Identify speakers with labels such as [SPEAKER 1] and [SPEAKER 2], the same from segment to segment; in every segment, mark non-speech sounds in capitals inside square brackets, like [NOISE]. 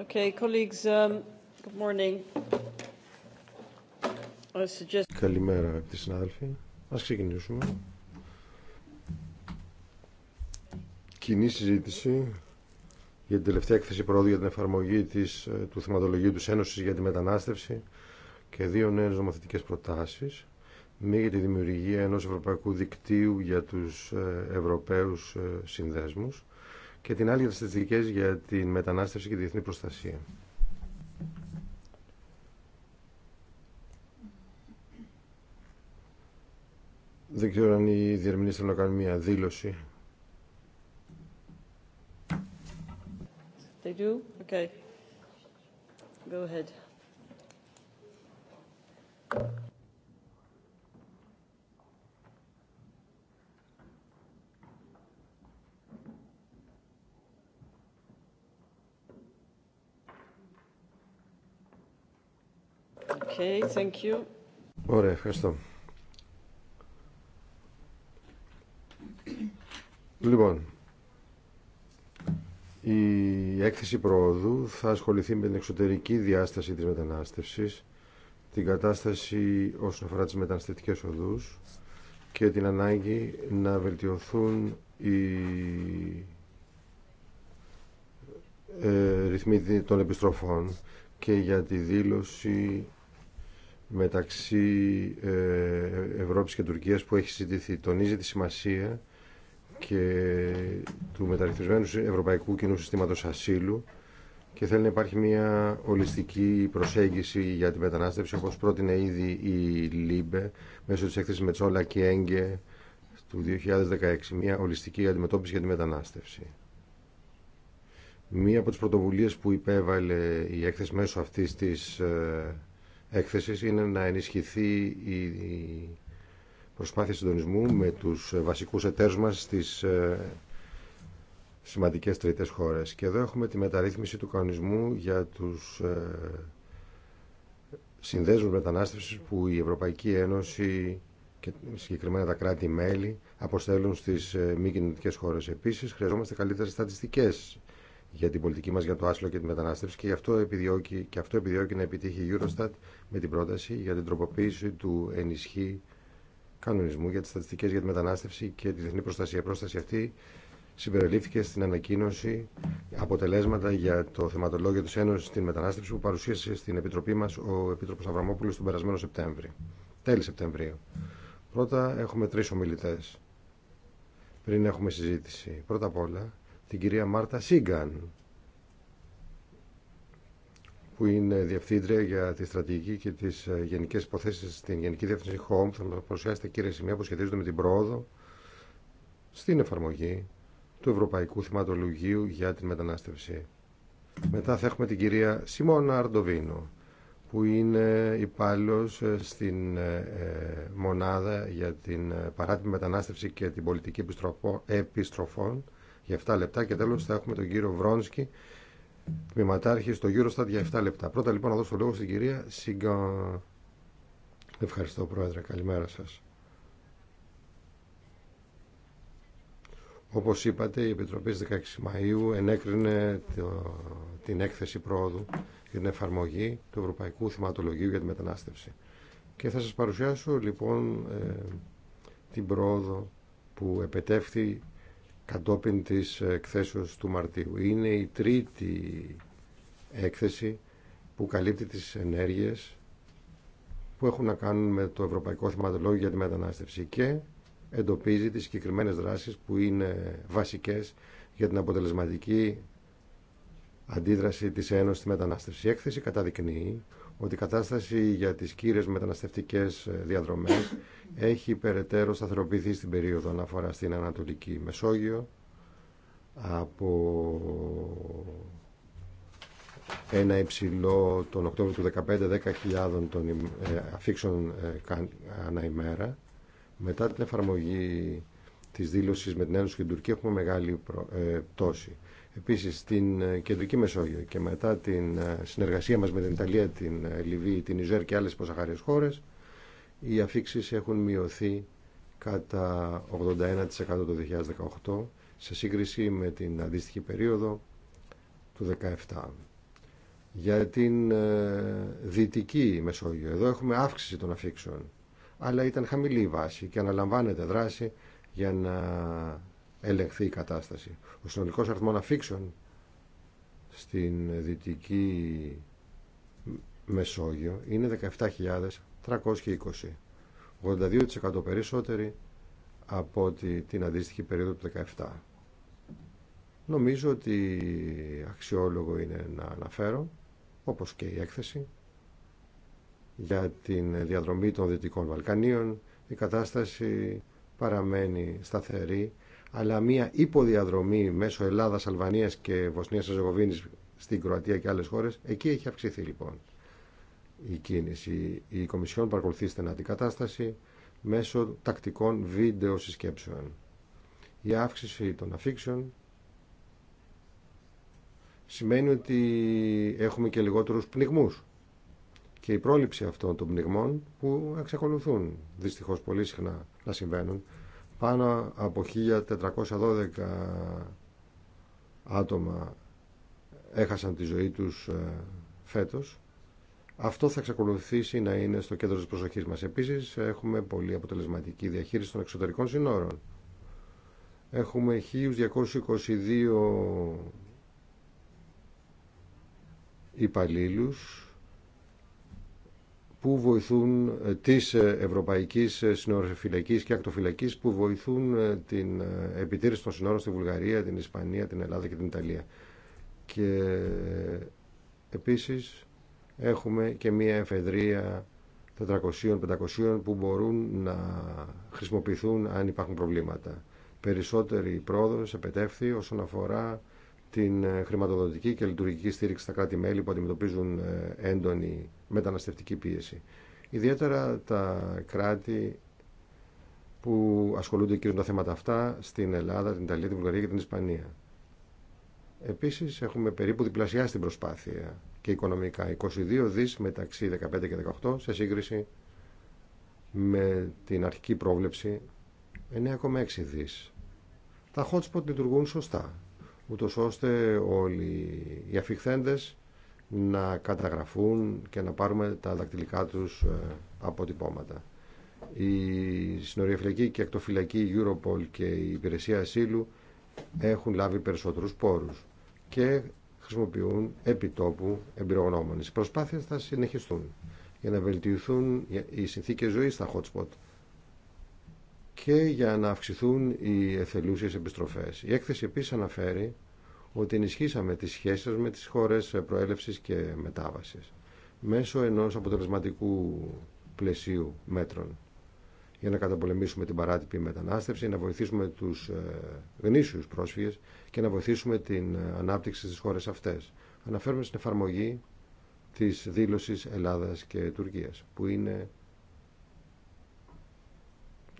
[SPEAKER 1] Um, Καλημέρα, αγαπητοί συνάδελφοι. Ας ξεκινήσουμε. Κοινή συζήτηση για την τελευταία έκθεση πρόοδου για την εφαρμογή της, ε, του θεματολογίου της Ένωσης για τη μετανάστευση και δύο νέες νομοθετικές προτάσεις. Μία για τη δημιουργία ενός ευρωπαϊκού δικτύου για τους ε, Ευρωπαίους ε, συνδέσμους και την άλλη για τις θετικές για την μετανάστευση και τη διεθνή προστασία. Δεν ξέρω αν οι διερμηνείς θέλουν να κάνουν μια δήλωση. Ωραία, ευχαριστώ. Λοιπόν, η έκθεση προόδου θα ασχοληθεί με την εξωτερική διάσταση της μετανάστευσης, την κατάσταση όσον αφορά τις μεταναστευτικές οδούς και την ανάγκη να βελτιωθούν οι ε, ρυθμοί των επιστροφών και για τη δήλωση μεταξύ ε, Ευρώπης και Τουρκίας που έχει συζητηθεί. Τονίζει τη σημασία και του μεταρρυθμισμένου Ευρωπαϊκού Κοινού Συστήματος Ασύλου και θέλει να υπάρχει μια ολιστική προσέγγιση για τη μετανάστευση όπως πρότεινε ήδη η ΛΥΜΠΕ μέσω της έκθεσης Μετσόλα και Έγκε του 2016 μια ολιστική αντιμετώπιση για τη μετανάστευση. Μία από τις πρωτοβουλίες που υπέβαλε η έκθεση μέσω αυτής της ε, έκθεσης είναι να ενισχυθεί η προσπάθεια συντονισμού με τους βασικούς εταίρους μας στις ε, σημαντικές τρίτες χώρες. Και εδώ έχουμε τη μεταρρύθμιση του κανονισμού για τους ε, συνδέσμους μετανάστευσης που η Ευρωπαϊκή Ένωση και συγκεκριμένα τα κράτη-μέλη αποστέλουν στις ε, μη κοινωνικέ χώρες. Επίσης, χρειαζόμαστε καλύτερες στατιστικές για την πολιτική μας για το άσυλο και τη μετανάστευση και, αυτό επιδιώκει, και αυτό επιδιώκει να επιτύχει η Eurostat με την πρόταση για την τροποποίηση του ενισχύ κανονισμού για τις στατιστικές για τη μετανάστευση και τη διεθνή προστασία. Πρόσταση αυτή συμπεριλήφθηκε στην ανακοίνωση αποτελέσματα για το θεματολόγιο της Ένωσης στην μετανάστευση που παρουσίασε στην Επιτροπή μας ο Επίτροπος Αβραμόπουλος τον περασμένο Σεπτέμβρη. Τέλη Σεπτεμβρίου. Πρώτα έχουμε τρει ομιλητές πριν έχουμε συζήτηση. Πρώτα απ' όλα την κυρία Μάρτα Σίγκαν που είναι διευθύντρια για τη στρατηγική και τι ε, γενικέ υποθέσει στην Γενική Διεύθυνση Home. Θα μα παρουσιάσετε κύριε σημεία που σχετίζονται με την πρόοδο στην εφαρμογή του Ευρωπαϊκού Θυματολογίου για την Μετανάστευση. Μετά θα έχουμε την κυρία Σιμώνα Αρντοβίνο, που είναι υπάλληλο ε, στην ε, μονάδα για την παράτιμη μετανάστευση και την πολιτική επιστροφών για 7 λεπτά και τέλος θα έχουμε τον κύριο Βρόνσκι, τμήματάρχη στο Eurostat για 7 λεπτά. Πρώτα λοιπόν να δώσω λόγο στην κυρία Σίγκα. Ευχαριστώ Πρόεδρε, καλημέρα σας. Όπως είπατε, η Επιτροπή 16 Μαΐου ενέκρινε το, την έκθεση πρόοδου για την εφαρμογή του Ευρωπαϊκού Θεματολογίου για τη Μετανάστευση. Και θα σας παρουσιάσω λοιπόν ε, την πρόοδο που επετεύχθη κατόπιν της εκθέσεως του Μαρτίου. Είναι η τρίτη έκθεση που καλύπτει τις ενέργειες που έχουν να κάνουν με το Ευρωπαϊκό Θεματολόγιο για τη Μετανάστευση και εντοπίζει τις συγκεκριμένες δράσεις που είναι βασικές για την αποτελεσματική αντίδραση της Ένωσης στη μετανάστευση. Η έκθεση καταδεικνύει ότι η κατάσταση για τις κύριες μεταναστευτικές διαδρομές έχει περαιτέρω σταθεροποιηθεί στην περίοδο αναφορά στην Ανατολική Μεσόγειο από ένα υψηλό τον Οκτώβριο του 2015 10.000 των ε, αφήξεων ε, ανά ημέρα. Μετά την εφαρμογή της δήλωσης με την Ένωση και την Τουρκία έχουμε μεγάλη ε, πτώση. Επίσης στην ε, Κεντρική Μεσόγειο και μετά την ε, συνεργασία μας με την Ιταλία, την ε, Λιβύη, την Ιζέρ και άλλες ποσαχάριες χώρες οι αφήξεις έχουν μειωθεί κατά 81% το 2018 σε σύγκριση με την αντίστοιχη περίοδο του 2017. Για την Δυτική Μεσόγειο, εδώ έχουμε αύξηση των αφήξεων, αλλά ήταν χαμηλή η βάση και αναλαμβάνεται δράση για να ελεγχθεί η κατάσταση. Ο συνολικός αριθμός αφήξεων στην Δυτική Μεσόγειο είναι 17.320. 82% περισσότεροι από την αντίστοιχη περίοδο του 17. Νομίζω ότι αξιόλογο είναι να αναφέρω, όπως και η έκθεση, για την διαδρομή των Δυτικών Βαλκανίων. Η κατάσταση παραμένει σταθερή αλλά μια υποδιαδρομή μέσω Ελλάδα, Αλβανία και Βοσνία Αζεγοβίνης στην Κροατία και άλλε χώρε εκεί έχει αυξηθεί λοιπόν η κίνηση. Η Κομισιόν παρακολουθεί στενά την κατάσταση μέσω τακτικών βίντεο συσκέψεων. Η αύξηση των αφήξεων σημαίνει ότι έχουμε και λιγότερους πνιγμούς και η πρόληψη αυτών των πνιγμών που εξακολουθούν δυστυχώς πολύ συχνά να συμβαίνουν πάνω από 1412 άτομα έχασαν τη ζωή τους ε, φέτος. Αυτό θα εξακολουθήσει να είναι στο κέντρο της προσοχής μας. Επίσης έχουμε πολύ αποτελεσματική διαχείριση των εξωτερικών συνόρων. Έχουμε 1222 υπαλλήλους που βοηθούν ε, της ε, Ευρωπαϊκής ε, Συνοροφυλακής και Ακτοφυλακής που βοηθούν την επιτήρηση των συνόρων στη Βουλγαρία, την Ισπανία, την Ελλάδα και την Ιταλία. Και επίσης έχουμε και μία εφεδρεία 400-500 που μπορούν να χρησιμοποιηθούν αν υπάρχουν προβλήματα. Περισσότερη πρόοδος επετεύθη όσον αφορά την χρηματοδοτική και λειτουργική στήριξη στα κράτη-μέλη που αντιμετωπίζουν έντονη μεταναστευτική πίεση. Ιδιαίτερα τα κράτη που ασχολούνται κυρίως με τα θέματα αυτά στην Ελλάδα, την Ιταλία, την Βουλγαρία και την Ισπανία. Επίσης έχουμε περίπου διπλασιάσει την προσπάθεια και οικονομικά 22 δις μεταξύ 15 και 18 σε σύγκριση με την αρχική πρόβλεψη 9,6 δις. Τα hotspot λειτουργούν σωστά, ούτως ώστε όλοι οι αφιχθέντες να καταγραφούν και να πάρουμε τα δακτυλικά τους ε, αποτυπώματα. Η συνοριοφυλακή και ακτοφυλακή η Europol και η υπηρεσία ασύλου έχουν λάβει περισσότερους πόρους και χρησιμοποιούν επιτόπου εμπειρογνώμονες. Οι προσπάθειες θα συνεχιστούν για να βελτιωθούν οι συνθήκες ζωής στα hotspot και για να αυξηθούν οι εθελούσιες επιστροφές. Η έκθεση επίσης αναφέρει ότι ενισχύσαμε τις σχέσεις με τις χώρες προέλευσης και μετάβασης μέσω ενός αποτελεσματικού πλαισίου μέτρων για να καταπολεμήσουμε την παράτυπη μετανάστευση, να βοηθήσουμε τους ε, γνήσιους πρόσφυγες και να βοηθήσουμε την ε, ανάπτυξη στις χώρες αυτές. Αναφέρουμε στην εφαρμογή της δήλωσης Ελλάδας και Τουρκίας, που είναι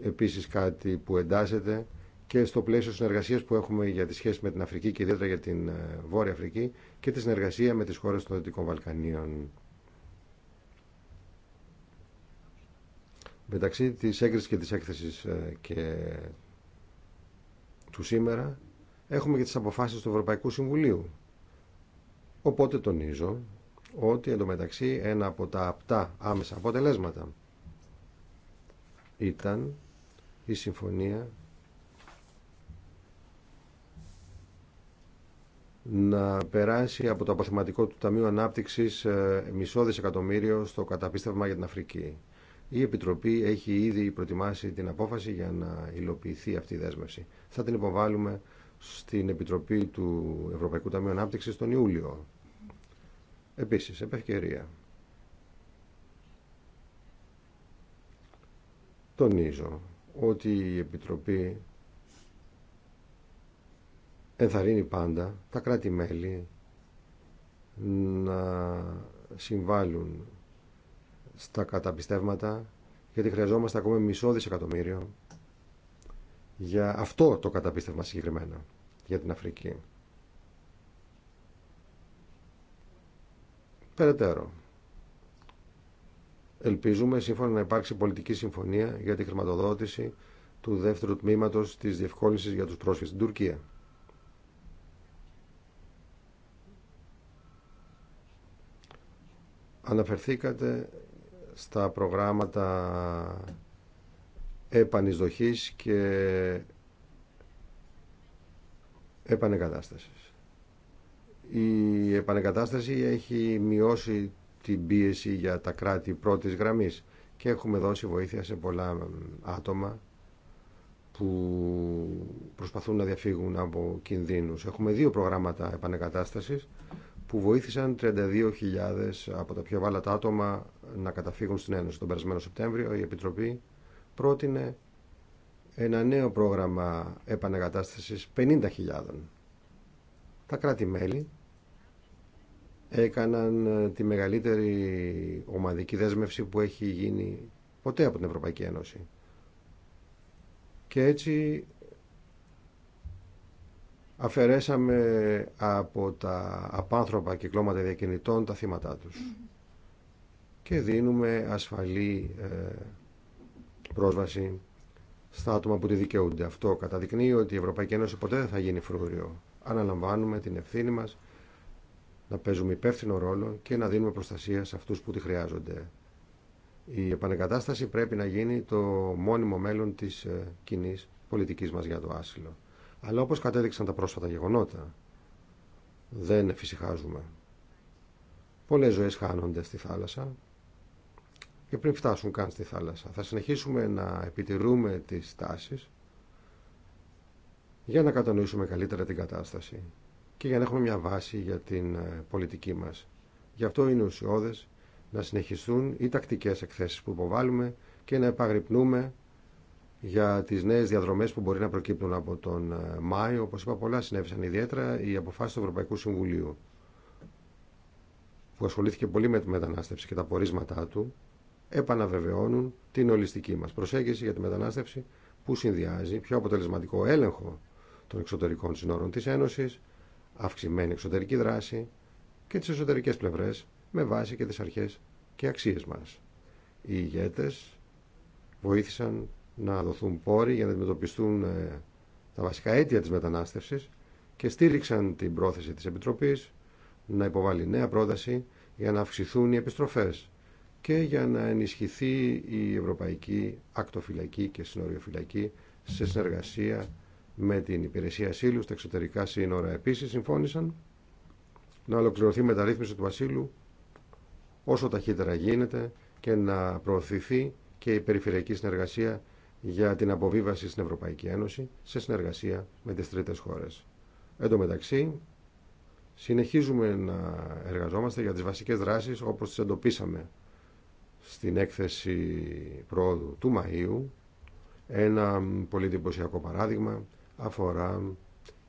[SPEAKER 1] επίσης κάτι που εντάσσεται και στο πλαίσιο συνεργασία που έχουμε για τις σχέσεις με την Αφρική και ιδιαίτερα για την ε, Βόρεια Αφρική και τη συνεργασία με τις χώρε των Δυτικών Βαλκανίων. Μεταξύ τη έγκρισης και τη έκθεση ε, και του σήμερα έχουμε και τις αποφάσεις του Ευρωπαϊκού Συμβουλίου. Οπότε τονίζω ότι εντωμεταξύ ένα από τα απτά άμεσα αποτελέσματα ήταν η συμφωνία να περάσει από το αποθεματικό του Ταμείου Ανάπτυξη ε, μισό δισεκατομμύριο στο καταπίστευμα για την Αφρική. Η Επιτροπή έχει ήδη προετοιμάσει την απόφαση για να υλοποιηθεί αυτή η δέσμευση. Θα την υποβάλουμε στην Επιτροπή του Ευρωπαϊκού Ταμείου Ανάπτυξη τον Ιούλιο. Επίσης, επευκαιρία. Τονίζω ότι η Επιτροπή ενθαρρύνει πάντα τα κράτη-μέλη να συμβάλλουν στα καταπιστεύματα γιατί χρειαζόμαστε ακόμα μισό δισεκατομμύριο για αυτό το καταπίστευμα συγκεκριμένα για την Αφρική. Περαιτέρω. Ελπίζουμε σύμφωνα να υπάρξει πολιτική συμφωνία για τη χρηματοδότηση του δεύτερου τμήματος της διευκόλυνσης για τους πρόσφυγες στην Τουρκία. Αναφερθήκατε στα προγράμματα επανεισδοχής και επανεκατάστασης. Η επανεκατάσταση έχει μειώσει την πίεση για τα κράτη πρώτης γραμμής και έχουμε δώσει βοήθεια σε πολλά άτομα που προσπαθούν να διαφύγουν από κινδύνους. Έχουμε δύο προγράμματα επανεκατάστασης που βοήθησαν 32.000 από τα πιο βάλατα άτομα να καταφύγουν στην Ένωση. Τον περασμένο Σεπτέμβριο η Επιτροπή πρότεινε ένα νέο πρόγραμμα επανεγκατάστασης 50.000. Τα κράτη-μέλη έκαναν ε, τη μεγαλύτερη ομαδική δέσμευση που έχει γίνει ποτέ από την Ευρωπαϊκή Ένωση. Και έτσι αφαιρέσαμε από τα απάνθρωπα κυκλώματα διακινητών τα θύματα τους και δίνουμε ασφαλή ε, πρόσβαση στα άτομα που τη δικαιούνται. Αυτό καταδεικνύει ότι η Ευρωπαϊκή Ένωση ποτέ δεν θα γίνει φρούριο. Αναλαμβάνουμε την ευθύνη μας να παίζουμε υπεύθυνο ρόλο και να δίνουμε προστασία σε αυτούς που τη χρειάζονται. Η επανεκατάσταση πρέπει να γίνει το μόνιμο μέλλον της ε, κοινή πολιτικής μας για το άσυλο. Αλλά όπως κατέδειξαν τα πρόσφατα γεγονότα, δεν εφησυχάζουμε. Πολλές ζωές χάνονται στη θάλασσα και πριν φτάσουν καν στη θάλασσα. Θα συνεχίσουμε να επιτηρούμε τις τάσεις για να κατανοήσουμε καλύτερα την κατάσταση και για να έχουμε μια βάση για την ε, πολιτική μας. Γι' αυτό είναι ουσιώδες να συνεχιστούν οι τακτικές εκθέσεις που υποβάλλουμε και να επαγρυπνούμε για τι νέε διαδρομέ που μπορεί να προκύπτουν από τον ε, Μάιο. όπω είπα πολλά συνέβησαν ιδιαίτερα οι αποφάσει του Ευρωπαϊκού Συμβουλίου που ασχολήθηκε πολύ με τη μετανάστευση και τα πορίσματά του επαναβεβαιώνουν την ολιστική μας προσέγγιση για τη μετανάστευση που συνδυάζει πιο αποτελεσματικό έλεγχο των εξωτερικών συνόρων της Ένωσης, αυξημένη εξωτερική δράση και τις εσωτερικές πλευρές με βάση και τις αρχές και αξίες μας. Οι ηγέτε βοήθησαν να δοθούν πόροι για να αντιμετωπιστούν ε, τα βασικά αίτια της μετανάστευσης και στήριξαν την πρόθεση της Επιτροπής να υποβάλει νέα πρόταση για να αυξηθούν οι επιστροφές και για να ενισχυθεί η Ευρωπαϊκή Ακτοφυλακή και Συνοριοφυλακή σε συνεργασία με την Υπηρεσία Ασύλου στα εξωτερικά σύνορα. Επίσης συμφώνησαν να ολοκληρωθεί η μεταρρύθμιση του ασύλου όσο ταχύτερα γίνεται και να προωθηθεί και η περιφερειακή συνεργασία για την αποβίβαση στην Ευρωπαϊκή Ένωση σε συνεργασία με τις τρίτες χώρες. Εν τω μεταξύ, συνεχίζουμε να εργαζόμαστε για τις βασικές δράσεις όπως τις εντοπίσαμε στην έκθεση πρόοδου του Μαΐου. Ένα πολύ εντυπωσιακό παράδειγμα αφορά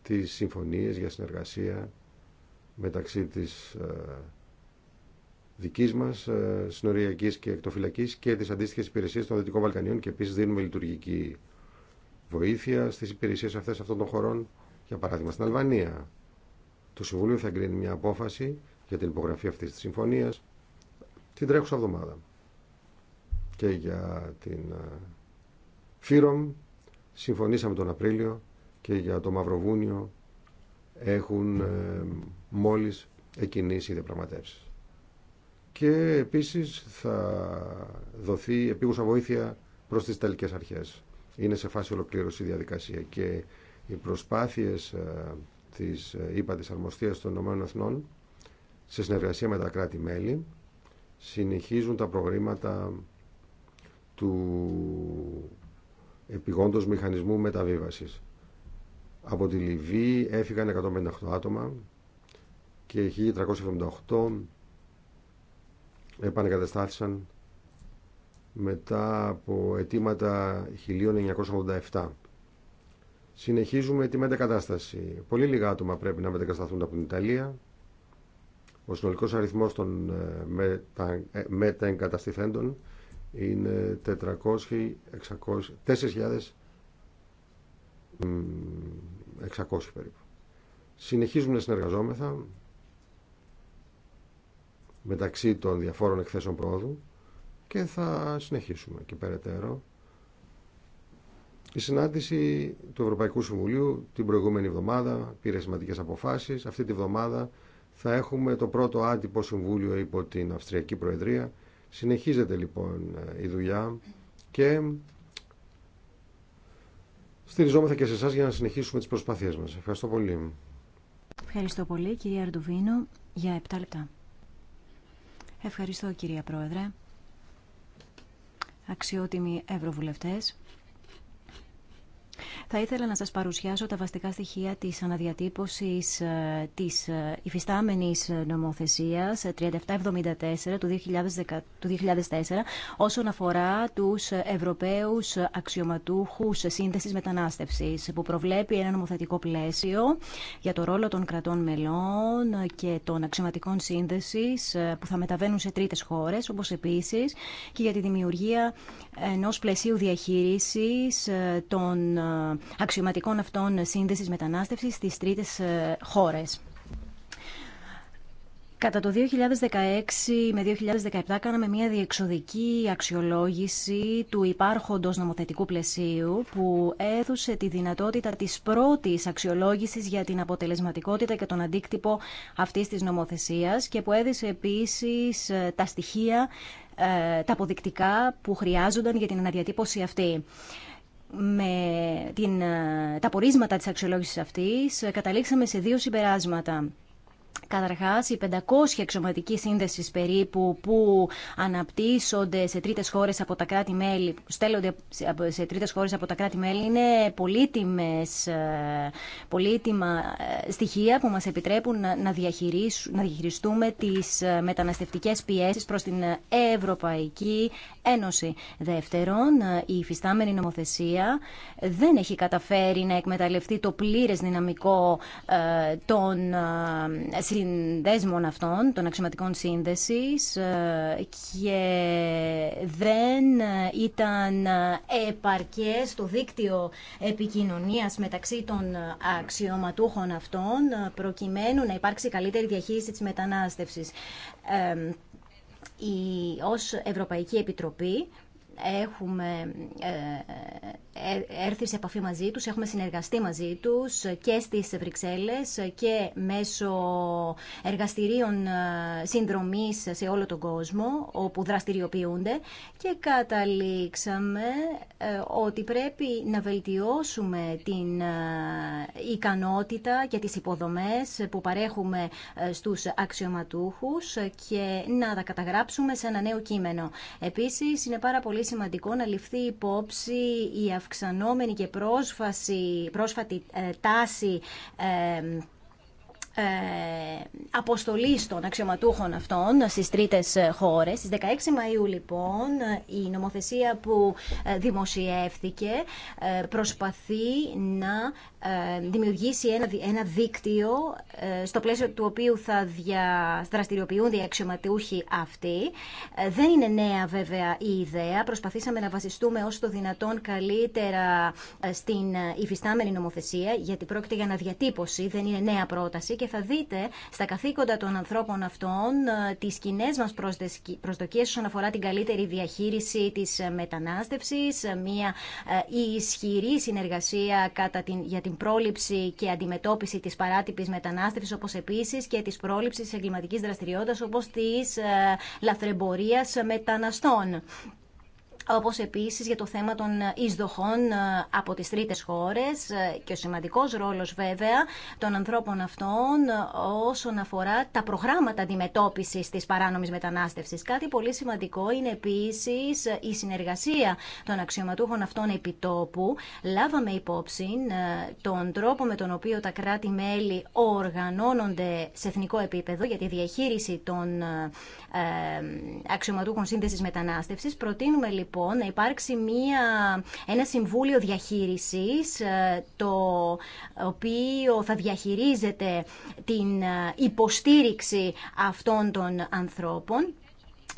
[SPEAKER 1] τις συμφωνίες για συνεργασία μεταξύ της ε, δική μα ε, συνοριακή και εκτοφυλακή και τι αντίστοιχε υπηρεσίε των Δυτικών Βαλκανίων και επίση δίνουμε λειτουργική βοήθεια στι υπηρεσίε αυτέ αυτών των χωρών. Για παράδειγμα, στην Αλβανία. Το Συμβούλιο θα εγκρίνει μια απόφαση για την υπογραφή αυτή τη συμφωνία την τρέχουσα εβδομάδα. Και για την ε, Φύρομ συμφωνήσαμε τον Απρίλιο και για το Μαυροβούνιο έχουν ε, μόλις εκκινήσει οι διαπραγματεύσεις και επίσης θα δοθεί επίγουσα βοήθεια προς τις Ιταλικές αρχές. Είναι σε φάση ολοκλήρωση η διαδικασία και οι προσπάθειες ε, της ΥΠΑ ε, της Αρμοστίας των ΗΠΑ σε συνεργασία με τα κράτη-μέλη συνεχίζουν τα προγράμματα του επιγόντος μηχανισμού μεταβίβασης. Από τη Λιβύη έφυγαν 158 άτομα και 1378 επανεκαταστάθησαν μετά από αιτήματα 1987. Συνεχίζουμε τη μετακατάσταση. Πολύ λίγα άτομα πρέπει να μετακατασταθούν από την Ιταλία. Ο συνολικός αριθμός των ε, μετα... Ε, μεταεγκαταστηθέντων είναι 400, 600, 4.600 περίπου. Συνεχίζουμε να συνεργαζόμεθα μεταξύ των διαφόρων εκθέσεων πρόοδου και θα συνεχίσουμε και περαιτέρω. Η συνάντηση του Ευρωπαϊκού Συμβουλίου την προηγούμενη εβδομάδα πήρε σημαντικές αποφάσεις. Αυτή τη εβδομάδα θα έχουμε το πρώτο άτυπο συμβούλιο υπό την Αυστριακή Προεδρία. Συνεχίζεται λοιπόν η δουλειά και στηριζόμεθα και σε εσά για να συνεχίσουμε τις προσπάθειές μας. Ευχαριστώ πολύ.
[SPEAKER 2] Ευχαριστώ πολύ κυρία Αρντουβίνο για 7 λεπτά. Ευχαριστώ κυρία Πρόεδρε. Αξιότιμοι Ευρωβουλευτές. Θα ήθελα να σας παρουσιάσω τα βασικά στοιχεία της αναδιατύπωσης ε, της ε, υφιστάμενης νομοθεσίας 3774 ε, του 2004 όσον αφορά τους Ευρωπαίους αξιωματούχους σύνδεσης μετανάστευσης που προβλέπει ένα νομοθετικό πλαίσιο για το ρόλο των κρατών μελών και των αξιωματικών σύνδεσης που θα μεταβαίνουν σε τρίτες χώρες όπως επίσης και για τη δημιουργία ενός πλαισίου διαχείρισης των αξιωματικών αυτών σύνδεσης μετανάστευσης στις τρίτες ε, χώρες. Κατά το 2016 με 2017 κάναμε μια διεξοδική αξιολόγηση του υπάρχοντος νομοθετικού πλαισίου που έδωσε τη δυνατότητα της πρώτης αξιολόγησης για την αποτελεσματικότητα και τον αντίκτυπο αυτής της νομοθεσίας και που έδισε επίσης ε, τα στοιχεία, ε, τα αποδεικτικά που χρειάζονταν για την αναδιατύπωση αυτή με την, ε, τα πορίσματα της αξιολόγησης αυτής ε, καταλήξαμε σε δύο συμπεράσματα. Καταρχά, οι 500 εξωματικοί σύνδεσης περίπου που αναπτύσσονται σε τρίτες χώρες από τα κράτη-μέλη, που στέλνονται σε τρίτες χώρε από τα κράτη-μέλη, είναι πολύτιμες, ε, πολύτιμα ε, στοιχεία που μας επιτρέπουν να, διαχειριστούμε τις ε, μεταναστευτικές πιέσει προς την Ευρωπαϊκή Ένωση. Δεύτερον, η υφιστάμενη νομοθεσία δεν έχει καταφέρει να εκμεταλλευτεί το πλήρε δυναμικό των συνδέσμων αυτών, των αξιωματικών σύνδεσης ε, και δεν ήταν επαρκές το δίκτυο επικοινωνίας μεταξύ των αξιωματούχων αυτών προκειμένου να υπάρξει καλύτερη διαχείριση της μετανάστευσης. Ε, η, ως Ευρωπαϊκή Επιτροπή έχουμε ε, ε, έρθει σε επαφή μαζί τους, έχουμε συνεργαστεί μαζί τους και στις Βρυξέλλες και μέσω εργαστηρίων ε, συνδρομής σε όλο τον κόσμο όπου δραστηριοποιούνται και καταλήξαμε ε, ότι πρέπει να βελτιώσουμε την ικανότητα και τις υποδομές που παρέχουμε στους αξιωματούχους και να τα καταγράψουμε σε ένα νέο κείμενο. Επίσης είναι πάρα πολύ σημαντικό να ληφθεί υπόψη η αυξανόμενη και πρόσφαση, πρόσφατη ε, τάση ε, αποστολή των αξιωματούχων αυτών στις τρίτες ε, χώρες. Στις 16 Μαΐου λοιπόν η νομοθεσία που δημοσιεύθηκε προσπαθεί να ε, δημιουργήσει ένα, ένα δίκτυο ε, στο πλαίσιο του οποίου θα δια, δραστηριοποιούνται οι αξιωματούχοι αυτοί. Ε, δεν είναι νέα βέβαια η ιδέα. Προσπαθήσαμε να βασιστούμε όσο το δυνατόν καλύτερα στην υφιστάμενη νομοθεσία γιατί πρόκειται για αναδιατύπωση, δεν είναι νέα πρόταση και θα δείτε στα καθήκοντα των ανθρώπων αυτών τις κοινέ μας προσδοκίες όσον αφορά την καλύτερη διαχείριση της μετανάστευσης, μια ισχυρή συνεργασία κατά για την πρόληψη και αντιμετώπιση της παράτυπης μετανάστευσης, όπως επίσης και της πρόληψης εγκληματικής δραστηριότητας, όπως της ε, λαθρεμπορίας μεταναστών όπως επίσης για το θέμα των ε, εισδοχών ε, από τις τρίτες χώρες ε, και ο σημαντικός ρόλος βέβαια των ανθρώπων αυτών όσον αφορά τα προγράμματα αντιμετώπισης της παράνομης μετανάστευσης. Κάτι πολύ σημαντικό είναι επίσης η συνεργασία των αξιωματούχων αυτών επιτόπου. Λάβαμε υπόψη τον τρόπο με τον οποίο τα κράτη-μέλη οργανώνονται σε εθνικό επίπεδο για τη διαχείριση των αξιωματούχων σύνδεσης μετανάστευση. Προτείνουμε λοιπόν λοιπόν να υπάρξει μία, ένα συμβούλιο διαχείρισης ε, το οποίο θα διαχειρίζεται την ε, υποστήριξη αυτών των ανθρώπων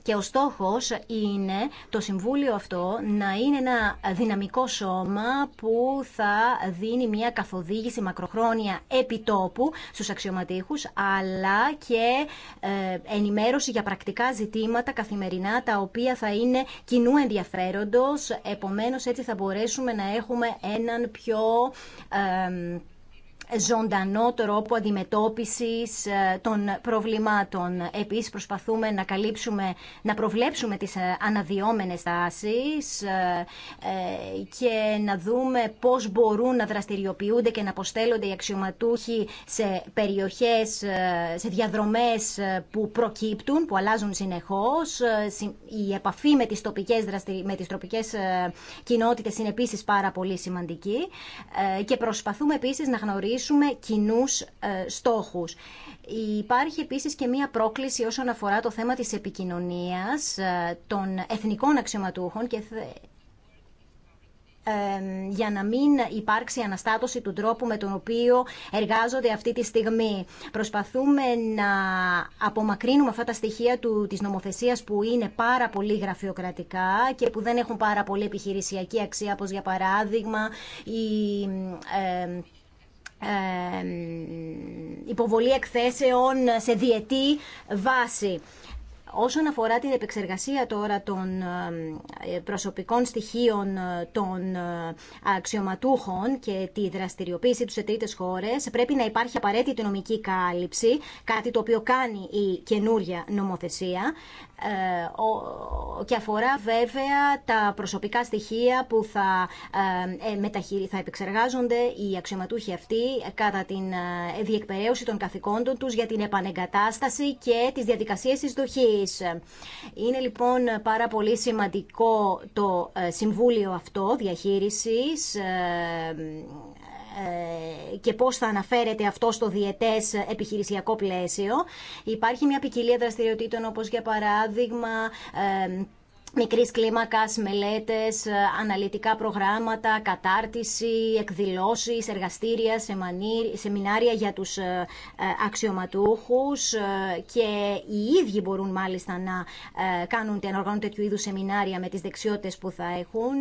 [SPEAKER 2] και ο στόχος είναι το Συμβούλιο αυτό να είναι ένα δυναμικό σώμα που θα δίνει μια καθοδήγηση μακροχρόνια επιτόπου στους αξιωματήχους, αλλά και ε, ενημέρωση για πρακτικά ζητήματα καθημερινά, τα οποία θα είναι κοινού ενδιαφέροντος. Επομένως, έτσι θα μπορέσουμε να έχουμε έναν πιο ε, ζωντανό τρόπο αντιμετώπισης ε, των προβλημάτων. Επίση προσπαθούμε να καλύψουμε, να προβλέψουμε τις ε, αναδυόμενε τάσει ε, και να δούμε πώς μπορούν να δραστηριοποιούνται και να αποστέλλονται οι αξιωματούχοι σε περιοχές, σε διαδρομές που προκύπτουν, που αλλάζουν συνεχώς. Η επαφή με τι τοπικέ με είναι επίση πάρα πολύ σημαντική και προσπαθούμε επίσης να γνωρίσουμε κοινού ε, στόχους. Υπάρχει επίσης και μία πρόκληση όσον αφορά το θέμα της επικοινωνίας ε, των εθνικών αξιωματούχων και ε, για να μην υπάρξει αναστάτωση του τρόπου με τον οποίο εργάζονται αυτή τη στιγμή. Προσπαθούμε να απομακρύνουμε αυτά τα στοιχεία του, της νομοθεσίας που είναι πάρα πολύ γραφειοκρατικά και που δεν έχουν πάρα πολύ επιχειρησιακή αξία, όπως για παράδειγμα η ε, υποβολή εκθέσεων σε διετή βάση. Όσον αφορά την επεξεργασία τώρα των ε, ε, προσωπικών στοιχείων ε, των αξιωματούχων και τη δραστηριοποίηση του σε τρίτε χώρες, πρέπει να υπάρχει απαραίτητη νομική κάλυψη, κάτι το οποίο κάνει η καινούρια νομοθεσία και αφορά βέβαια τα προσωπικά στοιχεία που θα, θα επεξεργάζονται οι αξιωματούχοι αυτοί κατά την διεκπαιρέωση των καθηκόντων τους για την επανεγκατάσταση και τις διαδικασίες εισδοχής. Είναι λοιπόν πάρα πολύ σημαντικό το ε, Συμβούλιο αυτό διαχείρισης ε, ε, και πώς θα αναφέρεται αυτό στο διετές επιχειρησιακό πλαίσιο. Υπάρχει μια ποικιλία δραστηριοτήτων όπως για παράδειγμα μικρής κλίμακας, μελέτες, ε, αναλυτικά προγράμματα, κατάρτιση, εκδηλώσεις, εργαστήρια, σεμινάρια για τους ε, ε, αξιωματούχους και οι ίδιοι μπορούν μάλιστα να κάνουν να οργανώνουν τέτοιου είδους σεμινάρια με τις δεξιότητες που θα έχουν.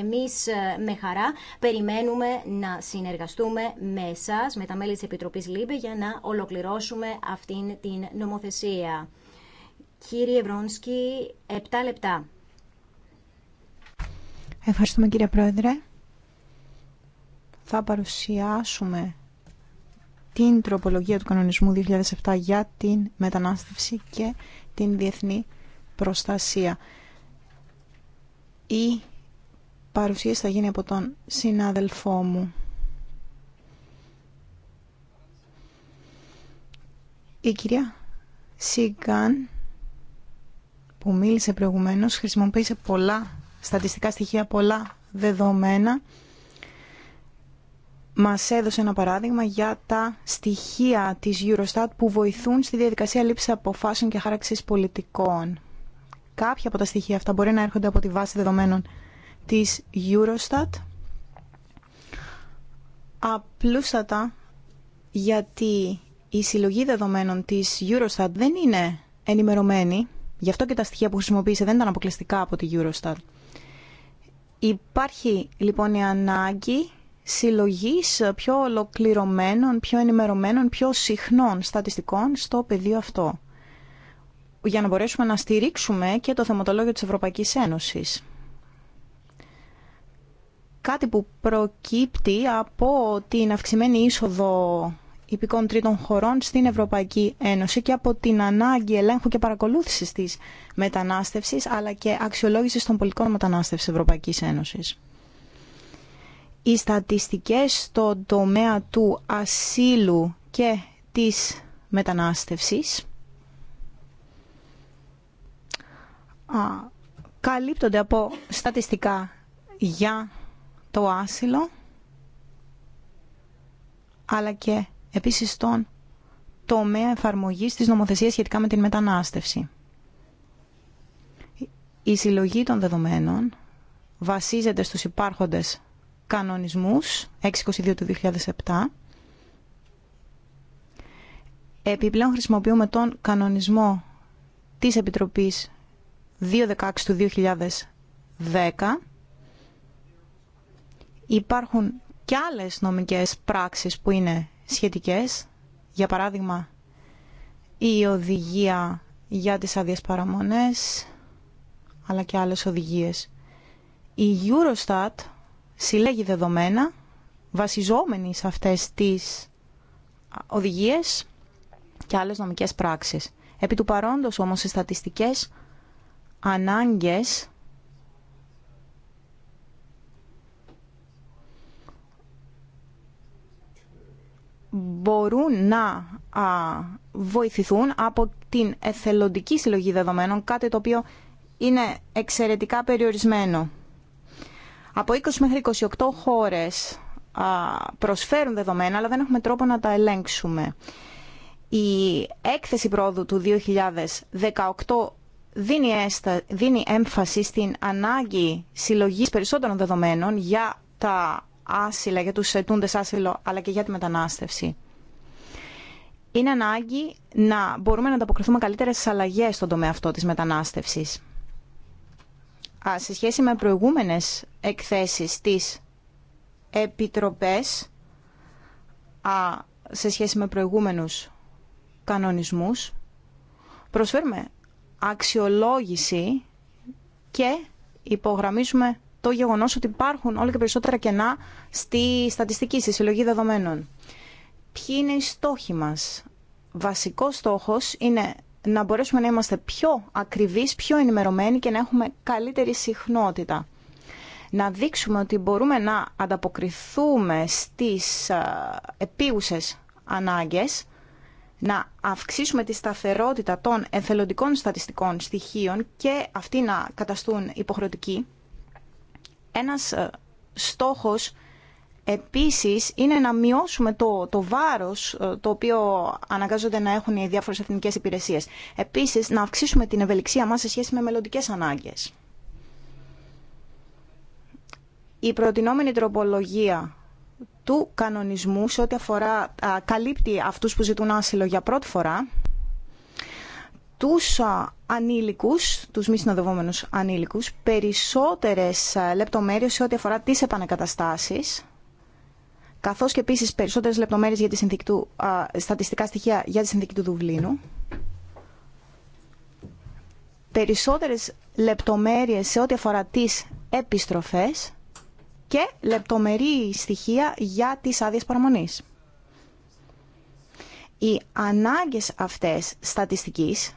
[SPEAKER 2] Εμείς με χαρά περιμένουμε να συνεργαστούμε με εσάς, με τα μέλη της Επιτροπής ΛΥΜΠΕ για να ολοκληρώσουμε αυτήν την νομοθεσία. Κύριε Βρόνσκι, 7 λεπτά.
[SPEAKER 3] Ευχαριστούμε κύριε Πρόεδρε. Θα παρουσιάσουμε την τροπολογία του κανονισμού 2007 για την μετανάστευση και την διεθνή προστασία. Η παρουσίαση θα γίνει από τον συνάδελφό μου. Η κυρία Σίγκαν που μίλησε προηγουμένως χρησιμοποίησε πολλά στατιστικά στοιχεία, πολλά δεδομένα. Μας έδωσε ένα παράδειγμα για τα στοιχεία της Eurostat που βοηθούν στη διαδικασία λήψης αποφάσεων και χάραξης πολιτικών. Κάποια από τα στοιχεία αυτά μπορεί να έρχονται από τη βάση δεδομένων της Eurostat. Απλούστατα γιατί η συλλογή δεδομένων της Eurostat δεν είναι ενημερωμένη Γι' αυτό και τα στοιχεία που χρησιμοποίησε δεν ήταν αποκλειστικά από τη Eurostat. Υπάρχει λοιπόν η ανάγκη συλλογής πιο ολοκληρωμένων, πιο ενημερωμένων, πιο συχνών στατιστικών στο πεδίο αυτό για να μπορέσουμε να στηρίξουμε και το θεματολόγιο της Ευρωπαϊκής Ένωσης. Κάτι που προκύπτει από την αυξημένη είσοδο υπηκών τρίτων χωρών στην Ευρωπαϊκή Ένωση και από την ανάγκη ελέγχου και παρακολούθησης της μετανάστευση, αλλά και αξιολόγηση των πολιτικών μετανάστευσης Ευρωπαϊκής Ένωσης. Οι στατιστικές στον τομέα του ασύλου και της μετανάστευση, καλύπτονται από στατιστικά για το άσυλο αλλά και Επίση στον τομέα εφαρμογή τη νομοθεσία σχετικά με την μετανάστευση. Η συλλογή των δεδομένων βασίζεται στους υπάρχοντες κανονισμούς 622 του 2007. Επιπλέον χρησιμοποιούμε τον κανονισμό της Επιτροπής 216 του 2010. Υπάρχουν και άλλες νομικές πράξεις που είναι σχετικές, για παράδειγμα η οδηγία για τις άδειε παραμονές, αλλά και άλλες οδηγίες. Η Eurostat συλλέγει δεδομένα βασιζόμενη σε αυτές τις οδηγίες και άλλες νομικές πράξεις. Επί του παρόντος όμως οι στατιστικές ανάγκες μπορούν να βοηθηθούν από την εθελοντική συλλογή δεδομένων, κάτι το οποίο είναι εξαιρετικά περιορισμένο. Από 20 μέχρι 28 χώρες προσφέρουν δεδομένα, αλλά δεν έχουμε τρόπο να τα ελέγξουμε. Η έκθεση πρόοδου του 2018 δίνει, έστα, δίνει έμφαση στην ανάγκη συλλογής περισσότερων δεδομένων για τα άσυλα, για τους ετούντες άσυλο, αλλά και για τη μετανάστευση. Είναι ανάγκη να μπορούμε να ανταποκριθούμε καλύτερα στις αλλαγές στον τομέα αυτό της μετανάστευσης. Α, σε σχέση με προηγούμενες εκθέσεις της επιτροπές, α, σε σχέση με προηγούμενους κανονισμούς, προσφέρουμε αξιολόγηση και υπογραμμίζουμε το γεγονό ότι υπάρχουν όλο και περισσότερα κενά στη στατιστική, στη συλλογή δεδομένων. Ποιοι είναι οι στόχοι μας. Βασικός στόχος είναι να μπορέσουμε να είμαστε πιο ακριβείς, πιο ενημερωμένοι και να έχουμε καλύτερη συχνότητα. Να δείξουμε ότι μπορούμε να ανταποκριθούμε στις επίουσες ανάγκες, να αυξήσουμε τη σταθερότητα των εθελοντικών στατιστικών στοιχείων και αυτοί να καταστούν υποχρεωτικοί ένας ε, στόχος επίσης είναι να μειώσουμε το, το βάρος ε, το οποίο αναγκάζονται να έχουν οι διάφορες εθνικές υπηρεσίες. Επίσης να αυξήσουμε την ευελιξία μας σε σχέση με μελλοντικέ ανάγκες. Η προτινόμενη τροπολογία του κανονισμού σε ό,τι αφορά καλύπτει αυτούς που ζητούν άσυλο για πρώτη φορά τους ανήλικους, τους μη συνοδευόμενους ανήλικους, περισσότερες λεπτομέρειες σε ό,τι αφορά τις επανακαταστάσεις, καθώς και επίσης περισσότερες λεπτομέρειες για τη συνθήκη στατιστικά στοιχεία για τη συνθήκη του Δουβλίνου, περισσότερες λεπτομέρειες σε ό,τι αφορά τις επιστροφές και λεπτομερή στοιχεία για τις άδειες παραμονής. Οι ανάγκες αυτές στατιστικής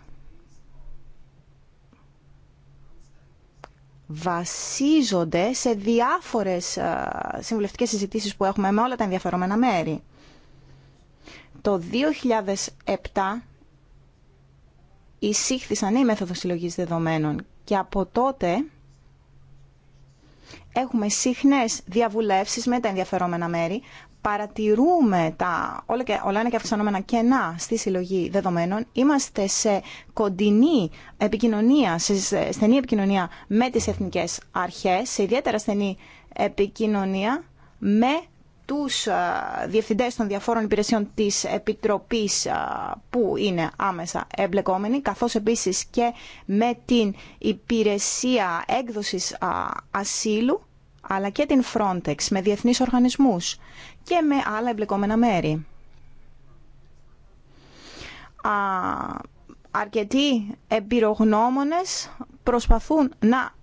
[SPEAKER 3] βασίζονται σε διάφορες ε, συμβουλευτικές συζητήσεις που έχουμε με όλα τα ενδιαφερόμενα μέρη. Το 2007 εισήχθησαν οι μέθοδος συλλογής δεδομένων και από τότε έχουμε συχνές διαβουλεύσεις με τα ενδιαφερόμενα μέρη, παρατηρούμε τα όλα, και, είναι και αυξανόμενα κενά στη συλλογή δεδομένων. Είμαστε σε κοντινή επικοινωνία, σε στενή επικοινωνία με τις εθνικές αρχές, σε ιδιαίτερα στενή επικοινωνία με τους διευθυντές των διαφόρων υπηρεσιών της Επιτροπής που είναι άμεσα εμπλεκόμενοι, καθώς επίσης και με την υπηρεσία έκδοσης ασύλου, αλλά και την Frontex, με διεθνείς οργανισμούς και με άλλα εμπλεκόμενα μέρη. Α, αρκετοί εμπειρογνώμονες προσπαθούν να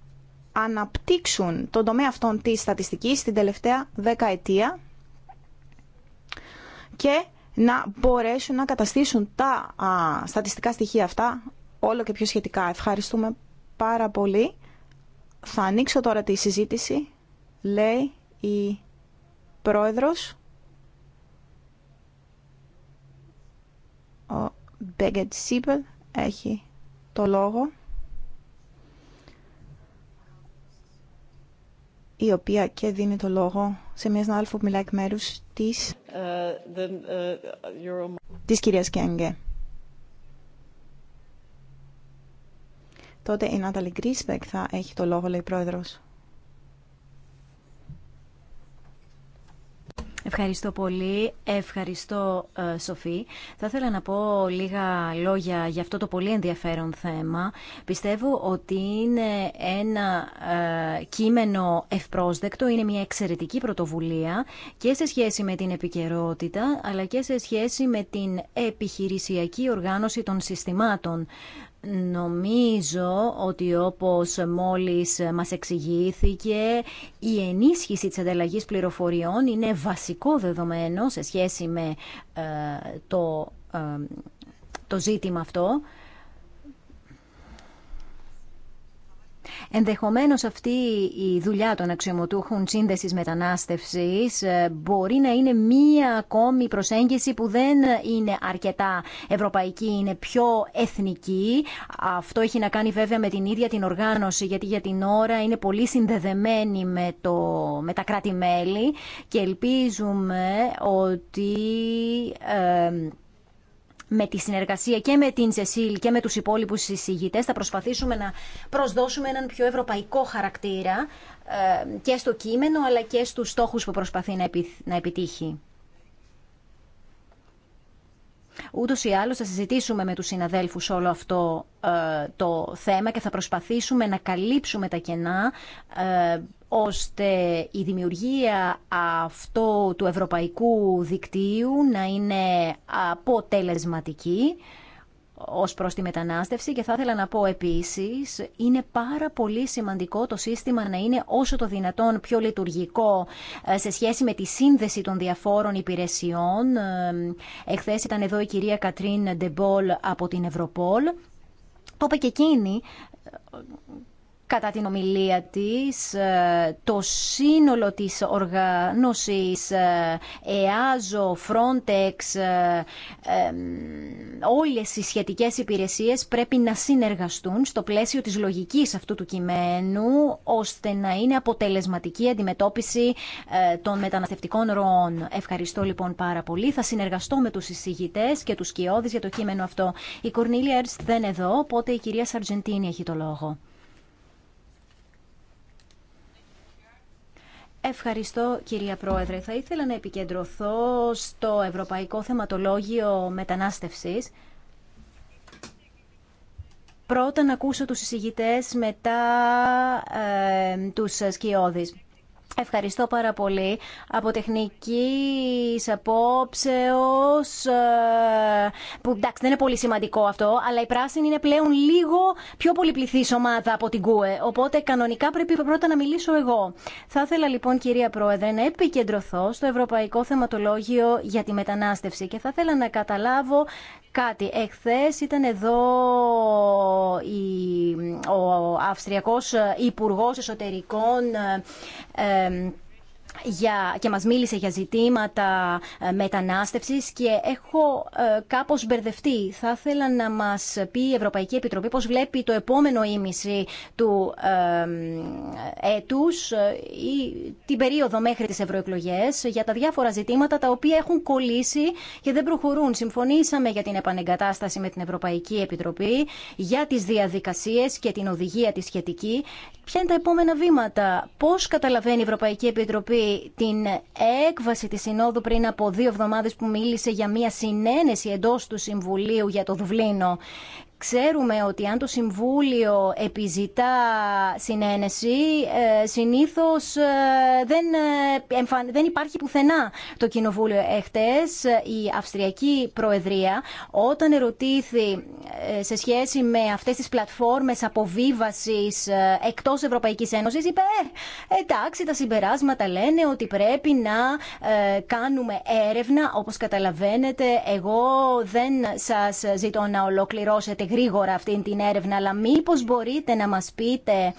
[SPEAKER 3] αναπτύξουν τον τομέα αυτών της στατιστικής την τελευταία δεκαετία και να μπορέσουν να καταστήσουν τα α, στατιστικά στοιχεία αυτά όλο και πιο σχετικά. Ευχαριστούμε πάρα πολύ. Θα ανοίξω τώρα τη συζήτηση, λέει η Πρόεδρος. Ο Μπέγκετ Σίπελ έχει το λόγο. η οποία και δίνει το λόγο σε μια συνάδελφο που μιλάει εκ μέρους της, uh, της κυρίας Κιάνγκε. Τότε η Νάταλη Γκρίσπεκ θα έχει το λόγο, λέει πρόεδρος.
[SPEAKER 2] Ευχαριστώ πολύ. Ευχαριστώ, ε, Σοφή. Θα ήθελα να πω λίγα λόγια για αυτό το πολύ ενδιαφέρον θέμα. Πιστεύω ότι είναι ένα ε, κείμενο ευπρόσδεκτο, είναι μια εξαιρετική πρωτοβουλία και σε σχέση με την επικαιρότητα, αλλά και σε σχέση με την επιχειρησιακή οργάνωση των συστημάτων. Νομίζω ότι όπως μόλις μας εξηγήθηκε η ενίσχυση της ανταλλαγής πληροφοριών είναι βασικό δεδομένο σε σχέση με ε, το, ε, το ζήτημα αυτό Ενδεχομένως αυτή η δουλειά των αξιωματούχων σύνδεσης μετανάστευσης ε, μπορεί να είναι μία ακόμη προσέγγιση που δεν είναι αρκετά ευρωπαϊκή, είναι πιο εθνική. Αυτό έχει να κάνει βέβαια με την ίδια την οργάνωση, γιατί για την ώρα είναι πολύ συνδεδεμένη με, το, με τα κράτη-μέλη και ελπίζουμε ότι... Ε, με τη συνεργασία και με την Τζεσίλ και με τους υπόλοιπους συζητητέ. θα προσπαθήσουμε να προσδώσουμε έναν πιο ευρωπαϊκό χαρακτήρα ε, και στο κείμενο αλλά και στους στόχους που προσπαθεί να επιτύχει. Ούτω ή άλλω θα συζητήσουμε με του συναδέλφους όλο αυτό ε, το θέμα και θα προσπαθήσουμε να καλύψουμε τα κενά ε, ώστε η δημιουργία αυτού του ευρωπαϊκού δικτύου να είναι αποτελεσματική ως προς τη μετανάστευση και θα ήθελα να πω επίσης είναι πάρα πολύ σημαντικό το σύστημα να είναι όσο το δυνατόν πιο λειτουργικό ε, σε σχέση με τη σύνδεση των διαφόρων υπηρεσιών. Ε, εχθές ήταν εδώ η κυρία Κατρίν Ντεμπόλ από την Ευρωπόλ. Το είπε και εκείνη κατά την ομιλία της ε, το σύνολο της οργάνωσης ε, ΕΑΖΟ, Frontex, ε, όλες οι σχετικές υπηρεσίες πρέπει να συνεργαστούν στο πλαίσιο της λογικής αυτού του κειμένου ώστε να είναι αποτελεσματική αντιμετώπιση των μεταναστευτικών ροών. Ευχαριστώ λοιπόν πάρα πολύ. Θα συνεργαστώ με τους εισηγητές και τους κοιόδης για το κείμενο αυτό. Η Κορνίλια Έρτς δεν είναι εδώ, οπότε η κυρία Σαρτζεντίνη έχει το λόγο. Ευχαριστώ κυρία Πρόεδρε. Θα ήθελα να επικεντρωθώ στο Ευρωπαϊκό Θεματολόγιο Μετανάστευσης. Πρώτα να ακούσω τους εισηγητές, μετά ε, τους σκιώδεις. Ευχαριστώ πάρα πολύ. Από τεχνική απόψεω, ε, που εντάξει δεν είναι πολύ σημαντικό αυτό, αλλά η πράσινη είναι πλέον λίγο πιο πολυπληθή ομάδα από την ΚΟΕ. Οπότε κανονικά πρέπει πρώτα να μιλήσω εγώ. Θα ήθελα λοιπόν, κυρία Πρόεδρε, να επικεντρωθώ στο Ευρωπαϊκό Θεματολόγιο για τη Μετανάστευση και θα ήθελα να καταλάβω κάτι. Εχθέ ήταν εδώ ο Αυστριακό υπουργό Εσωτερικών ε, Εντάξει για, και μας μίλησε για ζητήματα ε, μετανάστευσης και έχω ε, κάπως μπερδευτεί. Θα ήθελα να μας πει η Ευρωπαϊκή Επιτροπή πώς βλέπει το επόμενο ήμιση του ε, έτους ή την περίοδο μέχρι τις ευρωεκλογέ για τα διάφορα ζητήματα τα οποία έχουν κολλήσει και δεν προχωρούν. Συμφωνήσαμε για την επανεγκατάσταση με την Ευρωπαϊκή Επιτροπή, για τις διαδικασίες και την οδηγία τη σχετική. Ποια είναι τα επόμενα βήματα, πώς καταλαβαίνει η Ευρωπαϊκή Επιτροπή την έκβαση της Συνόδου πριν από δύο εβδομάδες που μίλησε για μια συνένεση εντός του Συμβουλίου για το Δουβλίνο. Ξέρουμε ότι αν το Συμβούλιο επιζητά συνένεση, ε, συνήθως ε, δεν, ε, δεν υπάρχει πουθενά το Κοινοβούλιο. Εχθές η Αυστριακή Προεδρία, όταν ερωτήθη σε σχέση με αυτές τις πλατφόρμες αποβίβασης εκτός Ευρωπαϊκής Ένωσης, είπε ε, εντάξει, τα συμπεράσματα λένε ότι πρέπει να κάνουμε έρευνα. Όπως καταλαβαίνετε, εγώ δεν σας ζητώ να ολοκληρώσετε γρήγορα αυτή την έρευνα, αλλά μήπως μπορείτε να μας πείτε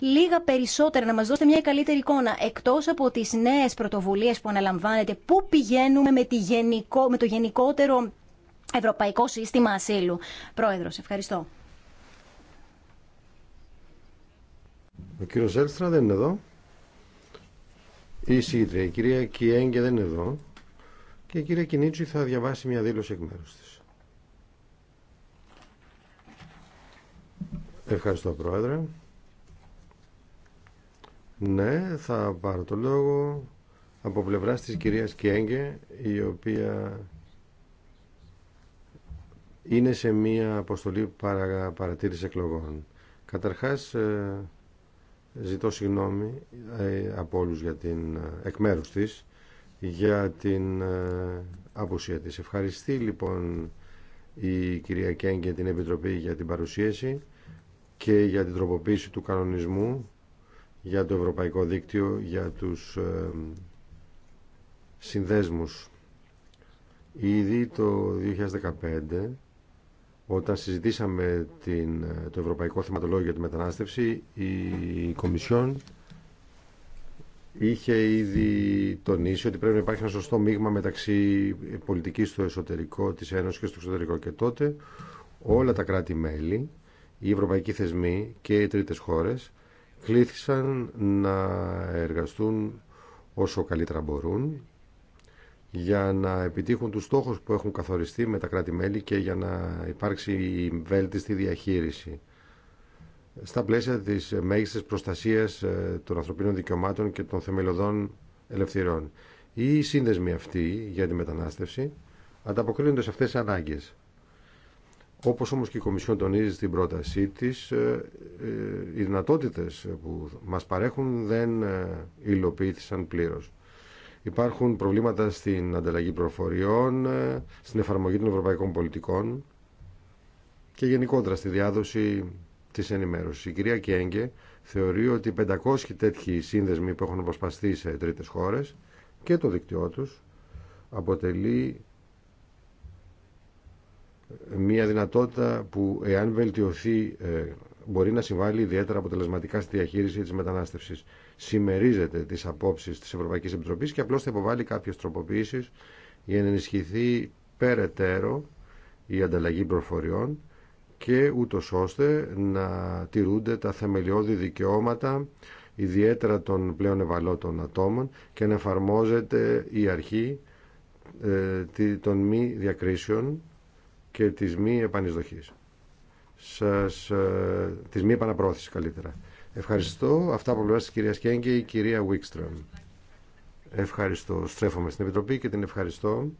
[SPEAKER 2] λίγα περισσότερα, να μας δώσετε μια καλύτερη εικόνα, εκτός από τις νέες πρωτοβουλίες που αναλαμβάνετε, πού πηγαίνουμε με, τη γενικό, με το γενικότερο ευρωπαϊκό σύστημα ασύλου. Πρόεδρος, ευχαριστώ.
[SPEAKER 1] Ο κύριος Έλστρα δεν είναι εδώ. Η Σίδρια, η κυρία Κιέγκε δεν είναι εδώ. Και η κυρία Κινίτσου θα διαβάσει μια δήλωση εκ μέρους της. Ευχαριστώ Πρόεδρε. Ναι, θα πάρω το λόγο από πλευράς της κυρίας Κιέγκε, η οποία είναι σε μία αποστολή παρατήρηση εκλογών. Καταρχάς, ε, ζητώ συγγνώμη ε, από όλους για την ε, εκ της, για την απουσία της. Ευχαριστεί λοιπόν η κυρία Κέγκε την Επιτροπή για την παρουσίαση και για την τροποποίηση του κανονισμού για το Ευρωπαϊκό Δίκτυο, για τους ε, συνδέσμους. Ήδη το 2015, όταν συζητήσαμε την, το Ευρωπαϊκό Θεματολόγιο για τη Μετανάστευση, η Κομισιόν είχε ήδη τονίσει ότι πρέπει να υπάρχει ένα σωστό μείγμα μεταξύ πολιτικής στο εσωτερικό της Ένωσης και στο εξωτερικό. Και τότε όλα τα κράτη-μέλη οι ευρωπαϊκοί θεσμοί και οι τρίτες χώρες κλήθησαν να εργαστούν όσο καλύτερα μπορούν για να επιτύχουν τους στόχους που έχουν καθοριστεί με τα κράτη-μέλη και για να υπάρξει η βέλτιστη διαχείριση στα πλαίσια της μέγιστης προστασίας ε, των ανθρωπίνων δικαιωμάτων και των θεμελιωδών ελευθερών. Οι σύνδεσμοι αυτοί για τη μετανάστευση ανταποκρίνονται σε αυτές τις ανάγκες. Όπως όμως και η Κομισιόν τονίζει στην πρότασή της, ε, ε, οι δυνατότητες που μας παρέχουν δεν ε, υλοποιήθησαν πλήρως. Υπάρχουν προβλήματα στην ανταλλαγή προφοριών, στην εφαρμογή των ευρωπαϊκών πολιτικών και γενικότερα στη διάδοση της ενημέρωσης. Η κυρία Κέγκε θεωρεί ότι 500 τέτοιοι σύνδεσμοι που έχουν αποσπαστεί σε τρίτες χώρες και το δίκτυό τους αποτελεί μια δυνατότητα που εάν βελτιωθεί ε, μπορεί να συμβάλλει ιδιαίτερα αποτελεσματικά στη διαχείριση της μετανάστευσης. Σημερίζεται τις απόψεις της Ευρωπαϊκής Επιτροπής και απλώς θα υποβάλει κάποιες τροποποιήσεις για να ενισχυθεί περαιτέρω η ανταλλαγή προφοριών και ούτω ώστε να τηρούνται τα θεμελιώδη δικαιώματα ιδιαίτερα των πλέον ευαλώτων ατόμων και να εφαρμόζεται η αρχή ε, των μη διακρίσεων και της μη επανεισδοχής. Σας, ε, της μη επαναπρόθεσης καλύτερα. Ευχαριστώ. Αυτά από πλευρά τη κυρία και η κυρία Βίξτρομ. Ευχαριστώ. Στρέφομαι στην Επιτροπή και την ευχαριστώ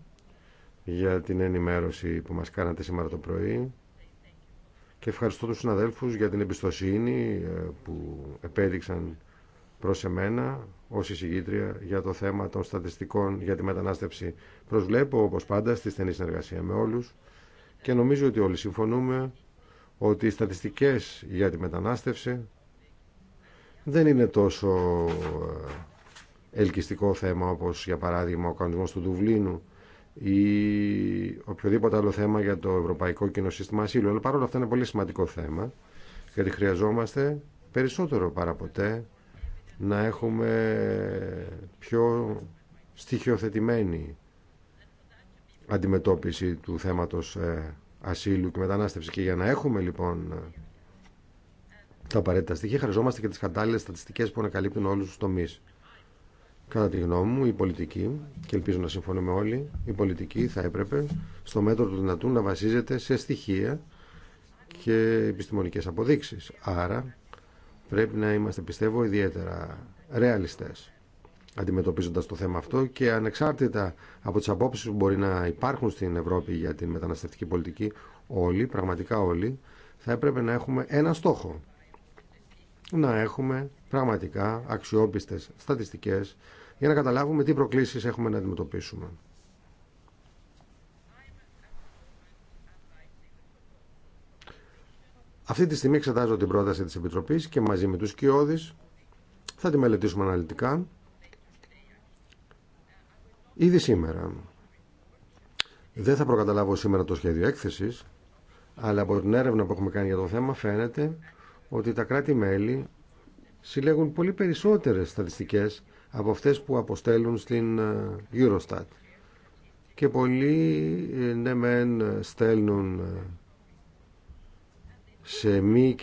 [SPEAKER 1] για την ενημέρωση που μας κάνατε σήμερα το πρωί και ευχαριστώ τους συναδέλφους για την εμπιστοσύνη ε, που επέδειξαν προς εμένα ως εισηγήτρια για το θέμα των στατιστικών για τη μετανάστευση. Προσβλέπω όπως πάντα στη στενή συνεργασία με όλους και νομίζω ότι όλοι συμφωνούμε ότι οι στατιστικές για τη μετανάστευση δεν είναι τόσο ε, ελκυστικό θέμα όπως για παράδειγμα ο κανονισμός του Δουβλίνου ή οποιοδήποτε άλλο θέμα για το Ευρωπαϊκό Κοινό Σύστημα Ασύλου. Αλλά παρόλα αυτά είναι πολύ σημαντικό θέμα γιατί χρειαζόμαστε περισσότερο παραποτέ να έχουμε πιο στοιχειοθετημένη αντιμετώπιση του θέματος ε, ασύλου και μετανάστευση. Και για να έχουμε λοιπόν ε, τα απαραίτητα στοιχεία χρειαζόμαστε και τις κατάλληλες στατιστικές που ανακαλύπτουν όλους τους τομείς. Κατά τη γνώμη μου, η πολιτική, και ελπίζω να συμφωνούμε όλοι, η πολιτική θα έπρεπε στο μέτρο του δυνατού να βασίζεται σε στοιχεία και επιστημονικές αποδείξεις. Άρα πρέπει να είμαστε, πιστεύω, ιδιαίτερα ρεαλιστές. Αντιμετωπίζοντα το θέμα αυτό και ανεξάρτητα από τις απόψει που μπορεί να υπάρχουν στην Ευρώπη για την μεταναστευτική πολιτική όλοι, πραγματικά όλοι, θα έπρεπε να έχουμε ένα στόχο. Να έχουμε πραγματικά αξιόπιστες στατιστικές για να καταλάβουμε τι προκλήσεις έχουμε να αντιμετωπίσουμε. Αυτή τη στιγμή εξετάζω την πρόταση της Επιτροπής και μαζί με τους κοιόδης θα τη μελετήσουμε αναλυτικά Ήδη σήμερα. Δεν θα προκαταλάβω σήμερα το σχέδιο έκθεσης, αλλά από την έρευνα που έχουμε κάνει για το θέμα φαίνεται ότι τα κράτη-μέλη συλλέγουν πολύ περισσότερες στατιστικές από αυτές που αποστέλουν στην ε, Eurostat. Και πολλοί, ε, ναι μεν, στέλνουν ε, σε μη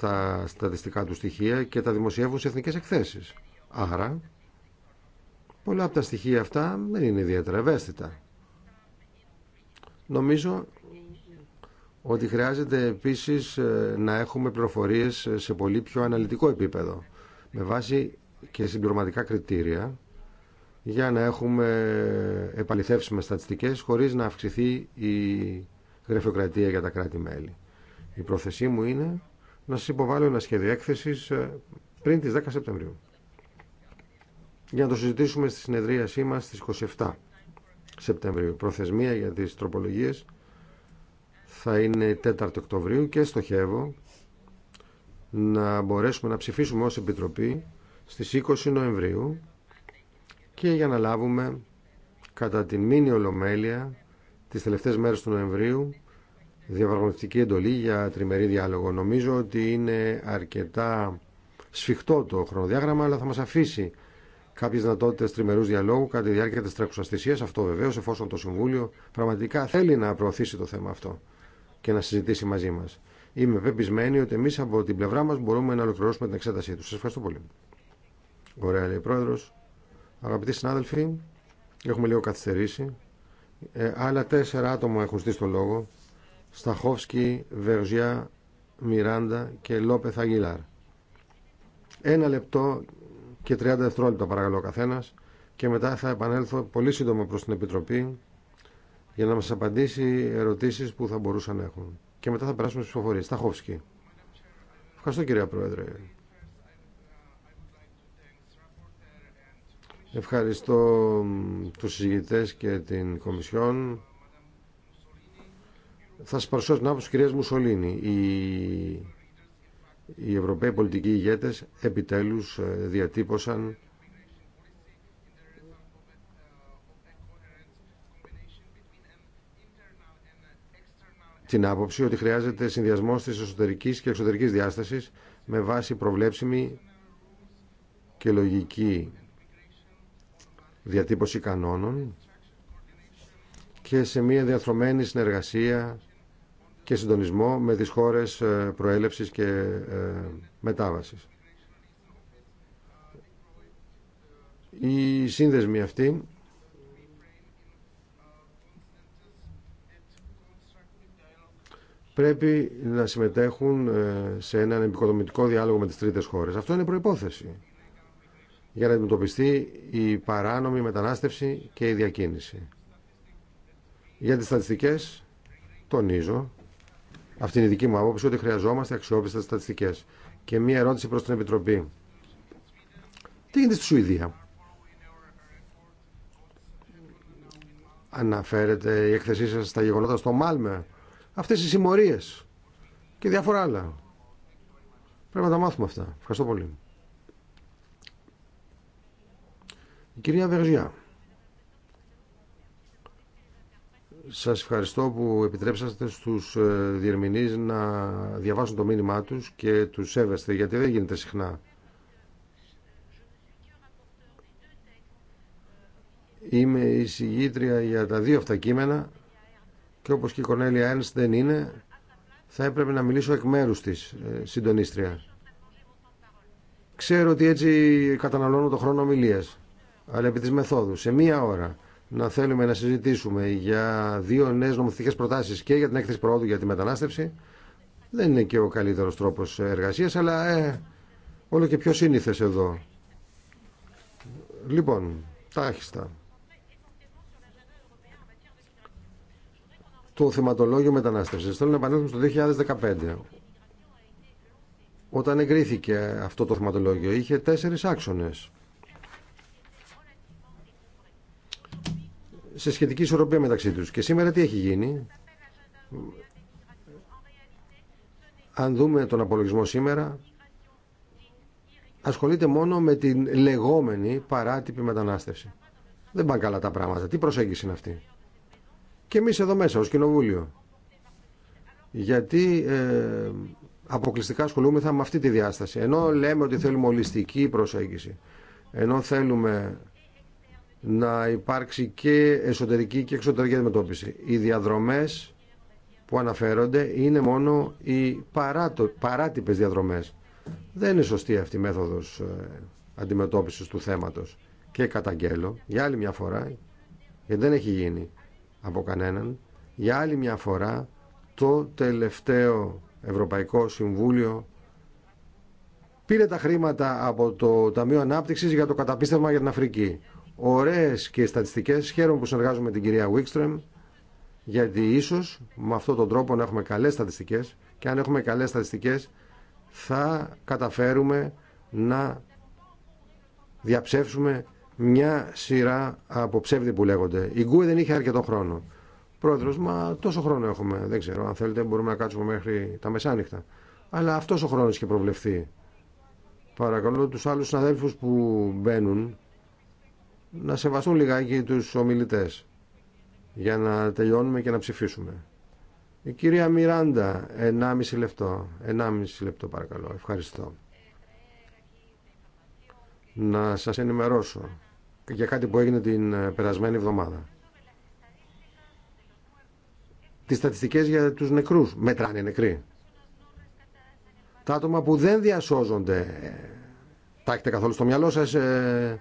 [SPEAKER 1] τα στατιστικά του στοιχεία και τα δημοσιεύουν σε εθνικές εκθέσεις. Άρα, Πολλά από τα στοιχεία αυτά δεν είναι ιδιαίτερα ευαίσθητα. Νομίζω ότι χρειάζεται επίσης ε, να έχουμε πληροφορίες σε πολύ πιο αναλυτικό επίπεδο με βάση και συμπληρωματικά κριτήρια για να έχουμε επαληθεύσιμες στατιστικές χωρίς να αυξηθεί η γραφειοκρατία για τα κράτη-μέλη. Η πρόθεσή μου είναι να σας υποβάλω ένα σχέδιο έκθεσης ε, πριν τις 10 Σεπτεμβρίου για να το συζητήσουμε στη συνεδρίασή μας στις 27 Σεπτεμβρίου. Προθεσμία για τις τροπολογίες θα είναι 4 Οκτωβρίου και στοχεύω να μπορέσουμε να ψηφίσουμε ως Επιτροπή στις 20 Νοεμβρίου και για να λάβουμε κατά την μήνυ ολομέλεια τις τελευταίες μέρες του Νοεμβρίου διαπραγματευτική εντολή για τριμερή διάλογο. Νομίζω ότι είναι αρκετά σφιχτό το χρονοδιάγραμμα αλλά θα μας αφήσει κάποιε δυνατότητε τριμερού διαλόγου κατά τη διάρκεια τη τρέχουσα θυσία. Αυτό βεβαίω, εφόσον το Συμβούλιο πραγματικά θέλει να προωθήσει το θέμα αυτό και να συζητήσει μαζί μα. Είμαι πεπισμένη ότι εμεί από την πλευρά μα μπορούμε να ολοκληρώσουμε την εξέτασή του. Σα ευχαριστώ πολύ. Ωραία, λέει πρόεδρο. Αγαπητοί συνάδελφοι, έχουμε λίγο καθυστερήσει. Ε, άλλα τέσσερα άτομα έχουν στήσει το λόγο. Σταχόφσκι, Βεργιά, Μιράντα και Λόπεθ Αγγιλάρ. Ένα λεπτό και 30 δευτερόλεπτα παρακαλώ ο καθένας και μετά θα επανέλθω πολύ σύντομα προς την Επιτροπή για να μας απαντήσει ερωτήσεις που θα μπορούσαν να έχουν. Και μετά θα περάσουμε στις ψηφοφορίες. Σταχόφσκι. Ευχαριστώ κυρία Πρόεδρε. Ευχαριστώ τους συζητητές και την Κομισιόν. Θα σας παρουσιάσω την άποψη κυρίας Μουσολίνη. Η οι Ευρωπαίοι πολιτικοί ηγέτες επιτέλους ε, διατύπωσαν την άποψη ότι χρειάζεται συνδυασμός της εσωτερικής και εξωτερικής διάστασης με βάση προβλέψιμη και λογική διατύπωση κανόνων και σε μια διαθρωμένη συνεργασία και συντονισμό με τις χώρες ε, προέλευσης και ε, μετάβασης. Οι σύνδεσμοι αυτοί πρέπει να συμμετέχουν ε, σε έναν επικοδομητικό διάλογο με τις τρίτες χώρες. Αυτό είναι προϋπόθεση για να αντιμετωπιστεί η παράνομη μετανάστευση και η διακίνηση. Για τις στατιστικές τονίζω αυτή είναι η δική μου άποψη ότι χρειαζόμαστε αξιόπιστα στατιστικέ. Και μία ερώτηση προ την Επιτροπή. Τι γίνεται στη Σουηδία. Αναφέρεται η έκθεσή σα στα γεγονότα στο Μάλμε. Αυτέ οι συμμορίε και διάφορα άλλα. Πρέπει να τα μάθουμε αυτά. Ευχαριστώ πολύ. Η κυρία Βεργιά. Σας ευχαριστώ που επιτρέψατε στους ε, διερμηνείς να διαβάσουν το μήνυμά τους και τους σέβεστε, γιατί δεν γίνεται συχνά. Είμαι η συγγήτρια για τα δύο αυτά κείμενα και όπως και η Κονέλια Ένς δεν είναι, θα έπρεπε να μιλήσω εκ μέρους της ε, συντονίστρια. Ξέρω ότι έτσι καταναλώνω το χρόνο ομιλίας, αλλά επί της μεθόδου, σε μία ώρα να θέλουμε να συζητήσουμε για δύο νέε νομοθετικές προτάσεις και για την έκθεση πρόοδου για τη μετανάστευση δεν είναι και ο καλύτερος τρόπος εργασίας αλλά ε, όλο και πιο σύνηθε εδώ. Λοιπόν, τάχιστα. Το θεματολόγιο μετανάστευσης. Θέλω να επανέλθουμε στο 2015 όταν εγκρίθηκε αυτό το θεματολόγιο είχε τέσσερις άξονες σε σχετική ισορροπία μεταξύ τους. Και σήμερα τι έχει γίνει. Αν δούμε τον απολογισμό σήμερα, ασχολείται μόνο με την λεγόμενη παράτυπη μετανάστευση. Δεν πάνε καλά τα πράγματα. Τι προσέγγιση είναι αυτή. Και εμείς εδώ μέσα ως κοινοβούλιο. Γιατί ε, αποκλειστικά ασχολούμεθα με αυτή τη διάσταση. Ενώ λέμε ότι θέλουμε ολιστική προσέγγιση. Ενώ θέλουμε να υπάρξει και εσωτερική και εξωτερική αντιμετώπιση. Οι διαδρομές που αναφέρονται είναι μόνο οι παράτο, παράτυπες διαδρομές. Δεν είναι σωστή αυτή η μέθοδος ε, αντιμετώπισης του θέματος. Και καταγγέλλω για άλλη μια φορά, γιατί δεν έχει γίνει από κανέναν, για άλλη μια φορά το τελευταίο Ευρωπαϊκό Συμβούλιο πήρε τα χρήματα από το Ταμείο Ανάπτυξης για το καταπίστευμα για την Αφρική. Ωραίε και στατιστικές. Χαίρομαι που συνεργάζομαι με την κυρία Βίξτρεμ, γιατί ίσως με αυτόν τον τρόπο να έχουμε καλές στατιστικές και αν έχουμε καλές στατιστικές θα καταφέρουμε να διαψεύσουμε μια σειρά από ψεύδι που λέγονται. Η Γκουε δεν είχε αρκετό χρόνο. Πρόεδρο, μα τόσο χρόνο έχουμε. Δεν ξέρω, αν θέλετε μπορούμε να κάτσουμε μέχρι τα μεσάνυχτα. Αλλά αυτό ο χρόνο είχε προβλεφθεί. Παρακαλώ τους άλλους συναδέλφους που μπαίνουν να σεβαστούν λιγάκι τους ομιλητές για να τελειώνουμε και να ψηφίσουμε. Η κυρία Μιράντα, 1,5 λεπτό. 1,5 λεπτό παρακαλώ. Ευχαριστώ. Να σας ενημερώσω για κάτι που έγινε την ε, περασμένη εβδομάδα. Τις στατιστικές για τους νεκρούς. Μετράνε νεκροί. Τα άτομα που δεν διασώζονται. Ε, τα έχετε καθόλου στο μυαλό σας ε,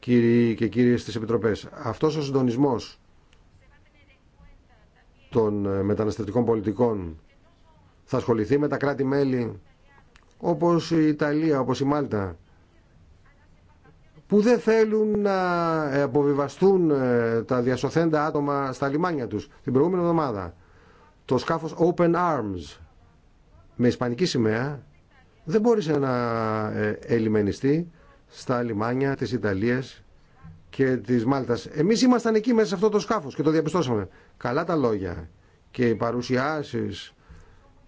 [SPEAKER 1] κύριοι και κύριοι στις Επιτροπές. Αυτός ο συντονισμός των ε, μεταναστευτικών πολιτικών θα ασχοληθεί με τα κράτη-μέλη όπως η Ιταλία, όπως η Μάλτα που δεν θέλουν να ε, αποβιβαστούν ε, τα διασωθέντα άτομα στα λιμάνια τους την προηγούμενη εβδομάδα. Το σκάφος Open Arms με ισπανική σημαία δεν μπόρεσε να ελιμενιστεί στα λιμάνια της Ιταλίας και της Μάλτας. Εμείς ήμασταν εκεί μέσα σε αυτό το σκάφος και το διαπιστώσαμε. Καλά τα λόγια και οι παρουσιάσεις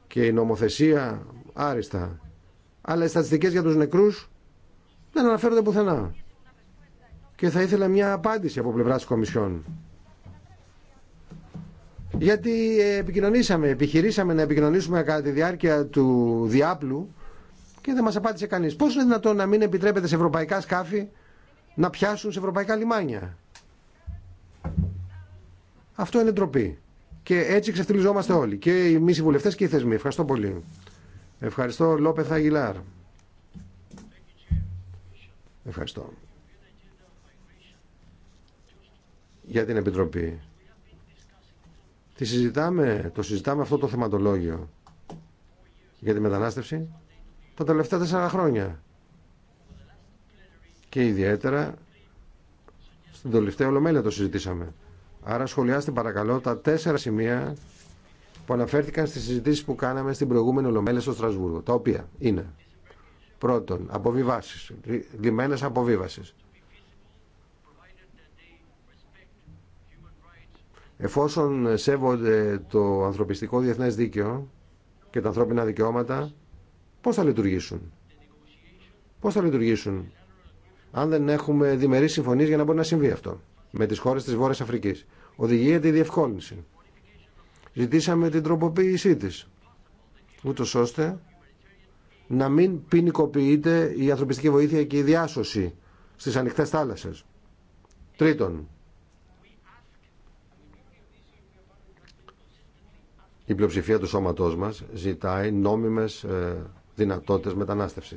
[SPEAKER 1] και η νομοθεσία άριστα. Αλλά οι στατιστικές για τους νεκρούς δεν αναφέρονται πουθενά. Και θα ήθελα μια απάντηση από πλευρά της Κομισιόν. Γιατί επικοινωνήσαμε, επιχειρήσαμε να επικοινωνήσουμε κατά τη διάρκεια του διάπλου και δεν μας απάντησε κανείς. Πώς είναι δυνατόν να μην επιτρέπεται σε ευρωπαϊκά σκάφη να πιάσουν σε ευρωπαϊκά λιμάνια. Αυτό είναι ντροπή. Και έτσι ξεφτυλιζόμαστε όλοι. Και εμεί οι βουλευτέ και οι θεσμοί. Ευχαριστώ πολύ. Ευχαριστώ, Λόπεθ Αγγιλάρ. Ευχαριστώ. Για την Επιτροπή. Τη συζητάμε, το συζητάμε αυτό το θεματολόγιο για τη μετανάστευση τα τελευταία τέσσερα χρόνια. Και ιδιαίτερα στην τελευταία ολομέλεια το συζητήσαμε. Άρα σχολιάστε παρακαλώ τα τέσσερα σημεία που αναφέρθηκαν στις συζητήσεις που κάναμε στην προηγούμενη ολομέλεια στο Στρασβούργο. Τα οποία είναι πρώτον αποβιβάσεις, λιμένες αποβίβασεις. Εφόσον σέβονται το ανθρωπιστικό διεθνές δίκαιο και τα ανθρώπινα δικαιώματα, Πώς θα λειτουργήσουν. Πώς θα λειτουργήσουν αν δεν έχουμε διμερεί συμφωνίες για να μπορεί να συμβεί αυτό με τις χώρες της Βόρειας Αφρικής. Οδηγείται η διευκόλυνση. Ζητήσαμε την τροποποίησή της, ούτω ώστε να μην ποινικοποιείται η ανθρωπιστική βοήθεια και η διάσωση στις ανοιχτές θάλασσες. Τρίτον, η πλειοψηφία του σώματός μας ζητάει νόμιμες ε, Δυνατότητε μετανάστευση.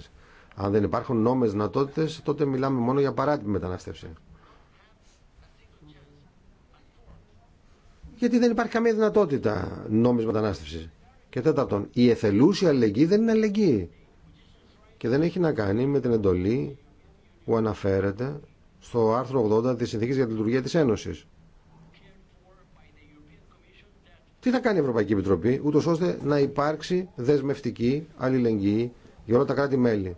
[SPEAKER 1] Αν δεν υπάρχουν νόμες δυνατότητε, τότε μιλάμε μόνο για παράτυπη μετανάστευση. Γιατί δεν υπάρχει καμία δυνατότητα νόμιμη μετανάστευση. Και τέταρτον, η εθελούσια αλληλεγγύη δεν είναι αλληλεγγύη. Και δεν έχει να κάνει με την εντολή που αναφέρεται στο άρθρο 80 της Συνθήκης για τη Λειτουργία της Ένωσης. Τι θα κάνει η Ευρωπαϊκή Επιτροπή, ούτω ώστε να υπάρξει δεσμευτική αλληλεγγύη για όλα τα κράτη-μέλη.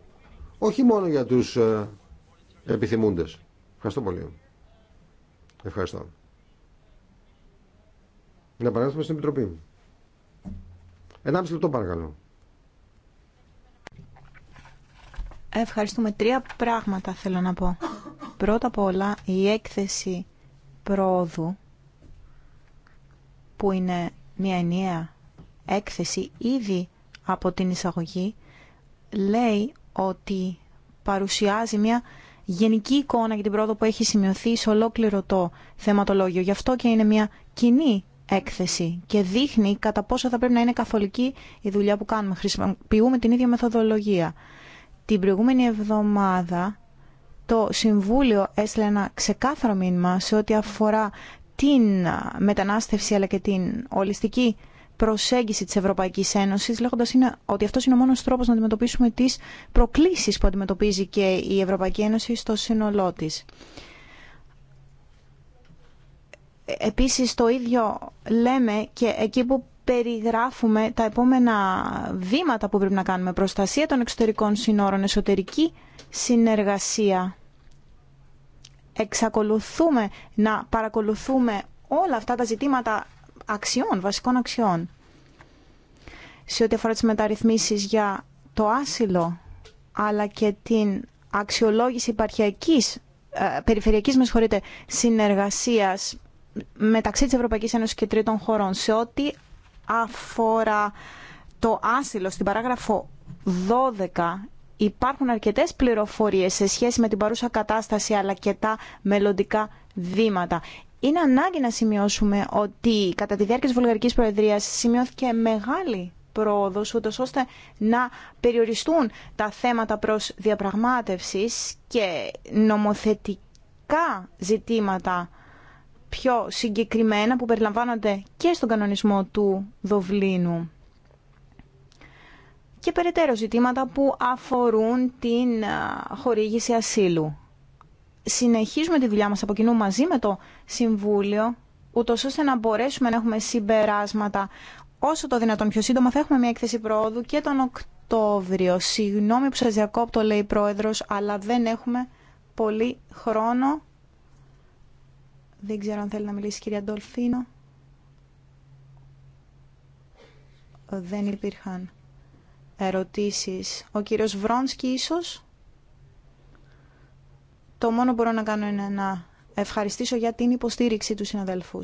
[SPEAKER 1] Όχι μόνο για του ε, επιθυμούντε. Ευχαριστώ πολύ. Ευχαριστώ. Να επανέλθουμε στην Επιτροπή. 1,5 λεπτό παρακαλώ.
[SPEAKER 3] Ευχαριστούμε. Τρία πράγματα θέλω να πω. Πρώτα απ' όλα η έκθεση πρόοδου που είναι μια ενιαία έκθεση ήδη από την εισαγωγή λέει ότι παρουσιάζει μια γενική εικόνα για την πρόοδο που έχει σημειωθεί σε ολόκληρο το θεματολόγιο. Γι' αυτό και είναι μια κοινή έκθεση και δείχνει κατά πόσο θα πρέπει να είναι καθολική η δουλειά που κάνουμε. Χρησιμοποιούμε την ίδια μεθοδολογία. Την προηγούμενη εβδομάδα το Συμβούλιο έστειλε ένα ξεκάθαρο μήνυμα σε ό,τι αφορά την μετανάστευση αλλά και την ολιστική προσέγγιση της Ευρωπαϊκής Ένωσης λέγοντας είναι ότι αυτός είναι ο μόνος τρόπος να αντιμετωπίσουμε τις προκλήσεις που αντιμετωπίζει και η Ευρωπαϊκή Ένωση στο σύνολό της. Επίσης το ίδιο λέμε και εκεί που περιγράφουμε τα επόμενα βήματα που πρέπει να κάνουμε προστασία των εξωτερικών συνόρων, εσωτερική συνεργασία εξακολουθούμε να παρακολουθούμε όλα αυτά τα ζητήματα αξιών, βασικών αξιών. Σε ό,τι αφορά τις μεταρρυθμίσεις για το άσυλο, αλλά και την αξιολόγηση υπαρχιακής, ε, περιφερειακής με συνεργασίας μεταξύ της Ευρωπαϊκής Ένωσης και τρίτων χωρών, σε ό,τι αφορά το άσυλο στην παράγραφο 12 υπάρχουν αρκετές πληροφορίες σε σχέση με την παρούσα κατάσταση αλλά και τα μελλοντικά βήματα. Είναι ανάγκη να σημειώσουμε ότι κατά τη διάρκεια της Βουλγαρικής Προεδρίας σημειώθηκε μεγάλη πρόοδος ώστε να περιοριστούν τα θέματα προς διαπραγμάτευσης και νομοθετικά ζητήματα πιο συγκεκριμένα που περιλαμβάνονται και στον κανονισμό του Δοβλίνου και περαιτέρω ζητήματα που αφορούν την χορήγηση ασύλου. Συνεχίζουμε τη δουλειά μας από κοινού μαζί με το Συμβούλιο, ούτω ώστε να μπορέσουμε να έχουμε συμπεράσματα όσο το δυνατόν πιο σύντομα. Θα έχουμε μια έκθεση πρόοδου και τον Οκτώβριο. Συγγνώμη που σας διακόπτω, λέει η Πρόεδρος, αλλά δεν έχουμε πολύ χρόνο. Δεν ξέρω αν θέλει να μιλήσει η κυρία Ντολφίνο. Δεν υπήρχαν ερωτήσεις. Ο κύριος Βρόνσκι ίσως. Το μόνο που μπορώ να κάνω είναι να ευχαριστήσω για την υποστήριξη του συναδελφού.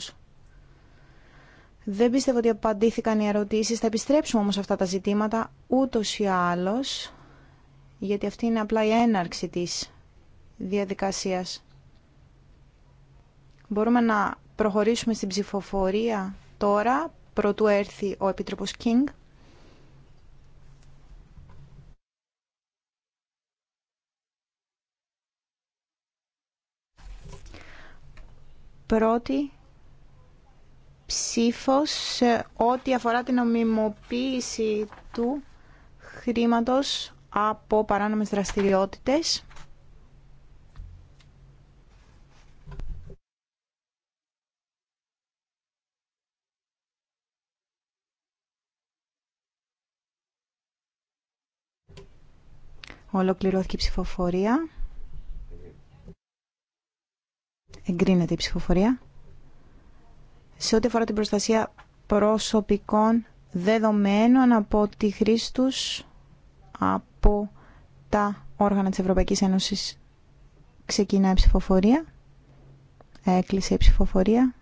[SPEAKER 3] Δεν πιστεύω ότι απαντήθηκαν οι ερωτήσεις. Θα επιστρέψουμε όμως αυτά τα ζητήματα ούτως ή άλλως, γιατί αυτή είναι απλά η έναρξη της διαδικασίας. Μπορούμε να προχωρήσουμε στην ψηφοφορία τώρα, Πρωτού έρθει ο Επίτροπος Κίνγκ. πρώτη ψήφος ό,τι αφορά την ομιμοποίηση του χρήματος από παράνομες δραστηριότητες. Ολοκληρώθηκε η ψηφοφορία. Εγκρίνεται η ψηφοφορία. Σε ό,τι αφορά την προστασία προσωπικών δεδομένων από τη χρήση τους από τα όργανα της Ευρωπαϊκής Ένωσης ξεκινάει η ψηφοφορία. Έκλεισε η ψηφοφορία.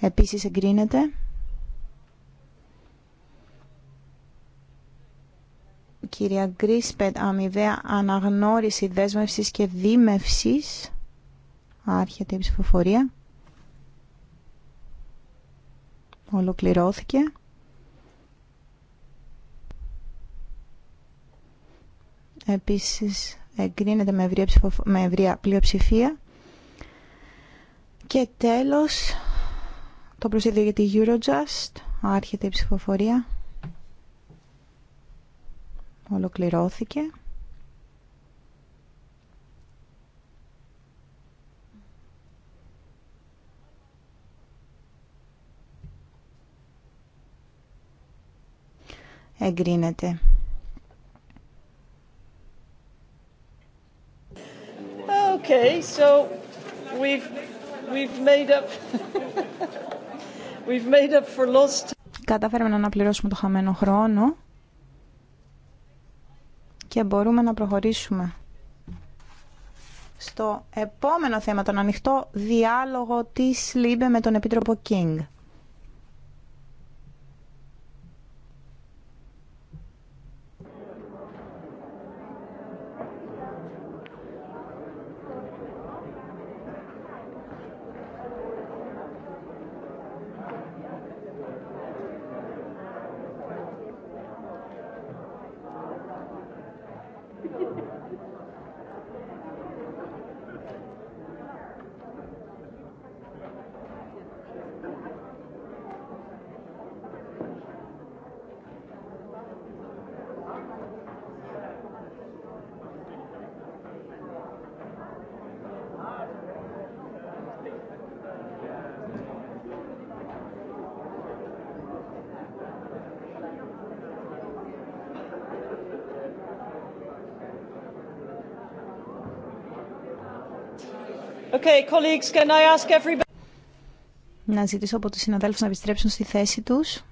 [SPEAKER 3] Επίσης εγκρίνεται. κυρία Γκρίσπετ, αμοιβαία αναγνώριση δέσμευσης και δίμευσης. Άρχεται η ψηφοφορία. Ολοκληρώθηκε. Επίσης εγκρίνεται με ευρία, πλειοψηφία. Και τέλος, το προσέδιο για τη Eurojust. Άρχεται η ψηφοφορία ολοκληρώθηκε. Εγκρίνεται.
[SPEAKER 2] Okay, so we've we've made up [LAUGHS] we've made up for lost.
[SPEAKER 3] Καταφέραμε να αναπληρώσουμε το χαμένο χρόνο και μπορούμε να προχωρήσουμε στο επόμενο θέμα, τον ανοιχτό διάλογο της ΛΥΜΠΕ με τον Επίτροπο Κίνγκ. Να ζητήσω από τους συναδέλφους να επιστρέψουν στη θέση τους.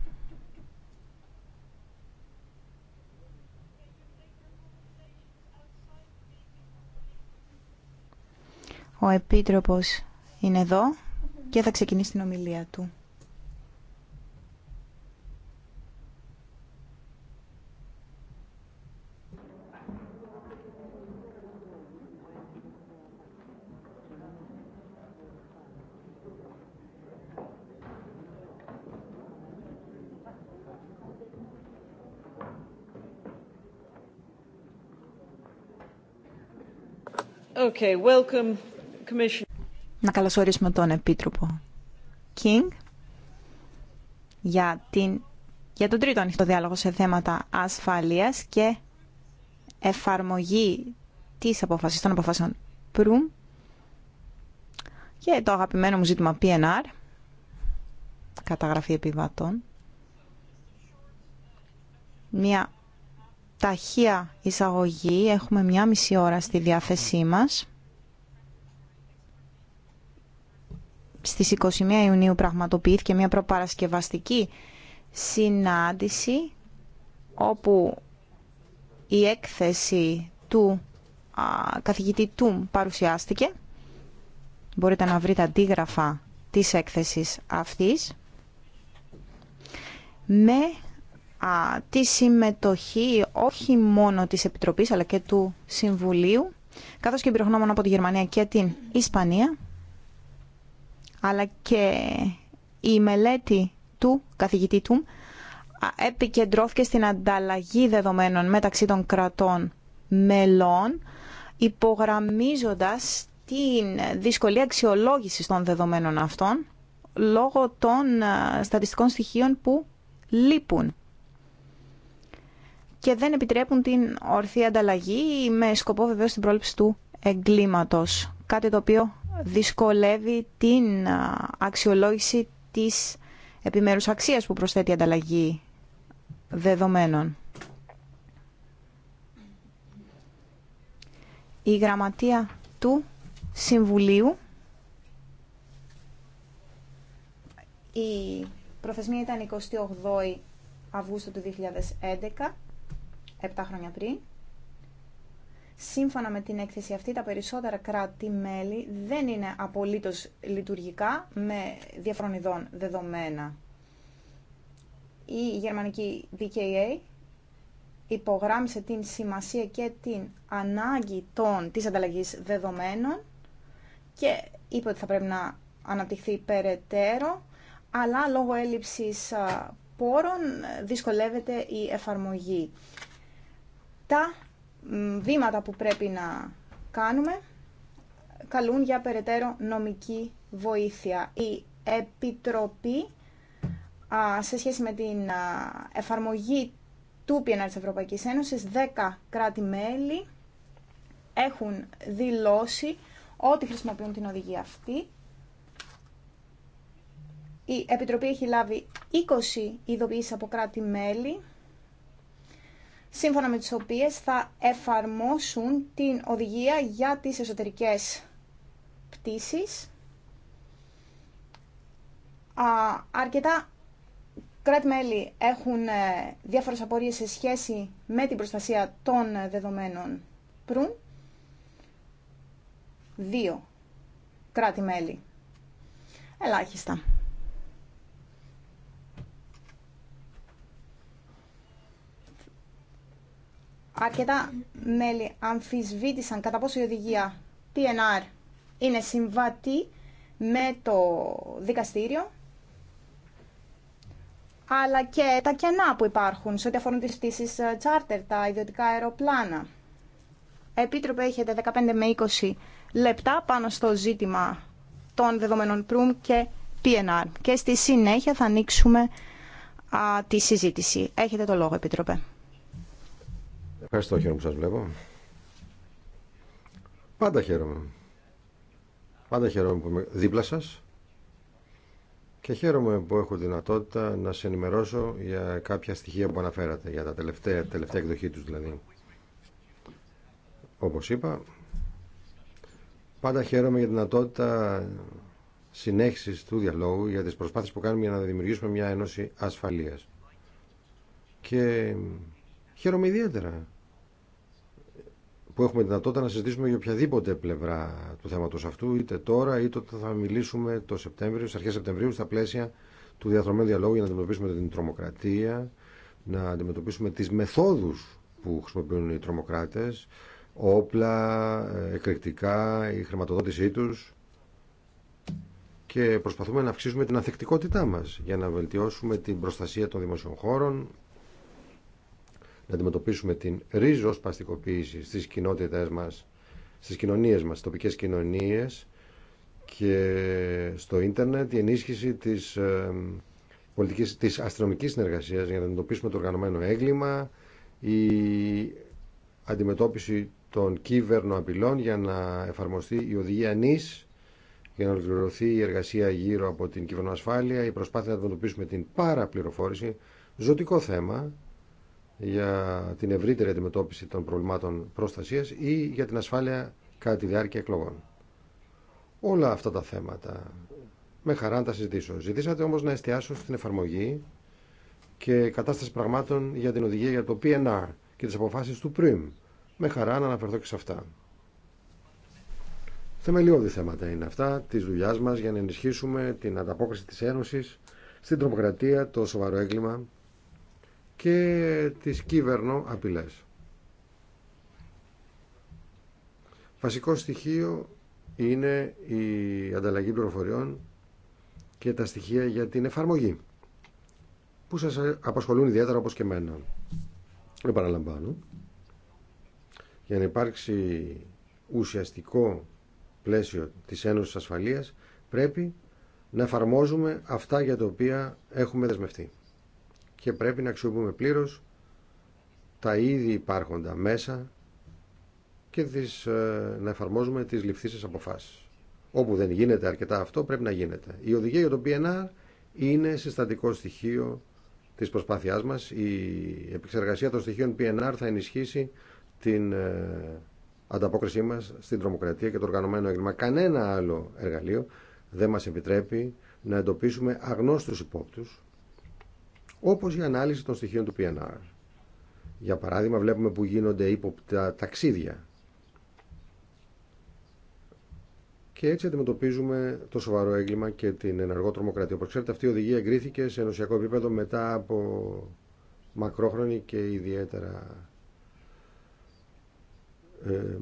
[SPEAKER 3] Ο Επίτροπος είναι εδώ και θα ξεκινήσει την ομιλία του. Να καλωσορίσουμε τον Επίτροπο King για, την, για τον τρίτο ανοιχτό διάλογο σε θέματα ασφαλείας και εφαρμογή της αποφασής των αποφάσεων Προύμ και το αγαπημένο μου ζήτημα PNR, καταγραφή επιβατών. Μια ταχεία εισαγωγή. Έχουμε μια μισή ώρα στη διάθεσή μας. Στις 21 Ιουνίου πραγματοποιήθηκε μια προπαρασκευαστική συνάντηση όπου η έκθεση του καθηγητή του παρουσιάστηκε. Μπορείτε να βρείτε αντίγραφα της έκθεσης αυτής με τη συμμετοχή όχι μόνο της Επιτροπής αλλά και του Συμβουλίου καθώς και εμπειρογνώμων από τη Γερμανία και την Ισπανία αλλά και η μελέτη του καθηγητή του επικεντρώθηκε στην ανταλλαγή δεδομένων μεταξύ των κρατών μελών υπογραμμίζοντας την δυσκολία αξιολόγηση των δεδομένων αυτών λόγω των στατιστικών στοιχείων που λείπουν και δεν επιτρέπουν την ορθή ανταλλαγή με σκοπό βεβαίω την πρόληψη του εγκλήματος. Κάτι το οποίο δυσκολεύει την αξιολόγηση της επιμέρους αξίας που προσθέτει η ανταλλαγή δεδομένων. Η γραμματεία του Συμβουλίου η προθεσμία ήταν 28 Αυγούστου του 2011 7 χρόνια πριν. Σύμφωνα με την έκθεση αυτή, τα περισσότερα κράτη-μέλη δεν είναι απολύτως λειτουργικά με διαφρονιδών δεδομένα. Η γερμανική BKA υπογράμμισε την σημασία και την ανάγκη των, της ανταλλαγής δεδομένων και είπε ότι θα πρέπει να αναπτυχθεί περαιτέρω, αλλά λόγω έλλειψης πόρων ε, δυσκολεύεται η εφαρμογή τα βήματα που πρέπει να κάνουμε καλούν για περαιτέρω νομική βοήθεια. Η Επιτροπή σε σχέση με την εφαρμογή του PNR της Ευρωπαϊκής Ένωσης, 10 κράτη-μέλη έχουν δηλώσει ότι χρησιμοποιούν την οδηγία αυτή. Η Επιτροπή έχει λάβει 20 ειδοποιήσεις από κράτη-μέλη σύμφωνα με τις οποίες θα εφαρμόσουν την οδηγία για τις εσωτερικές πτήσεις. αρκετά κράτη-μέλη έχουν ε, διάφορες απορίες σε σχέση με την προστασία των δεδομένων προυν. Δύο κράτη-μέλη. Ελάχιστα. αρκετά μέλη αμφισβήτησαν κατά πόσο η οδηγία PNR είναι συμβατή με το δικαστήριο αλλά και τα κενά που υπάρχουν σε ό,τι αφορούν τις πτήσεις ε, τα ιδιωτικά αεροπλάνα. Επίτροπε, έχετε 15 με 20 λεπτά πάνω στο ζήτημα των δεδομένων ΠΡΟΥΜ και PNR. Και στη συνέχεια θα ανοίξουμε τη συζήτηση. Έχετε το λόγο, Επίτροπε.
[SPEAKER 1] Ευχαριστώ, χαίρομαι που σας βλέπω. Πάντα χαίρομαι. Πάντα χαίρομαι που είμαι δίπλα σας και χαίρομαι που έχω δυνατότητα να σε ενημερώσω για κάποια στοιχεία που αναφέρατε, για τα τελευταία, τελευταία εκδοχή τους δηλαδή. Όπως είπα, πάντα χαίρομαι για τη δυνατότητα συνέχισης του διαλόγου για τις προσπάθειες που κάνουμε για να δημιουργήσουμε μια ένωση ασφαλείας. Και χαίρομαι ιδιαίτερα που έχουμε δυνατότητα να συζητήσουμε για οποιαδήποτε πλευρά του θέματο αυτού, είτε τώρα είτε όταν θα μιλήσουμε το Σεπτέμβριο, στι αρχέ Σεπτεμβρίου, στα πλαίσια του διαθρομένου διαλόγου για να αντιμετωπίσουμε την τρομοκρατία, να αντιμετωπίσουμε τι μεθόδου που χρησιμοποιούν οι τρομοκράτε, όπλα, ε, εκρηκτικά, η χρηματοδότησή του. και προσπαθούμε να αυξήσουμε την ανθεκτικότητά μα για να βελτιώσουμε την προστασία των δημοσίων χώρων, να αντιμετωπίσουμε την ρίζοσπαστικοποίηση στις κοινότητες μας, στις κοινωνίες μας, στις τοπικές κοινωνίες και στο ίντερνετ η ενίσχυση της, ε, πολιτικής, της αστυνομικής συνεργασίας για να αντιμετωπίσουμε το οργανωμένο έγκλημα, η αντιμετώπιση των κύβερνων απειλών για να εφαρμοστεί η οδηγία νης για να ολοκληρωθεί η εργασία γύρω από την κυβερνοασφάλεια, η προσπάθεια να αντιμετωπίσουμε την παραπληροφόρηση, ζωτικό θέμα για την ευρύτερη αντιμετώπιση των προβλημάτων προστασίας ή για την ασφάλεια κατά τη διάρκεια εκλογών. Όλα αυτά τα θέματα με χαρά να τα συζητήσω. Ζητήσατε όμως να εστιάσω στην εφαρμογή και κατάσταση πραγμάτων για την οδηγία για το PNR και τις αποφάσεις του ΠΡΙΜ. Με χαρά να αναφερθώ και σε αυτά. Θεμελιώδη θέματα είναι αυτά τη δουλειά μα για να ενισχύσουμε την ανταπόκριση τη Ένωση στην τρομοκρατία, το σοβαρό έγκλημα και τις κύβερνο απειλές. Βασικό στοιχείο είναι η ανταλλαγή πληροφοριών και τα στοιχεία για την εφαρμογή που σας απασχολούν ιδιαίτερα όπως και εμένα. παραλαμβάνω. για να υπάρξει ουσιαστικό πλαίσιο της Ένωσης Ασφαλείας πρέπει να εφαρμόζουμε αυτά για τα οποία έχουμε δεσμευτεί και πρέπει να αξιοποιούμε πλήρως τα ήδη υπάρχοντα μέσα και τις, ε, να εφαρμόζουμε τις ληφθήσεις αποφάσεις. Όπου δεν γίνεται αρκετά αυτό πρέπει να γίνεται. Η οδηγία για το PNR είναι συστατικό στοιχείο της προσπάθειάς μας. Η επεξεργασία των στοιχείων PNR θα ενισχύσει την ε, ανταπόκρισή μας στην τρομοκρατία και το οργανωμένο έγκλημα. Κανένα άλλο εργαλείο δεν μας επιτρέπει να εντοπίσουμε αγνώστους υπόπτους όπως η ανάλυση των στοιχείων του PNR. Για παράδειγμα βλέπουμε που γίνονται ύποπτα ταξίδια Και έτσι αντιμετωπίζουμε το σοβαρό έγκλημα και την ενεργό τρομοκρατία. Όπω ξέρετε, αυτή η οδηγία εγκρίθηκε σε ενωσιακό επίπεδο μετά από μακρόχρονη και ιδιαίτερα ε,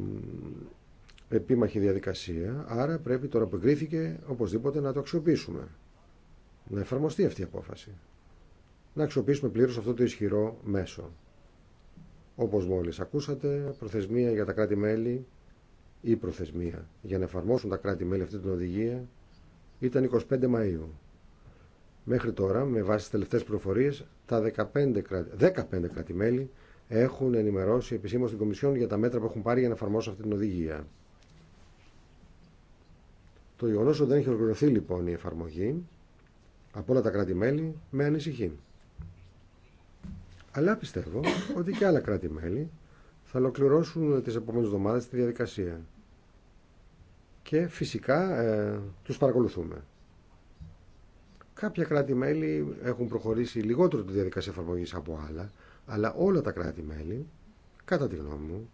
[SPEAKER 1] επίμαχη διαδικασία. Άρα πρέπει τώρα που εγκρίθηκε οπωσδήποτε να το αξιοποιήσουμε. Να εφαρμοστεί αυτή η απόφαση να αξιοποιήσουμε πλήρως αυτό το ισχυρό μέσο. Όπως μόλις ακούσατε, προθεσμία για τα κράτη-μέλη ή προθεσμία για να εφαρμόσουν τα κράτη-μέλη αυτή την οδηγία ήταν 25 Μαΐου. Μέχρι τώρα, με βάση τις τελευταίες πληροφορίες, τα 15 κράτη-μέλη έχουν ενημερώσει επισήμω την Κομισιόν για τα μέτρα που έχουν πάρει για να εφαρμόσουν αυτή την οδηγία. Το γεγονό ότι δεν έχει ολοκληρωθεί λοιπόν η εφαρμογή από όλα τα κράτη-μέλη με ανησυχεί. Αλλά πιστεύω ότι και άλλα κράτη-μέλη θα ολοκληρώσουν τις επόμενες εβδομάδες τη διαδικασία. Και φυσικά ε, τους παρακολουθούμε. Κάποια κράτη-μέλη έχουν προχωρήσει λιγότερο τη διαδικασία εφαρμογή από άλλα, αλλά όλα τα κράτη-μέλη, κατά τη γνώμη μου,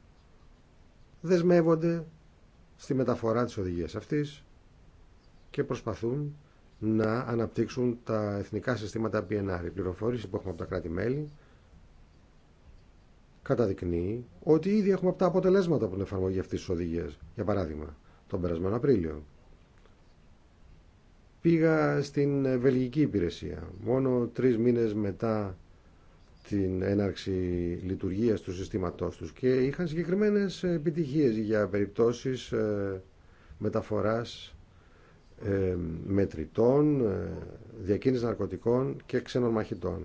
[SPEAKER 1] δεσμεύονται στη μεταφορά της οδηγίας αυτής και προσπαθούν να αναπτύξουν τα εθνικά συστήματα PNR, η πληροφόρηση που έχουμε από τα κράτη-μέλη, καταδεικνύει ότι ήδη έχουμε από τα αποτελέσματα από την εφαρμογή αυτής της οδηγίας. Για παράδειγμα, τον περασμένο Απρίλιο πήγα στην Βελγική υπηρεσία μόνο τρει μήνες μετά την έναρξη λειτουργίας του συστήματός τους και είχαν συγκεκριμένε επιτυχίε για περιπτώσεις ε, μεταφοράς ε, μετρητών, ε, διακίνηση ναρκωτικών και ξένων μαχητών.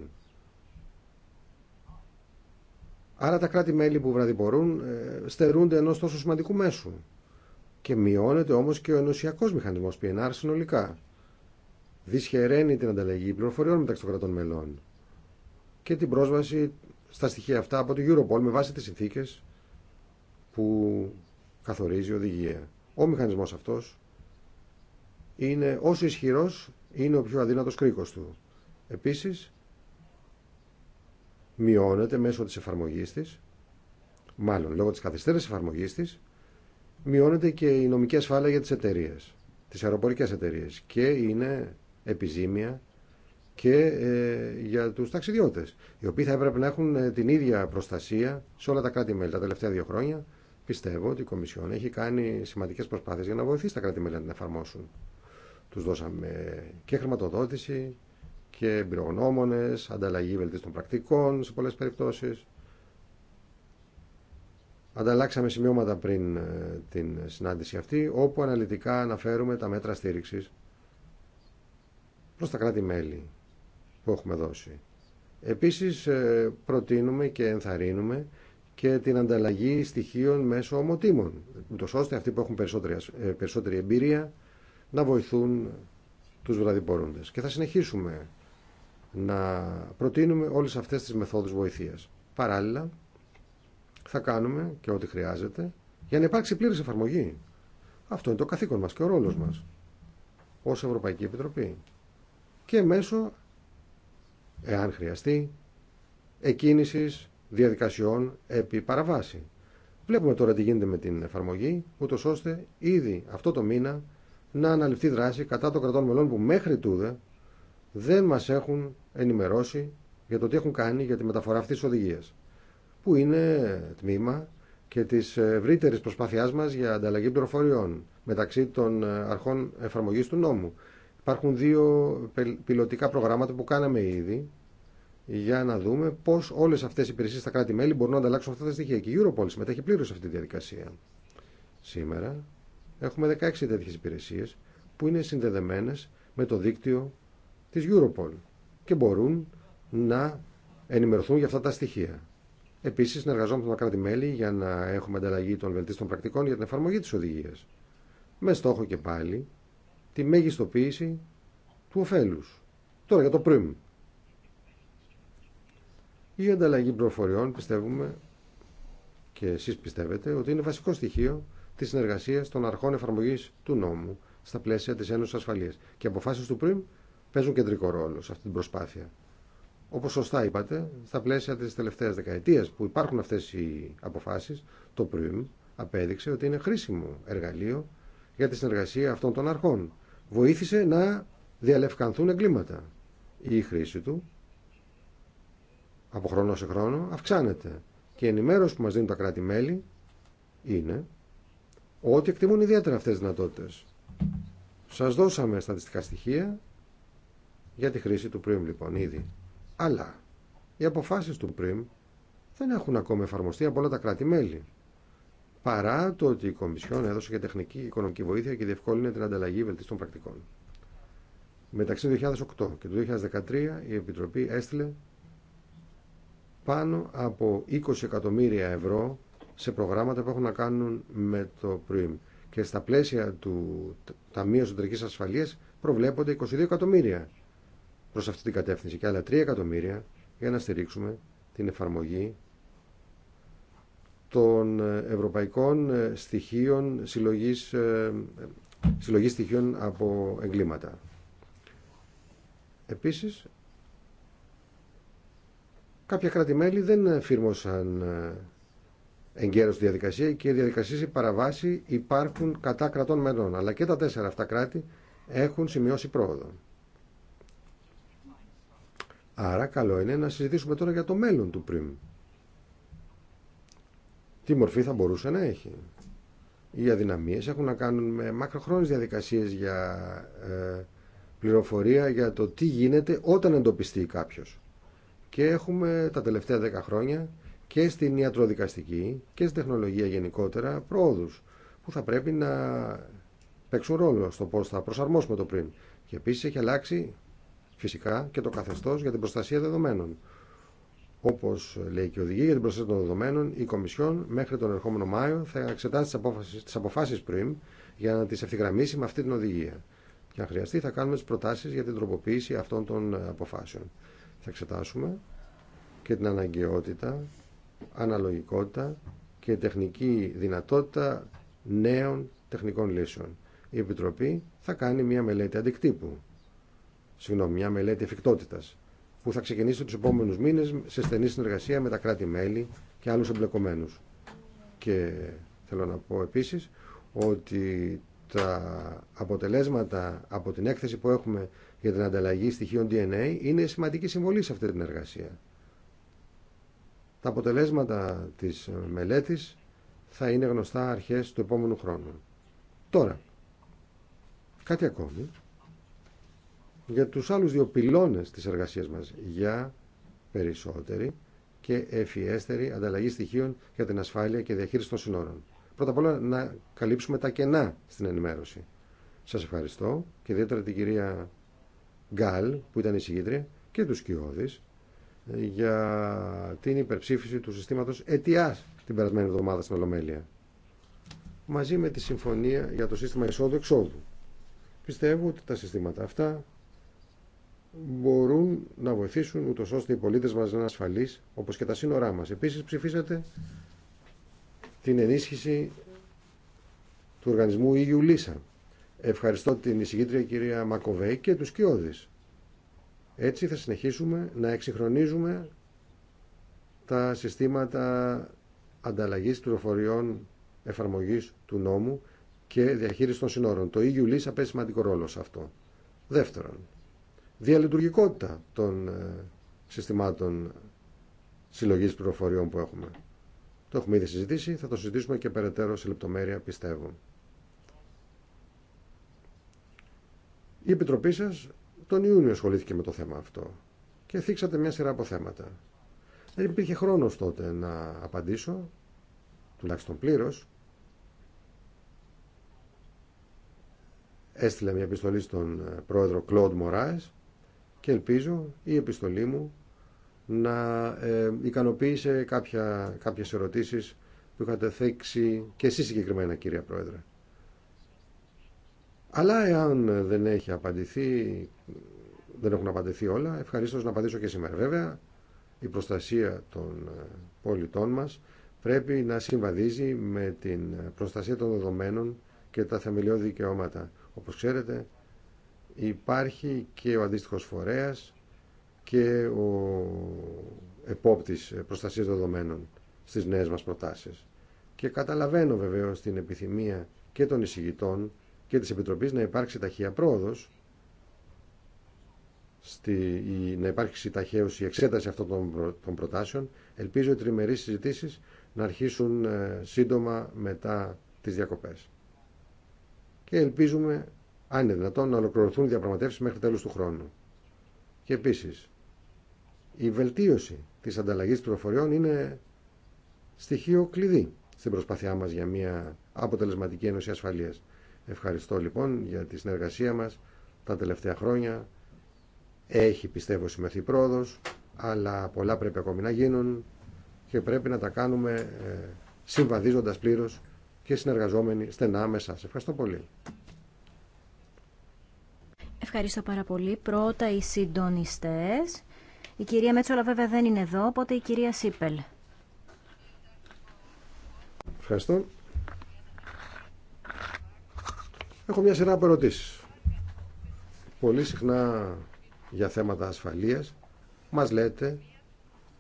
[SPEAKER 1] Άρα τα κράτη-μέλη που βραδιπορούν ε, στερούνται ενός τόσο σημαντικού μέσου. Και μειώνεται όμως και ο ενωσιακός μηχανισμός PNR συνολικά. Δυσχεραίνει την ανταλλαγή πληροφοριών μεταξύ των κρατών μελών και την πρόσβαση στα στοιχεία αυτά από το Europol με βάση τις συνθήκες που καθορίζει η οδηγία. Ο μηχανισμός αυτός είναι όσο ισχυρός είναι ο πιο αδύνατος κρίκος του. Επίσης, μειώνεται μέσω της εφαρμογής της, μάλλον λόγω της καθυστέρησης εφαρμογής της, μειώνεται και η νομική ασφάλεια για τις εταιρείε, τις αεροπορικές εταιρείε και είναι επιζήμια και ε, για τους ταξιδιώτες, οι οποίοι θα έπρεπε να έχουν ε, την ίδια προστασία σε όλα τα κράτη-μέλη τα τελευταία δύο χρόνια. Πιστεύω ότι η Κομισιόν έχει κάνει σημαντικές προσπάθειες για να βοηθήσει τα κράτη-μέλη να την εφαρμόσουν. Τους δώσαμε και χρηματοδότηση και εμπειρογνώμονες, ανταλλαγή βελτίστων πρακτικών σε πολλές περιπτώσεις. Ανταλλάξαμε σημειώματα πριν ε, την συνάντηση αυτή, όπου αναλυτικά αναφέρουμε τα μέτρα στήριξης προς τα κράτη-μέλη που έχουμε δώσει. Επίσης ε, προτείνουμε και ενθαρρύνουμε και την ανταλλαγή στοιχείων μέσω ομοτήμων, ούτως ώστε αυτοί που έχουν περισσότερη ε, εμπειρία να βοηθούν τους βραδιπορούντες. Και θα συνεχίσουμε να προτείνουμε όλες αυτές τις μεθόδους βοηθείας. Παράλληλα, θα κάνουμε και ό,τι χρειάζεται για να υπάρξει πλήρης εφαρμογή. Αυτό είναι το καθήκον μας και ο ρόλος μας ως Ευρωπαϊκή Επιτροπή. Και μέσω, εάν χρειαστεί, εκκίνησης διαδικασιών επί παραβάση. Βλέπουμε τώρα τι γίνεται με την εφαρμογή, ούτω ώστε ήδη αυτό το μήνα να αναλυφθεί δράση κατά των κρατών μελών που μέχρι τούδε δεν μας έχουν ενημερώσει για το τι έχουν κάνει για τη μεταφορά αυτής της οδηγίας που είναι τμήμα και της ευρύτερη προσπάθειάς μας για ανταλλαγή πληροφοριών μεταξύ των αρχών εφαρμογής του νόμου. Υπάρχουν δύο πιλωτικά προγράμματα που κάναμε ήδη για να δούμε πώς όλες αυτές οι υπηρεσίες στα κράτη-μέλη μπορούν να ανταλλάξουν αυτά τα στοιχεία. Και η Europol συμμετέχει πλήρως σε αυτή τη διαδικασία. Σήμερα έχουμε 16 τέτοιες υπηρεσίες που είναι συνδεδεμένες με το δίκτυο της Europol και μπορούν να ενημερωθούν για αυτά τα στοιχεία. Επίση, συνεργαζόμαστε με τα κράτη-μέλη για να έχουμε ανταλλαγή των βελτίστων πρακτικών για την εφαρμογή τη οδηγία. Με στόχο και πάλι τη μέγιστοποίηση του ωφέλου. Τώρα για το πριμ. Η ανταλλαγή προφοριών πιστεύουμε και εσεί πιστεύετε ότι είναι βασικό στοιχείο τη συνεργασία των αρχών εφαρμογή του νόμου στα πλαίσια τη Ένωση Ασφαλεία. Και αποφάσει του πριμ παίζουν κεντρικό ρόλο σε αυτή την προσπάθεια. Όπω σωστά είπατε, στα πλαίσια τη τελευταία δεκαετία που υπάρχουν αυτέ οι αποφάσει, το ΠΡΙΜ απέδειξε ότι είναι χρήσιμο εργαλείο για τη συνεργασία αυτών των αρχών. Βοήθησε να διαλευκανθούν εγκλήματα. Η χρήση του από χρόνο σε χρόνο αυξάνεται και η ενημέρωση που μα δίνουν τα κράτη-μέλη είναι ότι εκτιμούν ιδιαίτερα αυτέ τι δυνατότητε. Σα δώσαμε στατιστικά στοιχεία για τη χρήση του πριμ λοιπόν ήδη. Αλλά οι αποφάσεις του πριμ δεν έχουν ακόμα εφαρμοστεί από όλα τα κράτη-μέλη. Παρά το ότι η Κομισιόν έδωσε και τεχνική οικονομική βοήθεια και διευκόλυνε την ανταλλαγή βελτιστών πρακτικών. Μεταξύ του 2008 και του 2013 η Επιτροπή έστειλε πάνω από 20 εκατομμύρια ευρώ σε προγράμματα που έχουν να κάνουν με το ΠΡΙΜ. Και στα πλαίσια του Ταμείου Εσωτερική Ασφαλεία προβλέπονται 22 εκατομμύρια προς αυτή την κατεύθυνση και άλλα 3 εκατομμύρια για να στηρίξουμε την εφαρμογή των ε, ευρωπαϊκών ε, στοιχείων συλλογής, ε, συλλογής στοιχείων από εγκλήματα. Επίσης, κάποια κράτη-μέλη δεν φύρμωσαν εγκαίρως τη διαδικασία και οι διαδικασίες παραβάσει υπάρχουν κατά κρατών μελών, αλλά και τα τέσσερα αυτά κράτη έχουν σημειώσει πρόοδο. Άρα καλό είναι να συζητήσουμε τώρα για το μέλλον του πριν. Τι μορφή θα μπορούσε να έχει. Οι αδυναμίες έχουν να κάνουν με μακροχρόνιες διαδικασίες για ε, πληροφορία για το τι γίνεται όταν εντοπιστεί κάποιος. Και έχουμε τα τελευταία 10 χρόνια και στην ιατροδικαστική και στην τεχνολογία γενικότερα πρόοδους που θα πρέπει να παίξουν ρόλο στο πώς θα προσαρμόσουμε το πριν. Και επίσης έχει αλλάξει φυσικά και το καθεστώ για την προστασία δεδομένων. Όπω λέει και η οδηγία για την προστασία των δεδομένων, η Κομισιόν μέχρι τον ερχόμενο Μάιο θα εξετάσει τι αποφάσει πριν για να τι ευθυγραμμίσει με αυτή την οδηγία. Και αν χρειαστεί θα κάνουμε τι προτάσει για την τροποποίηση αυτών των αποφάσεων. Θα εξετάσουμε και την αναγκαιότητα, αναλογικότητα και τεχνική δυνατότητα νέων τεχνικών λύσεων. Η Επιτροπή θα κάνει μια μελέτη αντικτύπου συγγνώμη, μια μελέτη εφικτότητα που θα ξεκινήσει του επόμενου μήνες σε στενή συνεργασία με τα κράτη-μέλη και άλλους εμπλεκομένους. Και θέλω να πω επίσης ότι τα αποτελέσματα από την έκθεση που έχουμε για την ανταλλαγή στοιχείων DNA είναι σημαντική συμβολή σε αυτή την εργασία. Τα αποτελέσματα της μελέτης θα είναι γνωστά αρχές του επόμενου χρόνου. Τώρα, κάτι ακόμη για τους άλλους δύο πυλώνες της εργασίας μας για περισσότερη και ευφιέστερη ανταλλαγή στοιχείων για την ασφάλεια και διαχείριση των συνόρων. Πρώτα απ' όλα να καλύψουμε τα κενά στην ενημέρωση. Σας ευχαριστώ και ιδιαίτερα την κυρία Γκάλ που ήταν η συγκήτρια και τους κοιόδης ε, για την υπερψήφιση του συστήματος αιτιάς την περασμένη εβδομάδα στην Ολομέλεια μαζί με τη συμφωνία για το σύστημα εισόδου-εξόδου. Πιστεύω ότι τα συστήματα αυτά μπορούν να βοηθήσουν ούτω ώστε οι πολίτε μα να είναι ασφαλεί, όπω και τα σύνορά μα. Επίση, ψηφίσατε την ενίσχυση του οργανισμού Ιγιου e λίσα Ευχαριστώ την εισηγήτρια κυρία Μακοβέη και τους Κιώδη. Έτσι θα συνεχίσουμε να εξυγχρονίζουμε τα συστήματα ανταλλαγής πληροφοριών εφαρμογής του νόμου και διαχείριση των συνόρων. Το EU Λίσα παίζει σημαντικό ρόλο σε αυτό. Δεύτερον, διαλειτουργικότητα των ε, συστημάτων συλλογής πληροφοριών που έχουμε. Το έχουμε ήδη συζητήσει, θα το συζητήσουμε και περαιτέρω σε λεπτομέρεια, πιστεύω. Η Επιτροπή σα τον Ιούνιο ασχολήθηκε με το θέμα αυτό και θίξατε μια σειρά από θέματα. Δεν υπήρχε χρόνο τότε να απαντήσω, τουλάχιστον πλήρω. Έστειλα μια επιστολή στον ε, πρόεδρο Κλόντ Μωράες και ελπίζω η επιστολή μου να ε, ικανοποίησε κάποια, κάποιες ερωτήσεις που είχατε θέξει και εσείς συγκεκριμένα κυρία Πρόεδρε. Αλλά εάν δεν έχει απαντηθεί, δεν έχουν απαντηθεί όλα, ευχαρίστω να απαντήσω και σήμερα. Βέβαια, η προστασία των ε, πολιτών μας πρέπει να συμβαδίζει με την προστασία των δεδομένων και τα θεμελιώδη δικαιώματα. Όπως ξέρετε, υπάρχει και ο αντίστοιχος φορέας και ο επόπτης προστασίας δεδομένων στις νέες μας προτάσεις. Και καταλαβαίνω βεβαίως την επιθυμία και των εισηγητών και της Επιτροπής να υπάρξει ταχεία πρόοδος, στη, να υπάρξει ταχαίως η εξέταση αυτών των, των προτάσεων. Ελπίζω οι τριμερείς συζητήσεις να αρχίσουν ε, σύντομα μετά τις διακοπές. Και ελπίζουμε αν είναι δυνατόν να ολοκληρωθούν οι διαπραγματεύσει μέχρι τέλο του χρόνου. Και επίση, η βελτίωση τη ανταλλαγή πληροφοριών είναι στοιχείο κλειδί στην προσπάθειά μα για μια αποτελεσματική ένωση ασφαλεία. Ευχαριστώ λοιπόν για τη συνεργασία μα τα τελευταία χρόνια. Έχει πιστεύω συμμεθεί πρόοδο, αλλά πολλά πρέπει ακόμη να γίνουν και πρέπει να τα κάνουμε ε, συμβαδίζοντας πλήρως και συνεργαζόμενοι στενά με σας. Ευχαριστώ πολύ.
[SPEAKER 2] Ευχαριστώ πάρα πολύ. Πρώτα οι συντονιστές. Η κυρία Μέτσολα βέβαια δεν είναι εδώ, οπότε η κυρία Σίπελ.
[SPEAKER 1] Ευχαριστώ. Έχω μια σειρά από ερωτήσει. Πολύ συχνά για θέματα ασφαλείας μας λέτε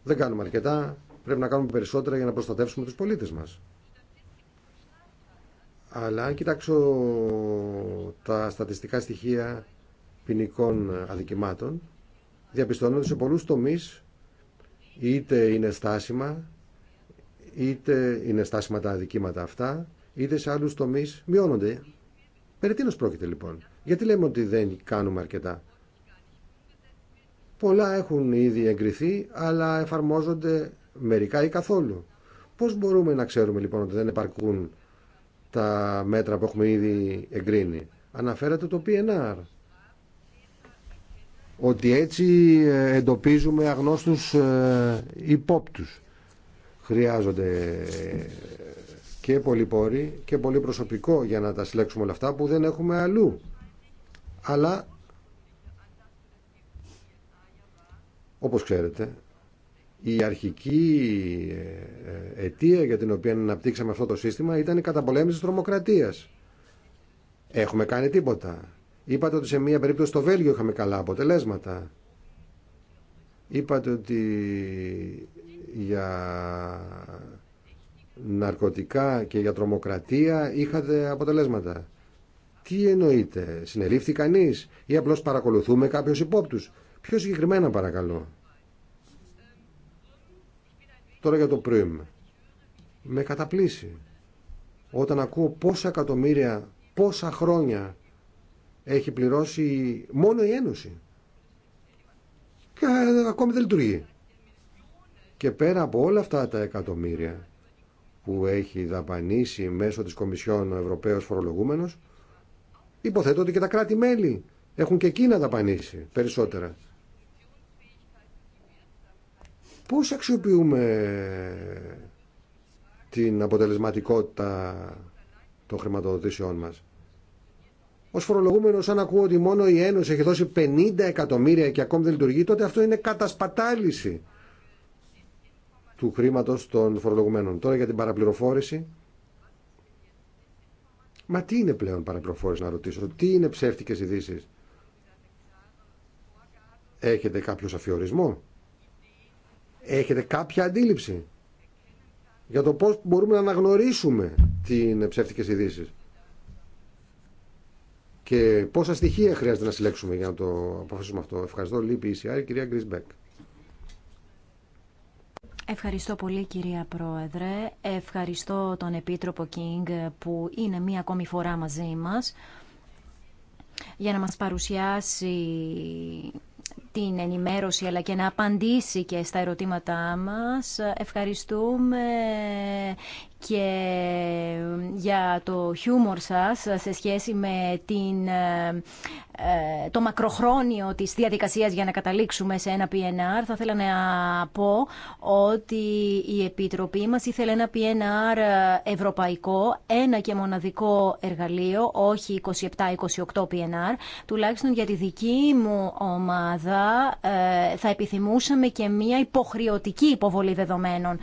[SPEAKER 1] δεν κάνουμε αρκετά, πρέπει να κάνουμε περισσότερα για να προστατεύσουμε τους πολίτες μας. Αλλά αν κοιτάξω τα στατιστικά στοιχεία ποινικών αδικημάτων διαπιστώνονται σε πολλούς τομείς είτε είναι στάσιμα, είτε είναι στάσιμα τα αδικήματα αυτά, είτε σε άλλους τομείς μειώνονται. Περί τίνος πρόκειται λοιπόν. Γιατί λέμε ότι δεν κάνουμε αρκετά. Πολλά έχουν ήδη εγκριθεί, αλλά εφαρμόζονται μερικά ή καθόλου. Πώς μπορούμε να ξέρουμε λοιπόν ότι δεν επαρκούν τα μέτρα που έχουμε ήδη εγκρίνει. Αναφέρατε το PNR ότι έτσι ε, εντοπίζουμε αγνώστους ε, υπόπτους. Χρειάζονται ε, και πολύ πόροι και πολύ προσωπικό για να τα συλλέξουμε όλα αυτά που δεν έχουμε αλλού. Αλλά, όπως ξέρετε, η αρχική αιτία για την οποία αναπτύξαμε αυτό το σύστημα ήταν η καταπολέμηση της τρομοκρατίας. Έχουμε κάνει τίποτα. Είπατε ότι σε μία περίπτωση στο Βέλγιο είχαμε καλά αποτελέσματα. Είπατε ότι για ναρκωτικά και για τρομοκρατία είχατε αποτελέσματα. Τι εννοείτε, συνελήφθη κανεί ή απλώς παρακολουθούμε κάποιους υπόπτους. Πιο συγκεκριμένα παρακαλώ. Τώρα για το πρωίμ. Με καταπλήσει. Όταν ακούω πόσα εκατομμύρια, πόσα χρόνια έχει πληρώσει μόνο η Ένωση. Και ε, ακόμη δεν λειτουργεί. Και πέρα από όλα αυτά τα εκατομμύρια που έχει δαπανίσει μέσω της Κομισιόν ο Ευρωπαίος Φορολογούμενος, υποθέτω ότι και τα κράτη-μέλη έχουν και εκείνα δαπανίσει περισσότερα. Πώς αξιοποιούμε την αποτελεσματικότητα των χρηματοδοτήσεών μας. Ω φορολογούμενο, αν ακούω ότι μόνο η Ένωση έχει δώσει 50 εκατομμύρια και ακόμη δεν λειτουργεί, τότε αυτό είναι κατασπατάληση του χρήματο των φορολογουμένων. Τώρα για την παραπληροφόρηση. Μα τι είναι πλέον παραπληροφόρηση να ρωτήσω, τι είναι ψεύτικες ειδήσει. Έχετε κάποιο αφιορισμό, έχετε κάποια αντίληψη για το πώς μπορούμε να αναγνωρίσουμε τι είναι ψεύτικες ειδήσει και πόσα στοιχεία χρειάζεται να συλλέξουμε για να το αποφασίσουμε αυτό. Ευχαριστώ. Λείπει η κυρία Γκρισμπέκ.
[SPEAKER 2] Ευχαριστώ πολύ κυρία Πρόεδρε. Ευχαριστώ τον Επίτροπο Κίνγκ που είναι μία ακόμη φορά μαζί μας για να μας παρουσιάσει την ενημέρωση αλλά και να απαντήσει και στα ερωτήματά μας. Ευχαριστούμε και για το χιούμορ σας σε σχέση με την, ε, ε, το μακροχρόνιο της διαδικασίας για να καταλήξουμε σε ένα PNR. Θα ήθελα να πω ότι η Επιτροπή μας ήθελε ένα PNR ευρωπαϊκό, ένα και μοναδικό εργαλείο, όχι 27-28 PNR. Τουλάχιστον για τη δική μου ομάδα ε, θα επιθυμούσαμε και μια υποχρεωτική υποβολή δεδομένων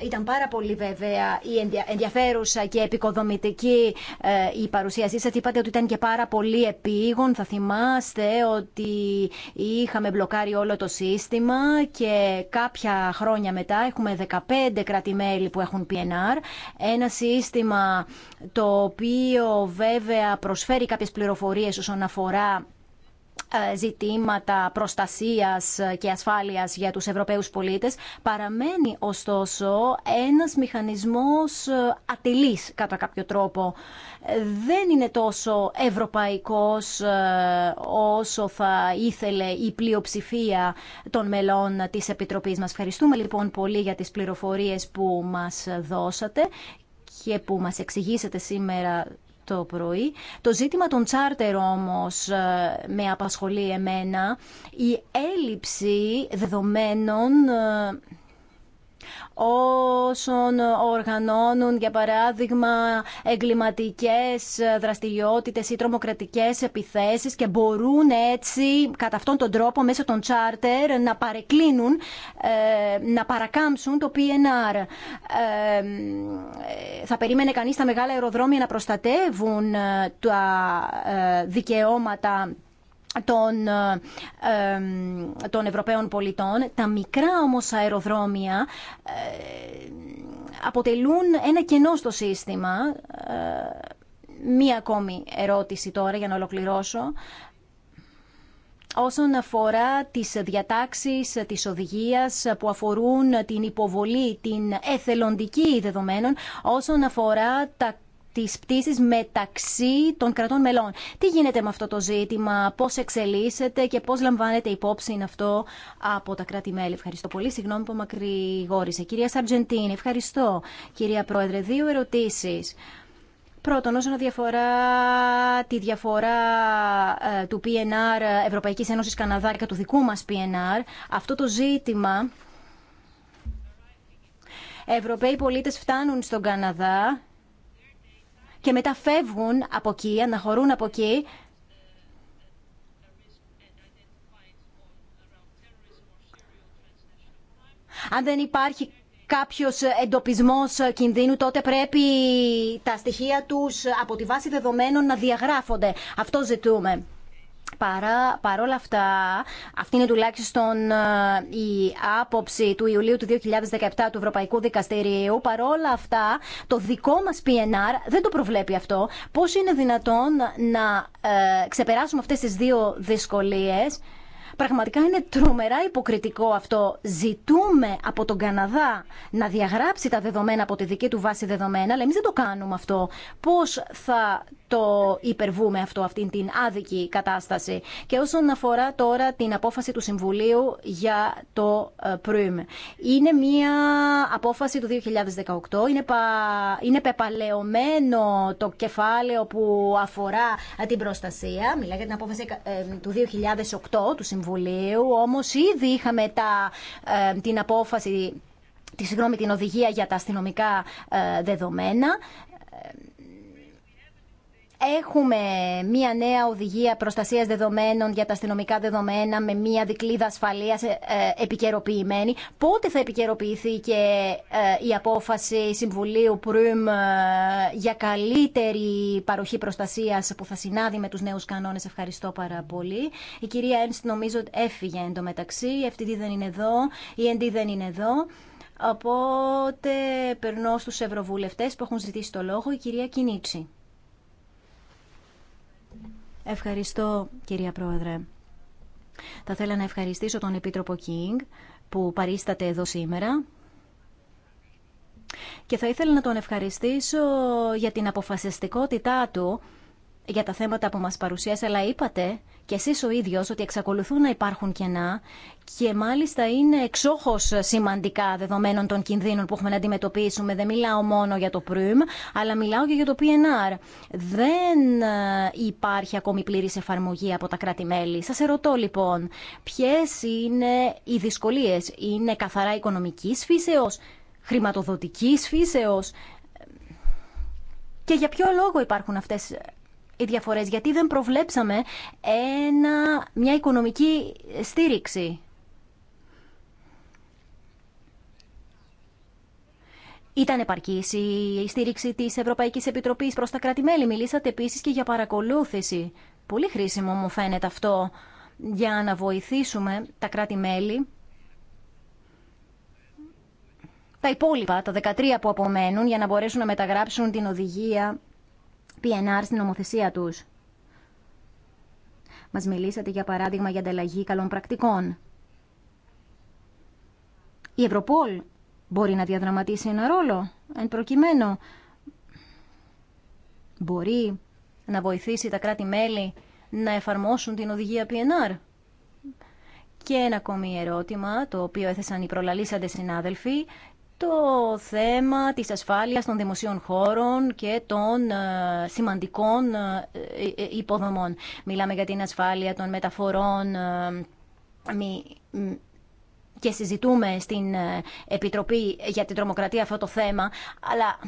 [SPEAKER 2] ήταν πάρα πολύ βέβαια η ενδιαφέρουσα και επικοδομητική ε, η παρουσίασή σας. Είπατε ότι ήταν και πάρα πολύ επίγον. Θα θυμάστε ότι είχαμε μπλοκάρει όλο το σύστημα και κάποια χρόνια μετά έχουμε 15 κρατημέλη που έχουν PNR. Ένα σύστημα το οποίο βέβαια προσφέρει κάποιες πληροφορίες όσον αφορά ε, ζητήματα προστασίας και ασφάλειας για τους Ευρωπαίους πολίτες παραμένει ωστόσο ένας μηχανισμός ε, ατελής κατά κάποιο τρόπο. Δεν είναι τόσο ευρωπαϊκός ε, όσο θα ήθελε η πλειοψηφία των μελών της Επιτροπής μας. Ευχαριστούμε λοιπόν πολύ για τις πληροφορίες που μας δώσατε και που μας εξηγήσατε σήμερα το πρωί. Το ζήτημα των τσάρτερ όμως ε, με απασχολεί εμένα. Η έλλειψη δεδομένων ε, όσων οργανώνουν, για παράδειγμα, εγκληματικές δραστηριότητες ή τρομοκρατικές επιθέσεις και μπορούν έτσι, κατά αυτόν τον τρόπο, μέσω των τσάρτερ, να παρεκκλίνουν, ε, να παρακάμψουν το PNR. Ε, θα περίμενε κανείς τα μεγάλα αεροδρόμια να προστατεύουν ε, τα δικαιώματα των, ε, των Ευρωπαίων πολιτών. Τα μικρά όμως αεροδρόμια ε, αποτελούν ένα κενό στο σύστημα. Ε, μία ακόμη ερώτηση τώρα για να ολοκληρώσω. Όσον αφορά τις διατάξεις της οδηγίας που αφορούν την υποβολή, την εθελοντική δεδομένων, όσον αφορά τα Τη πτήση μεταξύ των κρατών μελών. Τι γίνεται με αυτό το ζήτημα, πώς εξελίσσεται και πώς λαμβάνεται υπόψη αυτό από τα κράτη-μέλη. Ευχαριστώ πολύ. Συγγνώμη που μακρηγόρησε. Κυρία Σαρτζεντίνη, ευχαριστώ. Κυρία Πρόεδρε, δύο ερωτήσεις. Πρώτον, όσον αφορά τη διαφορά ε, του PNR ε, ευρωπαϊκή Ένωση Καναδά και του δικού μα PNR, αυτό το ζήτημα Ευρωπαίοι πολίτες φτάνουν στον Καναδά και μετά φεύγουν από εκεί, αναχωρούν από εκεί. Αν δεν υπάρχει κάποιος εντοπισμός κινδύνου, τότε πρέπει τα στοιχεία τους από τη βάση δεδομένων να διαγράφονται. Αυτό ζητούμε. Παρά, παρόλα αυτά, αυτή είναι τουλάχιστον ε, η άποψη του Ιουλίου του 2017 του Ευρωπαϊκού Δικαστηρίου. Παρόλα αυτά, το δικό μα PNR δεν το προβλέπει αυτό. Πώ είναι δυνατόν να ε, ξεπεράσουμε αυτέ τι δύο δυσκολίε. Πραγματικά είναι τρομερά υποκριτικό αυτό. Ζητούμε από τον Καναδά να διαγράψει τα δεδομένα από τη δική του βάση δεδομένα, αλλά εμεί δεν το κάνουμε αυτό. Πώ θα το υπερβούμε αυτό, αυτήν την άδικη κατάσταση. Και όσον αφορά τώρα την απόφαση του Συμβουλίου για το ε, ΠΡΟΥΜ. Είναι μια απόφαση του 2018, είναι, πα, είναι πεπαλαιωμένο το κεφάλαιο που αφορά την προστασία, μιλάει για την απόφαση ε, του 2008 του Συμβουλίου, όμως ήδη είχαμε τα, ε, την απόφαση, τη, συγγνώμη, την οδηγία για τα αστυνομικά δεδομένα Έχουμε μία νέα οδηγία προστασία δεδομένων για τα αστυνομικά δεδομένα με μία δικλίδα ασφαλεία ε, ε, επικαιροποιημένη. Πότε θα επικαιροποιηθεί και ε, η απόφαση Συμβουλίου ΠΡΟΥΜ για καλύτερη παροχή προστασία που θα συνάδει με του νέου κανόνε. Ευχαριστώ πάρα πολύ. Η κυρία Ένστ νομίζω έφυγε εντωμεταξύ. Η FTD δεν είναι εδώ. Η ND δεν είναι εδώ. Οπότε περνώ στους ευρωβουλευτές που έχουν ζητήσει το λόγο. Η κυρία Κινίτσι. Ευχαριστώ, κυρία Πρόεδρε. Θα ήθελα να ευχαριστήσω τον Επίτροπο Κίνγκ που παρίσταται εδώ σήμερα και θα ήθελα να τον ευχαριστήσω για την αποφασιστικότητά του για τα θέματα που μας παρουσίασε, αλλά είπατε και εσείς ο ίδιος ότι εξακολουθούν να υπάρχουν κενά και μάλιστα είναι εξόχως σημαντικά δεδομένων των κινδύνων που έχουμε να αντιμετωπίσουμε. Δεν μιλάω μόνο για το ΠΡΟΥΜ, αλλά μιλάω και για το PNR. Δεν ε, υπάρχει ακόμη πλήρης εφαρμογή από τα κράτη-μέλη. Σας ερωτώ λοιπόν, ποιες είναι οι δυσκολίες. Είναι καθαρά οικονομικής φύσεως, χρηματοδοτικής φύσεως ε, και για ποιο λόγο υπάρχουν αυτές οι διαφορές, γιατί δεν προβλέψαμε ένα, μια οικονομική στήριξη. Ήταν επαρκής η στήριξη της Ευρωπαϊκής Επιτροπής προς τα κράτη-μέλη. Μιλήσατε επίσης και για παρακολούθηση. Πολύ χρήσιμο μου φαίνεται αυτό για να βοηθήσουμε τα κράτη-μέλη τα υπόλοιπα, τα 13 που απομένουν, για να μπορέσουν να μεταγράψουν την οδηγία PNR στην νομοθεσία τους. Μας μιλήσατε για παράδειγμα για ανταλλαγή καλών πρακτικών. Η Ευρωπόλ μπορεί να διαδραματίσει ένα ρόλο, εν προκειμένου. Μπορεί να βοηθήσει τα κράτη-μέλη να εφαρμόσουν την οδηγία PNR. Και ένα ακόμη ερώτημα, το οποίο έθεσαν οι προλαλήσαντες συνάδελφοι, το θέμα της ασφάλειας των δημοσίων χώρων και των ε, σημαντικών ε, ε, υποδομών. Μιλάμε για την ασφάλεια των μεταφορών και συζητούμε στην Επιτροπή για την Τρομοκρατία αυτό το θέμα, αλλά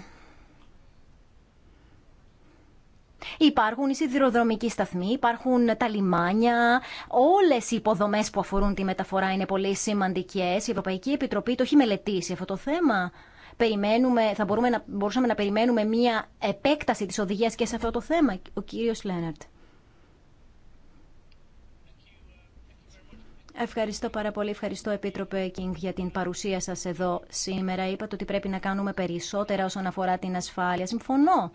[SPEAKER 2] Υπάρχουν οι σιδηροδρομικοί σταθμοί, υπάρχουν τα λιμάνια. Όλε οι υποδομέ που αφορούν τη μεταφορά είναι πολύ σημαντικέ. Η Ευρωπαϊκή Επιτροπή το έχει μελετήσει αυτό το θέμα. Περιμένουμε, θα μπορούμε να, μπορούσαμε να περιμένουμε μία επέκταση της οδηγίας και σε αυτό το θέμα, ο κύριος Λένερτ. Ευχαριστώ πάρα πολύ. Ευχαριστώ, Επίτροπε Κίνγκ, για την παρουσία σα εδώ σήμερα. Είπατε ότι πρέπει να κάνουμε περισσότερα όσον αφορά την ασφάλεια. Συμφωνώ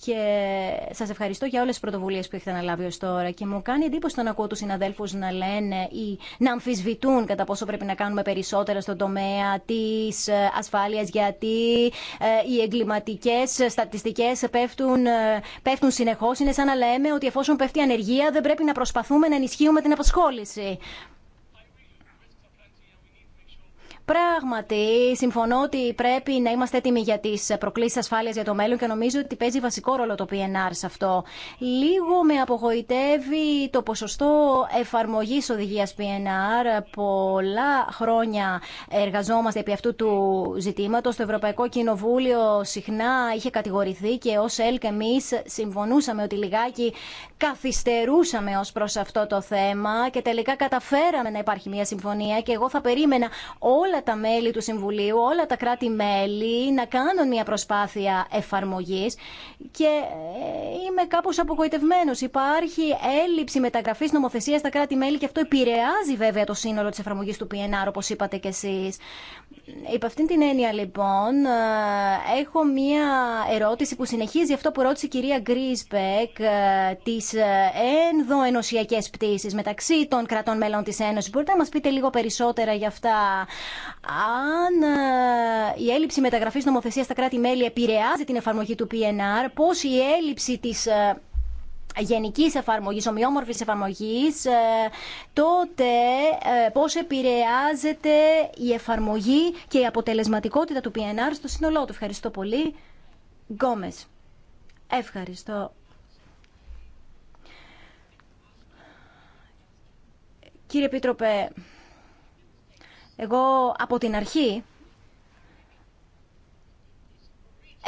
[SPEAKER 2] και σας ευχαριστώ για όλες τις πρωτοβουλίε που έχετε αναλάβει ω τώρα και μου κάνει εντύπωση να ακούω του συναδέλφου να λένε ή να αμφισβητούν κατά πόσο πρέπει να κάνουμε περισσότερα στον τομέα τη ε, ασφάλεια, γιατί ε, οι εγκληματικέ στατιστικές πέφτουν, ε, πέφτουν συνεχώς. Είναι σαν να λέμε ότι εφόσον πέφτει η ανεργία δεν πρέπει να προσπαθούμε να ενισχύουμε την απασχόληση. Πράγματι, συμφωνώ ότι πρέπει να είμαστε έτοιμοι για τι προκλήσει ασφάλεια για το μέλλον και νομίζω ότι παίζει βασικό ρόλο το PNR σε αυτό. Λίγο με απογοητεύει το ποσοστό εφαρμογή οδηγία PNR. Πολλά χρόνια εργαζόμαστε επί αυτού του ζητήματο. Το Ευρωπαϊκό Κοινοβούλιο συχνά είχε κατηγορηθεί και ω ΕΛΚ εμεί συμφωνούσαμε ότι λιγάκι καθυστερούσαμε ως προς αυτό το θέμα και τελικά καταφέραμε να υπάρχει μια συμφωνία και εγώ θα περίμενα όλα τα μέλη του Συμβουλίου, όλα τα κράτη-μέλη να κάνουν μια προσπάθεια εφαρμογής και ε, είμαι κάπως απογοητευμένος. Υπάρχει έλλειψη μεταγραφής νομοθεσίας στα κράτη-μέλη και αυτό επηρεάζει βέβαια το σύνολο της εφαρμογής του PNR όπως είπατε κι εσείς. Υπ' αυτήν την έννοια λοιπόν ε, έχω μία ερώτηση που συνεχίζει αυτό που ρώτησε η κυρία Γκρίσπεκ ε, τι ε, ενδοενωσιακές πτήσει μεταξύ των κρατών μέλων της Ένωσης. Μπορείτε να μας πείτε λίγο περισσότερα για αυτά. Αν η έλλειψη μεταγραφής νομοθεσίας στα κράτη-μέλη επηρεάζει την εφαρμογή του PNR, πώς η έλλειψη της γενικής εφαρμογής, ομοιόμορφης εφαρμογής, ε, τότε ε, πώ επηρεάζεται η εφαρμογή και η αποτελεσματικότητα του PNR στο σύνολό του. Ευχαριστώ πολύ. Γκόμε. Ευχαριστώ. Κύριε Επίτροπε, εγώ από την αρχή,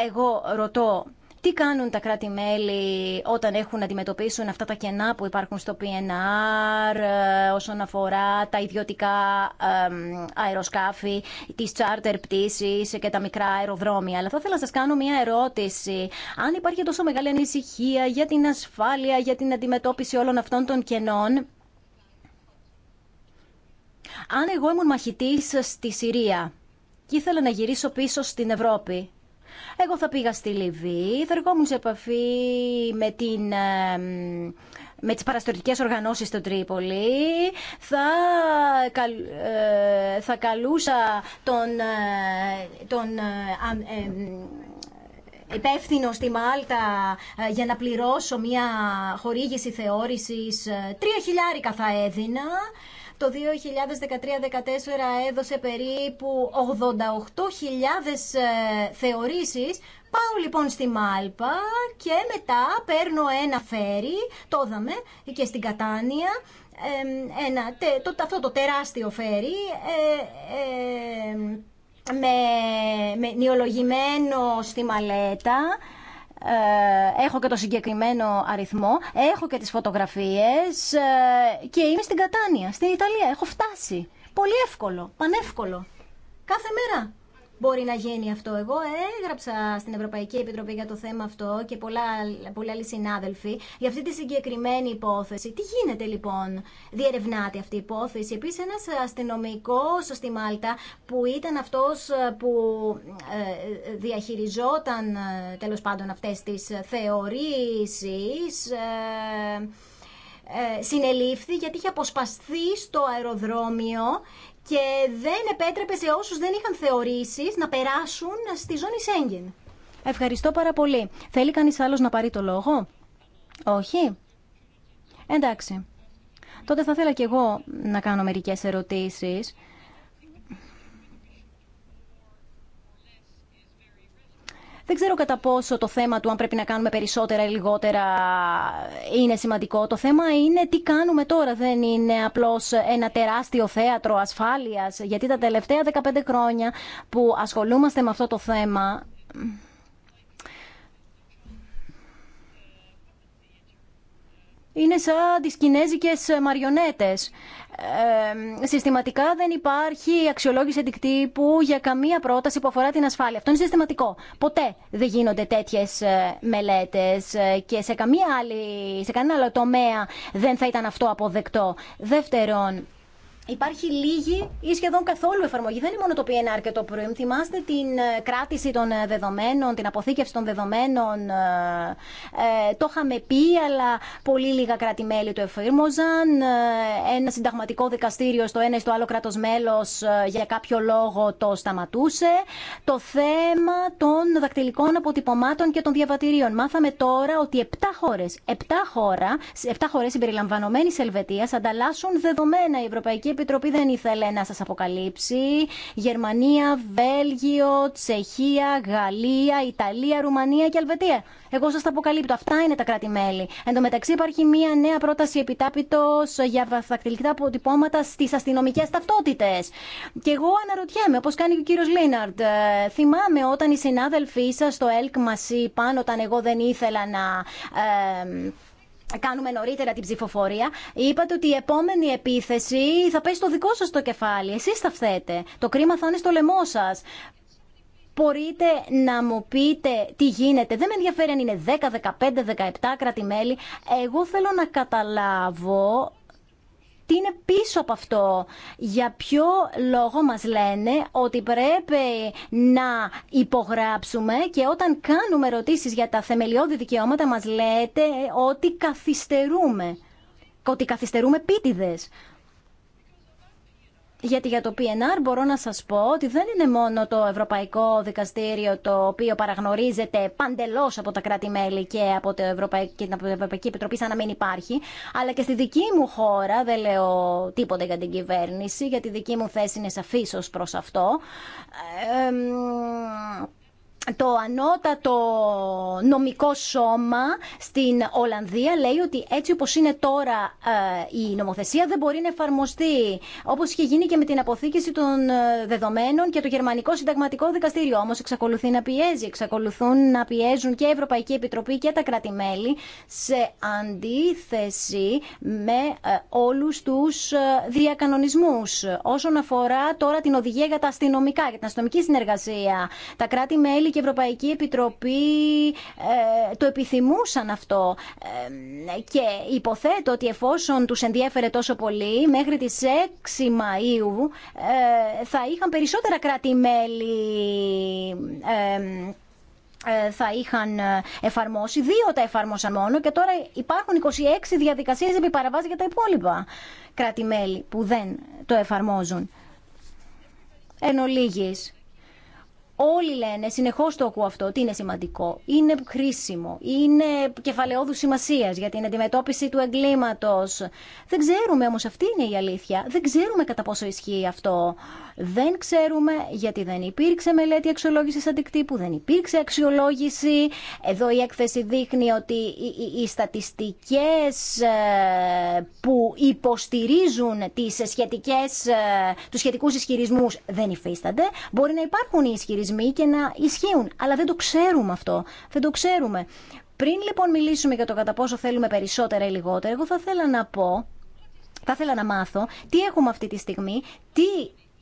[SPEAKER 2] εγώ ρωτώ τι κάνουν τα κράτη-μέλη όταν έχουν να αντιμετωπίσουν αυτά τα κενά που υπάρχουν στο PNR ε, όσον αφορά τα ιδιωτικά αεροσκάφη, τις charter πτήσεις και τα μικρά αεροδρόμια. Αλλά θα ήθελα να σας κάνω μια ερώτηση. Αν υπάρχει τόσο μεγάλη ανησυχία για την ασφάλεια, για την αντιμετώπιση όλων αυτών των κενών, αν εγώ ήμουν μαχητής στη Συρία και ήθελα να γυρίσω πίσω στην Ευρώπη, εγώ θα πήγα στη Λιβύη, θα ερχόμουν σε επαφή με την με τις παραστορικές οργανώσεις στο Τρίπολη. Θα, ε, θα καλούσα τον, ε, τον ε, υπεύθυνο στη Μάλτα για να πληρώσω μια χορήγηση θεώρησης. Τρία χιλιάρικα θα έδινα. Το 2013-2014 έδωσε περίπου 88.000 ε, θεωρήσεις. Πάω λοιπόν στη Μάλπα και μετά παίρνω ένα φέρι, το είδαμε και στην Κατάνια, ένα, το, αυτό το τεράστιο φέρι, ε, ε, με, με νιολογημένο στη μαλέτα, ε, έχω και το συγκεκριμένο αριθμό, έχω και τις φωτογραφίες ε, και είμαι στην Κατάνια, στην Ιταλία. Έχω φτάσει. Πολύ εύκολο, πανεύκολο. Κάθε μέρα μπορεί να γίνει αυτό. Εγώ έγραψα στην Ευρωπαϊκή Επιτροπή για το θέμα αυτό και πολλά, πολλοί άλλοι συνάδελφοι για αυτή τη συγκεκριμένη υπόθεση. Τι γίνεται λοιπόν, διερευνάται αυτή η υπόθεση. Επίση, ένα αστυνομικό στη Μάλτα που ήταν αυτό που ε, διαχειριζόταν ε, τέλο πάντων αυτέ τι θεωρήσει. Ε, συνελήφθη γιατί είχε αποσπαστεί στο αεροδρόμιο και δεν επέτρεπε σε όσου δεν είχαν θεωρήσει να περάσουν στη ζώνη Σέγγεν. Ευχαριστώ πάρα πολύ. Θέλει κανεί άλλο να πάρει το λόγο? Όχι? Εντάξει. Τότε θα ήθελα κι εγώ να κάνω μερικέ ερωτήσει. Δεν ξέρω κατά πόσο το θέμα του αν πρέπει να κάνουμε περισσότερα ή λιγότερα είναι σημαντικό. Το θέμα είναι τι κάνουμε τώρα. Δεν είναι απλώ ένα τεράστιο θέατρο ασφάλεια. Γιατί τα τελευταία 15 χρόνια που ασχολούμαστε με αυτό το θέμα. είναι σαν τις κινέζικες μαριονέτες. συστηματικά δεν υπάρχει αξιολόγηση αντικτύπου για καμία πρόταση που αφορά την ασφάλεια. Αυτό είναι συστηματικό. Ποτέ δεν γίνονται τέτοιε μελέτε ε, και σε, καμία άλλη, σε κανένα άλλο τομέα δεν θα ήταν αυτό αποδεκτό. Δεύτερον, Υπάρχει λίγη ή σχεδόν καθόλου εφαρμογή. Δεν είναι μόνο το PNR και το PRIM. Θυμάστε την ε, κράτηση των ε, δεδομένων, την αποθήκευση των δεδομένων. Ε, ε, το είχαμε πει, αλλά πολύ λίγα κράτη-μέλη το εφήρμοζαν. Ένα συνταγματικό δικαστήριο στο ένα ή στο άλλο κράτο μέλο για κάποιο λόγο το σταματούσε. Το θέμα των δακτυλικών αποτυπωμάτων και των διαβατηρίων. Μάθαμε τώρα ότι 7 χώρε, 7 χώρα, 7 χώρες συμπεριλαμβανομένη Ελβετίας ανταλλάσσουν δεδομένα η Ευρωπαϊκή Επιτροπή δεν ήθελε να σας αποκαλύψει. Γερμανία, Βέλγιο, Τσεχία, Γαλλία, Ιταλία, Ρουμανία και Αλβετία. Εγώ σας τα αποκαλύπτω. Αυτά είναι τα κράτη-μέλη. Εν τω μεταξύ υπάρχει μία νέα πρόταση επιτάπητος για δακτυλικά αποτυπώματα στις αστυνομικές ταυτότητες. Και εγώ αναρωτιέμαι, όπως κάνει και ο κύριος Λίναρντ, ε, θυμάμαι όταν οι συνάδελφοί σας στο ΕΛΚ μας είπαν, όταν εγώ δεν ήθελα να... Ε, κάνουμε νωρίτερα την ψηφοφορία, είπατε ότι η επόμενη επίθεση θα πέσει στο δικό σας το κεφάλι. Εσείς θα φθέτε. Το κρίμα θα είναι στο λαιμό σας. Μπορείτε να μου πείτε τι γίνεται. Δεν με ενδιαφέρει αν είναι 10, 15, 17 κράτη-μέλη. Εγώ θέλω να καταλάβω τι είναι πίσω από αυτό. Για ποιο λόγο μας λένε ότι πρέπει να υπογράψουμε και όταν κάνουμε ερωτήσεις για τα θεμελιώδη δικαιώματα μας λέτε ότι καθυστερούμε. Ότι καθυστερούμε πίτιδες. Γιατί για το PNR μπορώ να σας πω ότι δεν είναι μόνο το Ευρωπαϊκό Δικαστήριο το οποίο παραγνωρίζεται παντελώς από τα κράτη-μέλη και από την Ευρωπαϊκή Επιτροπή σαν να μην υπάρχει, αλλά και στη δική μου χώρα, δεν λέω τίποτα για την κυβέρνηση, γιατί η δική μου θέση είναι σαφής ως προς αυτό, το ανώτατο νομικό σώμα στην Ολλανδία λέει ότι έτσι όπως είναι τώρα ε, η νομοθεσία δεν μπορεί να εφαρμοστεί όπως είχε γίνει και με την αποθήκηση των ε, δεδομένων και το Γερμανικό Συνταγματικό Δικαστήριο. Όμως εξακολουθεί να πιέζει, εξακολουθούν να πιέζουν και η Ευρωπαϊκή Επιτροπή και τα κρατη σε αντίθεση με ε, όλους τους διακανονισμούς. Όσον αφορά τώρα την οδηγία για τα αστυνομικά, για την αστυνομική συνεργασία, τα κράτη-μέλη η Ευρωπαϊκή Επιτροπή ε, το επιθυμούσαν αυτό. Ε, και υποθέτω ότι εφόσον τους ενδιέφερε τόσο πολύ, μέχρι τις 6 Μαΐου ε, θα είχαν περισσότερα κράτη-μέλη θα είχαν εφαρμόσει. Δύο τα εφάρμοσαν μόνο και τώρα υπάρχουν 26 διαδικασίες επί παραβάζει για τα υπόλοιπα κράτη-μέλη που δεν το εφαρμόζουν. Εν ολίγης, Όλοι λένε, συνεχώ το ακούω αυτό, ότι είναι σημαντικό, είναι χρήσιμο, είναι κεφαλαιόδου σημασία για την αντιμετώπιση του εγκλήματο. Δεν ξέρουμε όμω, αυτή είναι η αλήθεια. Δεν ξέρουμε κατά πόσο ισχύει αυτό. Δεν ξέρουμε γιατί δεν υπήρξε μελέτη αξιολόγηση αντικτύπου, δεν υπήρξε αξιολόγηση. Εδώ η έκθεση δείχνει ότι οι στατιστικέ ε, που υποστηρίζουν τις σχετικές, ε, τους σχετικούς δεν υφίστανται. Μπορεί να υπάρχουν οι και να ισχύουν. Αλλά δεν το ξέρουμε αυτό. Δεν το ξέρουμε. Πριν λοιπόν μιλήσουμε για το κατά πόσο θέλουμε περισσότερα ή λιγότερα, εγώ θα ήθελα να πω, θα ήθελα να μάθω τι έχουμε αυτή τη στιγμή, τι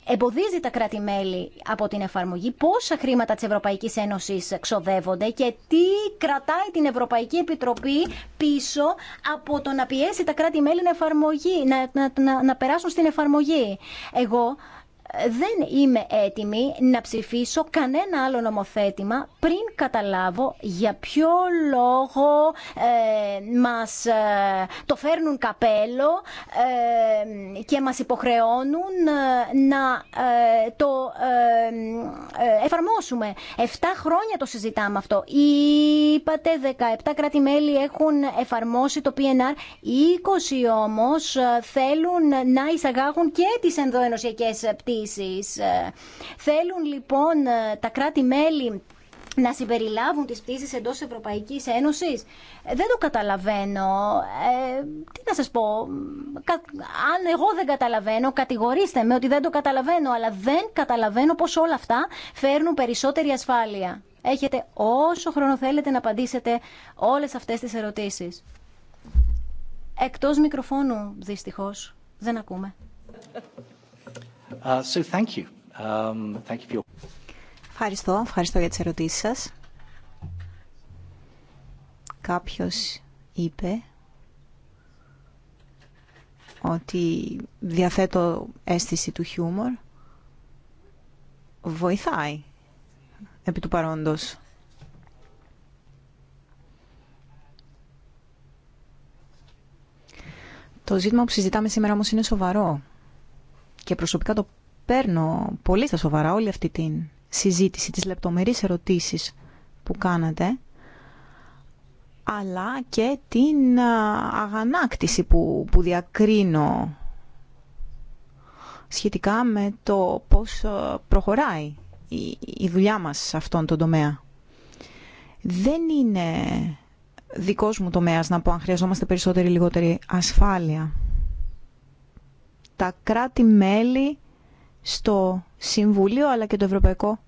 [SPEAKER 2] εμποδίζει τα κράτη-μέλη από την εφαρμογή, πόσα χρήματα της Ευρωπαϊκής Ένωσης ξοδεύονται και τι κρατάει την Ευρωπαϊκή Επιτροπή πίσω από το να πιέσει τα κράτη-μέλη να, εφαρμογή, να, να περάσουν στην εφαρμογή. Εγώ δεν είμαι έτοιμη να ψηφίσω κανένα άλλο νομοθέτημα πριν καταλάβω για ποιο λόγο ε, μας ε, το φέρνουν καπέλο ε, και μας υποχρεώνουν ε, να το εφαρμόσουμε. Εφτά χρόνια το συζητάμε αυτό. Είπατε 17 κράτη-μέλη έχουν εφαρμόσει το PNR, 20 όμως θέλουν να εισαγάγουν και τις ενδοενωσιακές πτήσεις ε, θέλουν λοιπόν ε, τα κράτη-μέλη να συμπεριλάβουν τις πτήσεις εντός Ευρωπαϊκής Ένωσης. Ε, δεν το καταλαβαίνω. Ε, τι να σας πω. Αν εγώ δεν καταλαβαίνω, κατηγορήστε με ότι δεν το καταλαβαίνω, αλλά δεν καταλαβαίνω πως όλα αυτά φέρνουν περισσότερη ασφάλεια. Έχετε όσο χρόνο θέλετε να απαντήσετε όλες αυτές τις ερωτήσεις. Εκτός μικροφώνου, δυστυχώς, δεν ακούμε. Uh, um,
[SPEAKER 3] ευχαριστώ. Ευχαριστώ για τις ερωτήσεις σας. Κάποιος είπε ότι διαθέτω αίσθηση του χιούμορ. Βοηθάει επί του παρόντος. Το ζήτημα που συζητάμε σήμερα όμως είναι σοβαρό και προσωπικά το παίρνω πολύ στα σοβαρά όλη αυτή την συζήτηση, τις λεπτομερείς ερωτήσεις που κάνατε, αλλά και την αγανάκτηση που, που διακρίνω σχετικά με το πώς προχωράει η, η δουλειά μας σε αυτόν τον τομέα. Δεν είναι δικός μου τομέας να πω αν χρειαζόμαστε περισσότερη ή λιγότερη ασφάλεια τα κράτη-μέλη στο Συμβούλιο αλλά και το Ευρωπαϊκό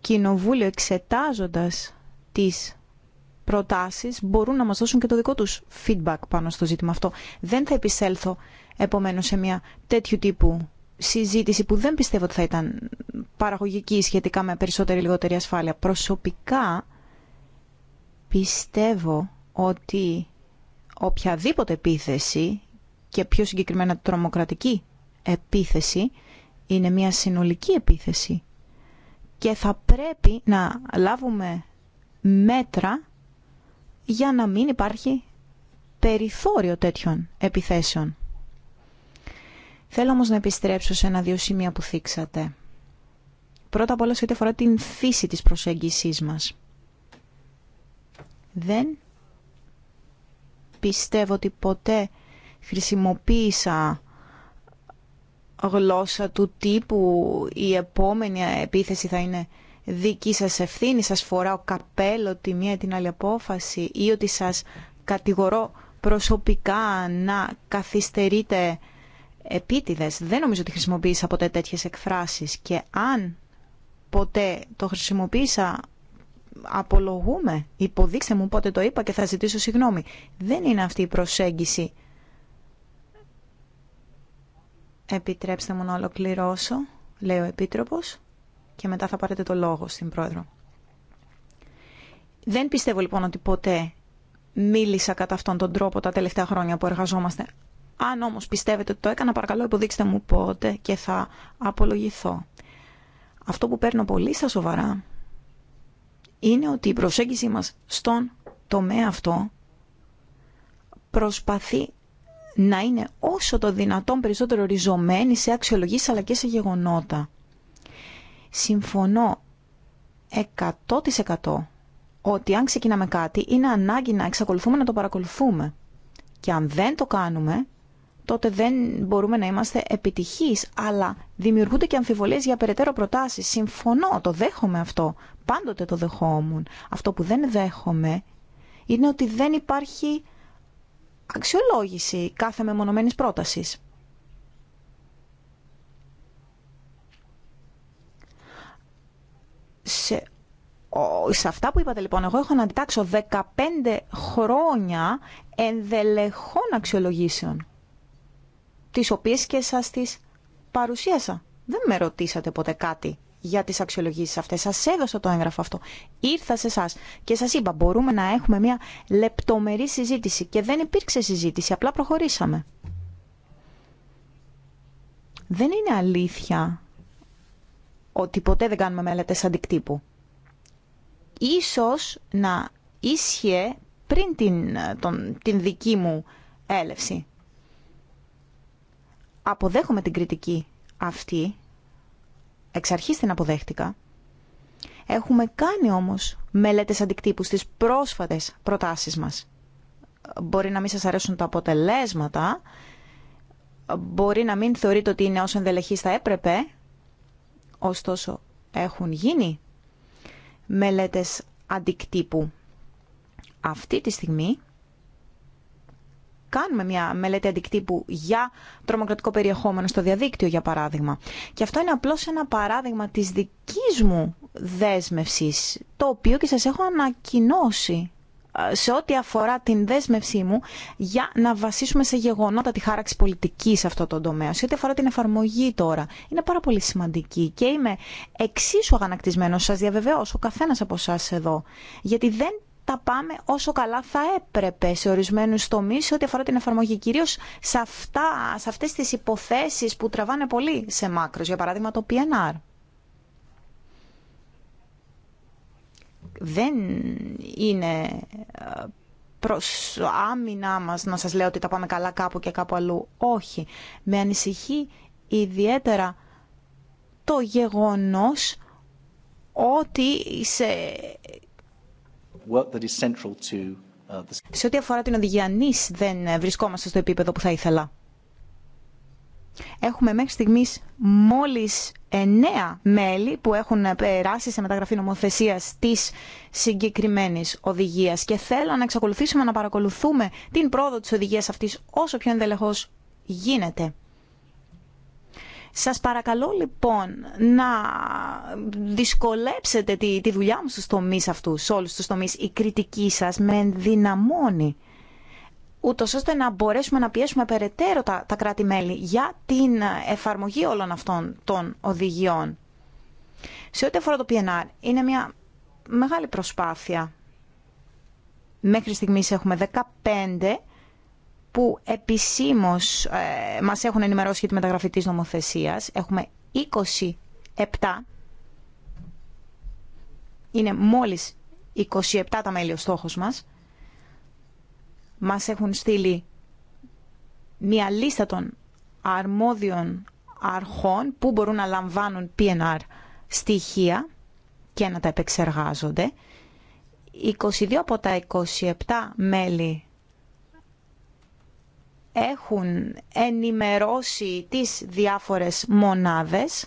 [SPEAKER 3] Κοινοβούλιο εξετάζοντας τις προτάσεις μπορούν να μας δώσουν και το δικό τους feedback πάνω στο ζήτημα αυτό. Δεν θα επισέλθω επομένως σε μια τέτοιου τύπου συζήτηση που δεν πιστεύω ότι θα ήταν παραγωγική σχετικά με περισσότερη ή λιγότερη ασφάλεια. Προσωπικά πιστεύω ότι οποιαδήποτε επίθεση και πιο συγκεκριμένα τρομοκρατική επίθεση είναι μια συνολική επίθεση και θα πρέπει να λάβουμε μέτρα για να μην υπάρχει περιθώριο τέτοιων επιθέσεων. Θέλω όμως να επιστρέψω σε ένα-δύο σημεία που θίξατε. Πρώτα απ' όλα σε ό,τι αφορά την φύση της προσέγγισής μας. Δεν πιστεύω ότι ποτέ χρησιμοποίησα γλώσσα του τύπου η επόμενη επίθεση θα είναι δική σας ευθύνη, σας φοράω καπέλο τη μία την άλλη απόφαση ή ότι σας κατηγορώ προσωπικά να καθυστερείτε επίτηδες. Δεν νομίζω ότι χρησιμοποίησα ποτέ τέτοιες εκφράσεις και αν ποτέ το χρησιμοποίησα απολογούμε, υποδείξτε μου πότε το είπα και θα ζητήσω συγγνώμη. Δεν είναι αυτή η προσέγγιση Επιτρέψτε μου να ολοκληρώσω, λέει ο Επίτροπος, και μετά θα πάρετε το λόγο στην Πρόεδρο. Δεν πιστεύω λοιπόν ότι ποτέ μίλησα κατά αυτόν τον τρόπο τα τελευταία χρόνια που εργαζόμαστε. Αν όμως πιστεύετε ότι το έκανα, παρακαλώ υποδείξτε μου πότε και θα απολογηθώ. Αυτό που παίρνω πολύ στα σοβαρά είναι ότι η προσέγγιση μας στον τομέα αυτό προσπαθεί να είναι όσο το δυνατόν περισσότερο ριζωμένη σε αξιολογήσεις αλλά και σε γεγονότα. Συμφωνώ 100% ότι αν ξεκινάμε κάτι είναι ανάγκη να εξακολουθούμε να το παρακολουθούμε. Και αν δεν το κάνουμε, τότε δεν μπορούμε να είμαστε επιτυχείς, αλλά δημιουργούνται και αμφιβολίες για περαιτέρω προτάσεις. Συμφωνώ, το δέχομαι αυτό. Πάντοτε το δεχόμουν. Αυτό που δεν δέχομαι είναι ότι δεν υπάρχει αξιολόγηση κάθε μεμονωμένης πρότασης. Σε, αυτά που είπατε λοιπόν, εγώ έχω να αντιτάξω 15 χρόνια ενδελεχών αξιολογήσεων, τις οποίες και σας τις παρουσίασα. Δεν με ρωτήσατε ποτέ κάτι για τις αξιολογήσεις αυτές. Σας έδωσα το έγγραφο αυτό. Ήρθα σε εσά και σας είπα μπορούμε να έχουμε μια λεπτομερή συζήτηση και δεν υπήρξε συζήτηση, απλά προχωρήσαμε. Δεν είναι αλήθεια ότι ποτέ δεν κάνουμε μελέτες αντικτύπου. Ίσως να ίσχυε πριν την, τον, την δική μου έλευση. Αποδέχομαι την κριτική αυτή εξ αρχής την αποδέχτηκα. Έχουμε κάνει όμως μελέτες αντικτύπου στις πρόσφατες προτάσεις μας. Μπορεί να μην σας αρέσουν τα αποτελέσματα, μπορεί να μην θεωρείτε ότι είναι όσο ενδελεχείς θα έπρεπε, ωστόσο έχουν γίνει μελέτες αντικτύπου. Αυτή τη στιγμή κάνουμε μια μελέτη αντικτύπου για τρομοκρατικό περιεχόμενο στο διαδίκτυο, για παράδειγμα. Και αυτό είναι απλώς ένα παράδειγμα της δικής μου δέσμευσης, το οποίο και σας έχω ανακοινώσει ε, σε ό,τι αφορά την δέσμευσή μου για να βασίσουμε σε γεγονότα τη χάραξη πολιτική σε αυτό το τομέα. Σε ό,τι αφορά την εφαρμογή τώρα, είναι πάρα πολύ σημαντική και είμαι εξίσου αγανακτισμένο, σα διαβεβαιώ, ο καθένα από εσά εδώ. Γιατί δεν τα πάμε όσο καλά θα έπρεπε σε ορισμένους τομείς ό,τι αφορά την εφαρμογή. Κυρίως σε, αυτά, σε αυτές τις υποθέσεις που τραβάνε πολύ σε μάκρος, για παράδειγμα το PNR. Δεν είναι ε, προς άμυνά μας να σας λέω ότι τα πάμε καλά κάπου και κάπου αλλού. Όχι. Με ανησυχεί ιδιαίτερα το γεγονός ότι σε Uh, σε ό,τι αφορά την οδηγία δεν ε, βρισκόμαστε στο επίπεδο που θα ήθελα. Έχουμε μέχρι στιγμής μόλις εννέα μέλη που έχουν ε, περάσει σε μεταγραφή νομοθεσίας της συγκεκριμένης οδηγίας και θέλω να εξακολουθήσουμε να παρακολουθούμε την πρόοδο της οδηγίας αυτής όσο πιο ενδελεχώς γίνεται. Σας παρακαλώ λοιπόν να δυσκολέψετε τη, τη δουλειά μου στους τομείς αυτού, σε όλους τους τομείς. Η κριτική σας με ενδυναμώνει ούτω ώστε να μπορέσουμε να πιέσουμε περαιτέρω τα, τα κράτη-μέλη για την εφαρμογή όλων αυτών των οδηγιών. Σε ό,τι αφορά το PNR, είναι μια μεγάλη προσπάθεια. Μέχρι στιγμής έχουμε 15 που επισήμως ε, μας έχουν ενημερώσει για τη μεταγραφή της νομοθεσίας. Έχουμε 27, είναι μόλις 27 τα μέλη ο στόχος μας. Μας έχουν στείλει μια λίστα των αρμόδιων αρχών που μπορούν να λαμβάνουν PNR στοιχεία και να τα επεξεργάζονται. 22 από τα 27 μέλη έχουν ενημερώσει τις διάφορες μονάδες.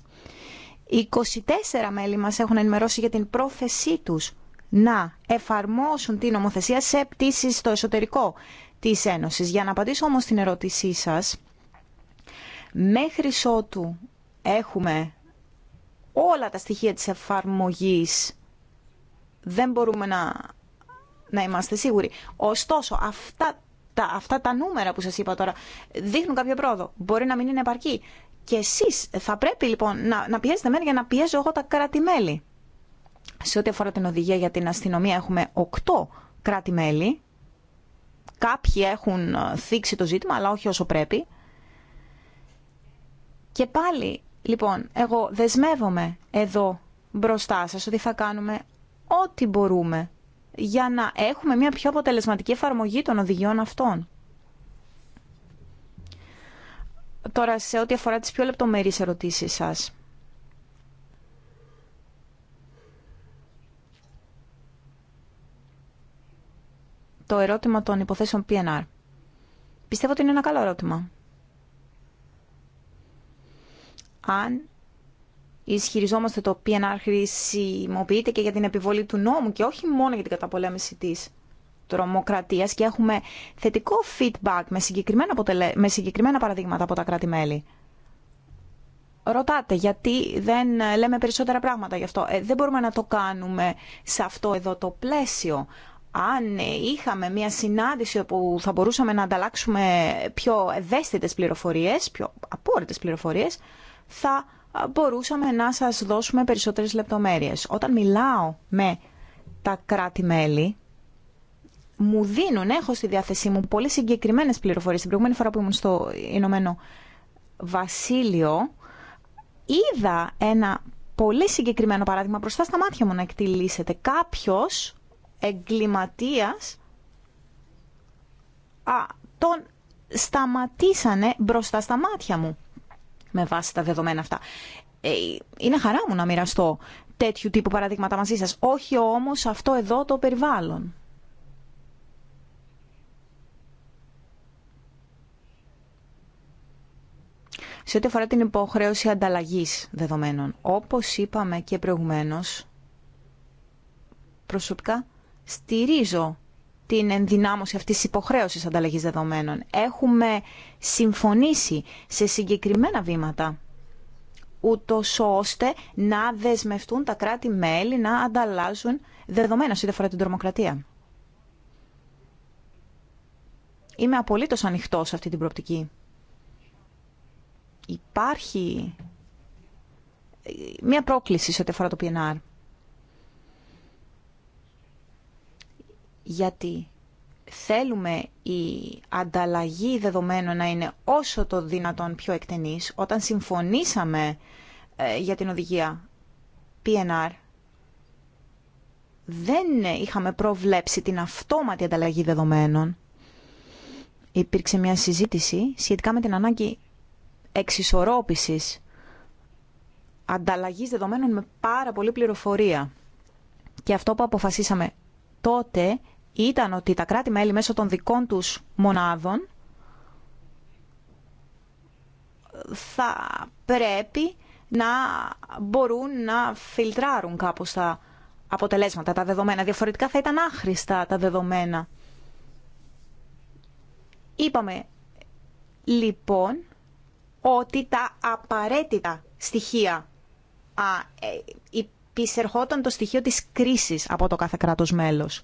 [SPEAKER 3] 24 μέλη μας έχουν ενημερώσει για την πρόθεσή τους να εφαρμόσουν την νομοθεσία σε πτήσει στο εσωτερικό της Ένωσης. Για να απαντήσω όμως την ερώτησή σας, μέχρι ότου έχουμε όλα τα στοιχεία της εφαρμογής, δεν μπορούμε να, να είμαστε σίγουροι. Ωστόσο, αυτά τα, αυτά τα νούμερα που σας είπα τώρα δείχνουν κάποιο πρόοδο. Μπορεί να μην είναι επαρκή. Και εσείς θα πρέπει λοιπόν να, να πιέζετε μένα για να πιέζω εγώ τα κράτη-μέλη. Σε ό,τι αφορά την οδηγία για την αστυνομία έχουμε 8 κράτη-μέλη. Κάποιοι έχουν ε, θίξει το ζήτημα, αλλά όχι όσο πρέπει. Και πάλι, λοιπόν, εγώ δεσμεύομαι εδώ μπροστά σας ότι θα κάνουμε ό,τι μπορούμε για να έχουμε μια πιο αποτελεσματική εφαρμογή των οδηγιών αυτών. Τώρα σε ό,τι αφορά τις πιο λεπτομερείς ερωτήσεις σας. Το ερώτημα των υποθέσεων PNR. Πιστεύω ότι είναι ένα καλό ερώτημα. Αν ισχυριζόμαστε το PNR χρησιμοποιείται και για την επιβολή του νόμου και όχι μόνο για την καταπολέμηση της τρομοκρατίας και έχουμε θετικό feedback με συγκεκριμένα, με συγκεκριμένα παραδείγματα από τα κράτη-μέλη. Ρωτάτε γιατί δεν ε, λέμε περισσότερα πράγματα γι' αυτό. Ε, δεν μπορούμε να το κάνουμε σε αυτό εδώ το πλαίσιο. Αν ε, είχαμε μια συνάντηση όπου θα μπορούσαμε να ανταλλάξουμε πιο ευαίσθητες πληροφορίες, πιο απόρριτες πληροφορίες, θα μπορούσαμε να σας δώσουμε περισσότερες λεπτομέρειες. Όταν μιλάω με τα κράτη-μέλη, μου δίνουν, έχω στη διάθεσή μου πολύ συγκεκριμένες πληροφορίες. Την προηγούμενη φορά που ήμουν στο Ηνωμένο Βασίλειο, είδα ένα πολύ συγκεκριμένο παράδειγμα μπροστά στα μάτια μου να εκτιλήσετε. Κάποιος εγκληματίας α, τον σταματήσανε μπροστά στα μάτια μου με βάση τα δεδομένα αυτά. Ε, είναι χαρά μου να μοιραστώ τέτοιου τύπου παραδείγματα μαζί σας. Όχι όμως αυτό εδώ το περιβάλλον. σε ό,τι αφορά την υποχρέωση ανταλλαγής δεδομένων. Όπως είπαμε και προηγουμένως, προσωπικά στηρίζω την ενδυνάμωση αυτής της υποχρέωσης ανταλλαγής δεδομένων. Έχουμε συμφωνήσει σε συγκεκριμένα βήματα ούτω ώστε να δεσμευτούν τα κράτη-μέλη να ανταλλάζουν δεδομένα σε αφορά την τρομοκρατία. Είμαι απολύτως ανοιχτό σε αυτή την προοπτική. Υπάρχει μία πρόκληση σε ό,τι αφορά το PNR. γιατί θέλουμε η ανταλλαγή δεδομένων να είναι όσο το δυνατόν πιο εκτενής, όταν συμφωνήσαμε ε, για την οδηγία PNR, δεν είχαμε προβλέψει την αυτόματη ανταλλαγή δεδομένων. Υπήρξε μια συζήτηση σχετικά με την ανάγκη εξισορρόπησης ανταλλαγής δεδομένων με πάρα πολύ πληροφορία. Και αυτό που αποφασίσαμε τότε ήταν ότι τα κράτη-μέλη μέσω των δικών τους μονάδων θα πρέπει να μπορούν να φιλτράρουν κάπως τα αποτελέσματα, τα δεδομένα. Διαφορετικά θα ήταν άχρηστα τα δεδομένα. Είπαμε λοιπόν ότι τα απαραίτητα στοιχεία α, ε, υπησερχόταν το στοιχείο της κρίσης από το κάθε κράτος μέλος.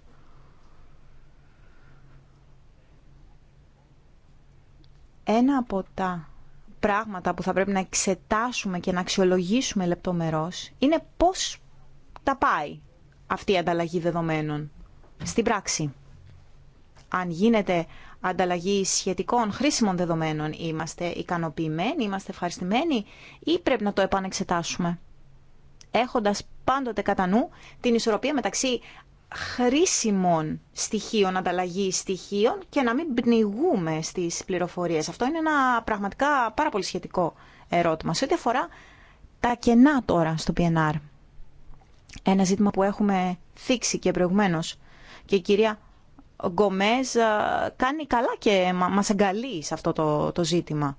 [SPEAKER 3] Ένα από τα πράγματα που θα πρέπει να εξετάσουμε και να αξιολογήσουμε λεπτομερώς είναι πώς τα πάει αυτή η ανταλλαγή δεδομένων στην πράξη. Αν γίνεται ανταλλαγή σχετικών χρήσιμων δεδομένων, είμαστε ικανοποιημένοι, είμαστε ευχαριστημένοι ή πρέπει να το επανεξετάσουμε. Έχοντας πάντοτε κατά νου την ισορροπία μεταξύ χρήσιμων στοιχείων, ανταλλαγή στοιχείων και να μην πνιγούμε στις πληροφορίες. Αυτό είναι ένα πραγματικά πάρα πολύ σχετικό ερώτημα. Σε ό,τι αφορά τα κενά τώρα στο PNR. Ένα ζήτημα που έχουμε θίξει και προηγουμένως. Και η κυρία Γκομές ε, κάνει καλά και μας αγκαλεί σε αυτό το, το ζήτημα.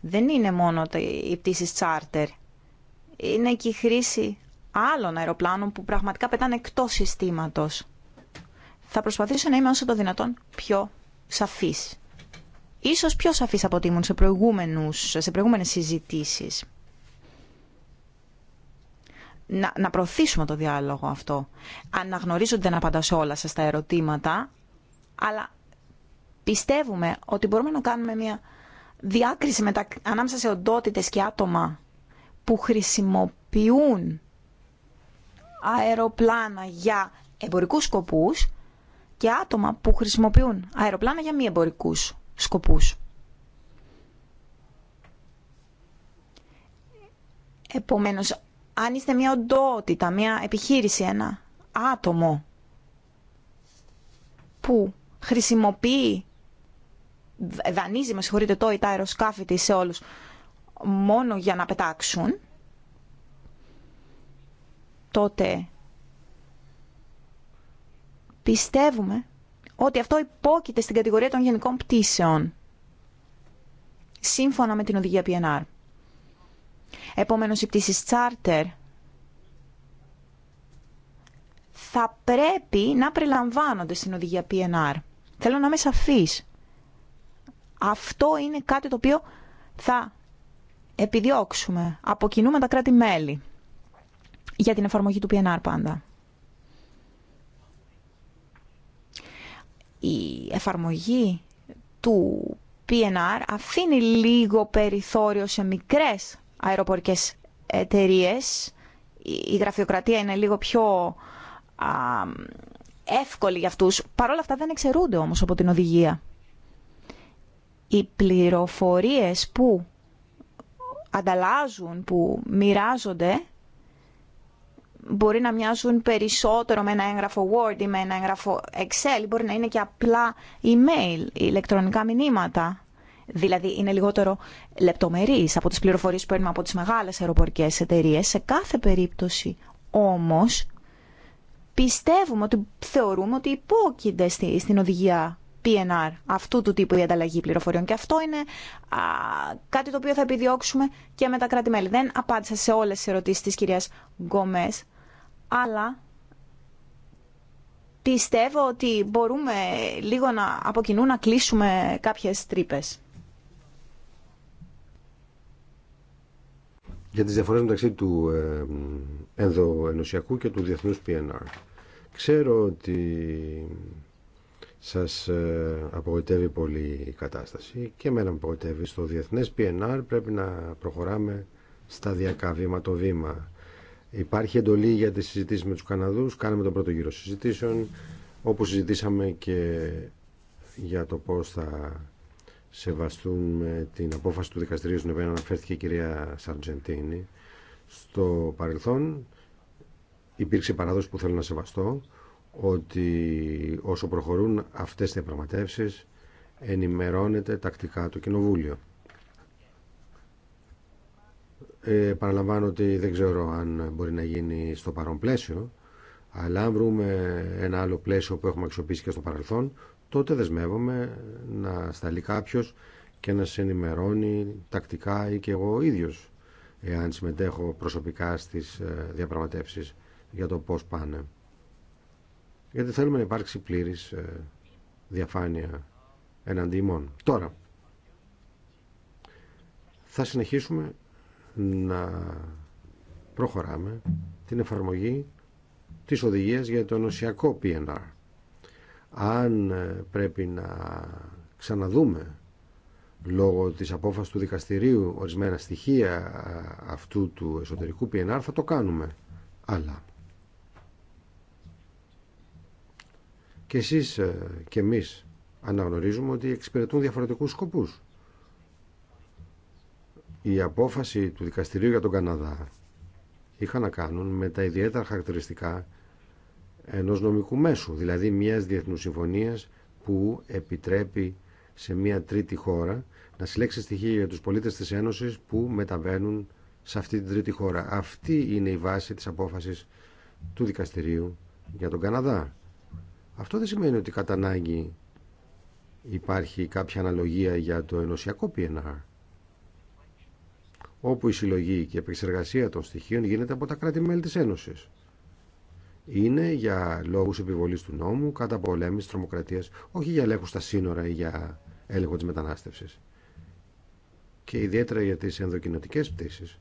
[SPEAKER 3] Δεν είναι μόνο οι πτήσεις τσάρτερ. Είναι και η χρήση άλλων αεροπλάνων που πραγματικά πετάνε εκτός συστήματος. Θα προσπαθήσω να είμαι όσο το δυνατόν πιο σαφής. Ίσως πιο σαφής από ότι ήμουν σε, προηγούμενους, σε προηγούμενες συζητήσεις. Να, να προωθήσουμε το διάλογο αυτό. Αναγνωρίζω ότι δεν απαντά σε όλα σας τα ερωτήματα, αλλά πιστεύουμε ότι μπορούμε να κάνουμε μια διάκριση ανάμεσα σε οντότητες και άτομα που χρησιμοποιούν αεροπλάνα για εμπορικούς σκοπούς και άτομα που χρησιμοποιούν αεροπλάνα για μη εμπορικούς σκοπούς. Επομένως, αν είστε μια οντότητα, μια επιχείρηση, ένα άτομο που χρησιμοποιεί, δανείζει, με συγχωρείτε, το ή τα αεροσκάφη της σε όλους, μόνο για να πετάξουν, τότε πιστεύουμε ότι αυτό υπόκειται στην κατηγορία των γενικών πτήσεων, σύμφωνα με την οδηγία PNR. Επομένως, οι πτήσεις charter θα πρέπει να περιλαμβάνονται στην οδηγία PNR. Θέλω να είμαι σαφής. Αυτό είναι κάτι το οποίο θα επιδιώξουμε. Αποκινούμε τα κράτη-μέλη για την εφαρμογή του PNR πάντα. Η εφαρμογή του PNR αφήνει λίγο περιθώριο σε μικρές αεροπορικές εταιρείε. Η γραφειοκρατία είναι λίγο πιο εύκολη για αυτούς. Παρ' αυτά δεν εξαιρούνται όμως από την οδηγία. Οι πληροφορίες που ανταλλάζουν, που μοιράζονται μπορεί να μοιάζουν περισσότερο με ένα έγγραφο Word ή με ένα έγγραφο Excel, μπορεί να είναι και απλά email, ηλεκτρονικά μηνύματα. Δηλαδή είναι λιγότερο λεπτομερής από τις πληροφορίες που παίρνουμε από τις μεγάλες αεροπορικές εταιρείες. Σε κάθε περίπτωση όμως πιστεύουμε ότι θεωρούμε ότι υπόκεινται στην οδηγία PNR αυτού του τύπου η ανταλλαγή πληροφοριών. Και αυτό είναι α, κάτι το οποίο θα επιδιώξουμε και με τα κράτη-μέλη. Δεν απάντησα σε όλες τις ερωτήσεις της κυρίας Γκόμες αλλά πιστεύω ότι μπορούμε λίγο να, από κοινού να κλείσουμε κάποιες τρύπε.
[SPEAKER 1] Για τις διαφορές μεταξύ του ε, ενδοενωσιακού και του διεθνούς PNR. Ξέρω ότι σας ε, απογοητεύει πολύ η κατάσταση και εμένα με απογοητεύει. Στο διεθνές PNR πρέπει να προχωράμε σταδιακά βήμα το βήμα Υπάρχει εντολή για τις συζητήσεις με τους Καναδούς. Κάναμε τον πρώτο γύρο συζητήσεων, όπου συζητήσαμε και για το πώς θα σεβαστούν την απόφαση του δικαστηρίου στην οποία αναφέρθηκε η κυρία Σαρτζεντίνη. Στο παρελθόν υπήρξε παράδοση που θέλω να σεβαστώ ότι όσο προχωρούν αυτές οι διαπραγματεύσεις ενημερώνεται τακτικά το Κοινοβούλιο. Ε, παραλαμβάνω ότι δεν ξέρω αν μπορεί να γίνει στο παρόν πλαίσιο, αλλά αν βρούμε ένα άλλο πλαίσιο που έχουμε αξιοποιήσει και στο παρελθόν, τότε δεσμεύομαι να σταλεί κάποιο και να σε ενημερώνει τακτικά ή και εγώ ίδιος εάν συμμετέχω προσωπικά στις ε, διαπραγματεύσεις για το πώς πάνε. Γιατί θέλουμε να υπάρξει πλήρης ε, διαφάνεια εναντίμων. Τώρα, θα συνεχίσουμε να προχωράμε την εφαρμογή της οδηγίας για το νοσιακό PNR. Αν ε, πρέπει να ξαναδούμε λόγω της απόφασης του δικαστηρίου ορισμένα στοιχεία ε, αυτού του εσωτερικού PNR θα το κάνουμε. Αλλά και εσείς ε, και εμείς αναγνωρίζουμε ότι εξυπηρετούν διαφορετικούς σκοπούς. Η απόφαση του δικαστηρίου για τον Καναδά είχαν να κάνουν με τα ιδιαίτερα χαρακτηριστικά ενός νομικού μέσου, δηλαδή μιας διεθνούς συμφωνίας που επιτρέπει σε μια τρίτη χώρα να συλλέξει στοιχεία για τους πολίτες της Ένωσης που μεταβαίνουν σε αυτή την τρίτη χώρα. Αυτή είναι η βάση της απόφασης του δικαστηρίου για τον Καναδά. Αυτό δεν σημαίνει ότι κατά ανάγκη υπάρχει κάποια αναλογία για το ενωσιακό PNR όπου η συλλογή και η επεξεργασία των στοιχείων γίνεται από τα κράτη-μέλη της Ένωσης. Είναι για λόγους επιβολής του νόμου, κατά πολέμης, τρομοκρατίας, όχι για ελέγχους στα σύνορα ή για έλεγχο της μετανάστευσης. Και ιδιαίτερα για τις ενδοκινητικές πτήσεις.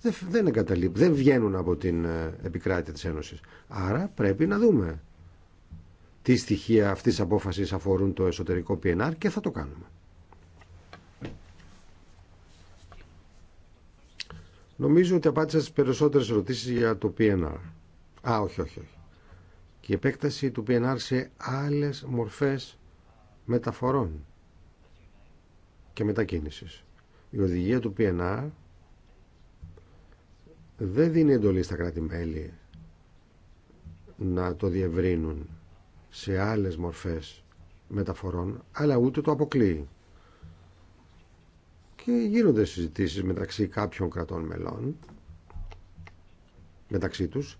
[SPEAKER 1] Δεν, δεν βγαίνουν από την ε, επικράτεια της Ένωσης. Άρα πρέπει να δούμε τι στοιχεία αυτής της απόφασης αφορούν το εσωτερικό PNR και θα το κάνουμε. Νομίζω ότι απάντησα στις περισσότερες ερωτήσεις για το PNR. Α, όχι, όχι, όχι. Και η επέκταση του PNR σε άλλες μορφές μεταφορών και μετακίνησης. Η οδηγία του PNR δεν δίνει εντολή στα κράτη-μέλη να το διευρύνουν σε άλλες μορφές μεταφορών, αλλά ούτε το αποκλείει και γίνονται συζητήσεις μεταξύ κάποιων κρατών μελών μεταξύ τους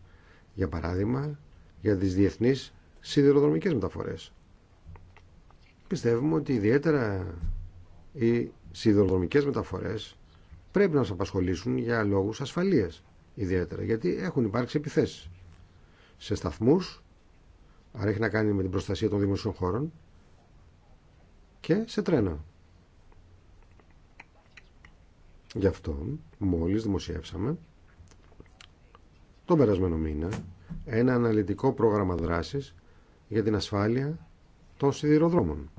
[SPEAKER 1] για παράδειγμα για τις διεθνείς σιδηροδρομικές μεταφορές πιστεύουμε ότι ιδιαίτερα οι σιδηροδρομικές μεταφορές πρέπει να μας απασχολήσουν για λόγους ασφαλείας ιδιαίτερα γιατί έχουν υπάρξει επιθέσεις σε σταθμούς άρα έχει να κάνει με την προστασία των δημοσίων χώρων και σε τρένα Γι' αυτό μόλις δημοσιεύσαμε τον περασμένο μήνα ένα αναλυτικό πρόγραμμα δράσης για την ασφάλεια των σιδηροδρόμων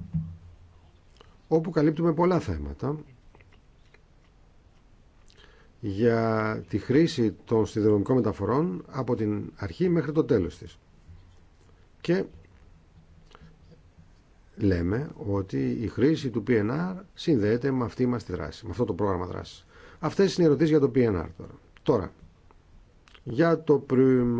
[SPEAKER 1] όπου καλύπτουμε πολλά θέματα για τη χρήση των σιδηροδρομικών μεταφορών από την αρχή μέχρι το τέλος της. Και λέμε ότι η χρήση του PNR συνδέεται με αυτή μας τη δράση, με αυτό το πρόγραμμα δράσης. Αυτές είναι οι ερωτήσεις για το PNR τώρα. Τώρα, για το πριν...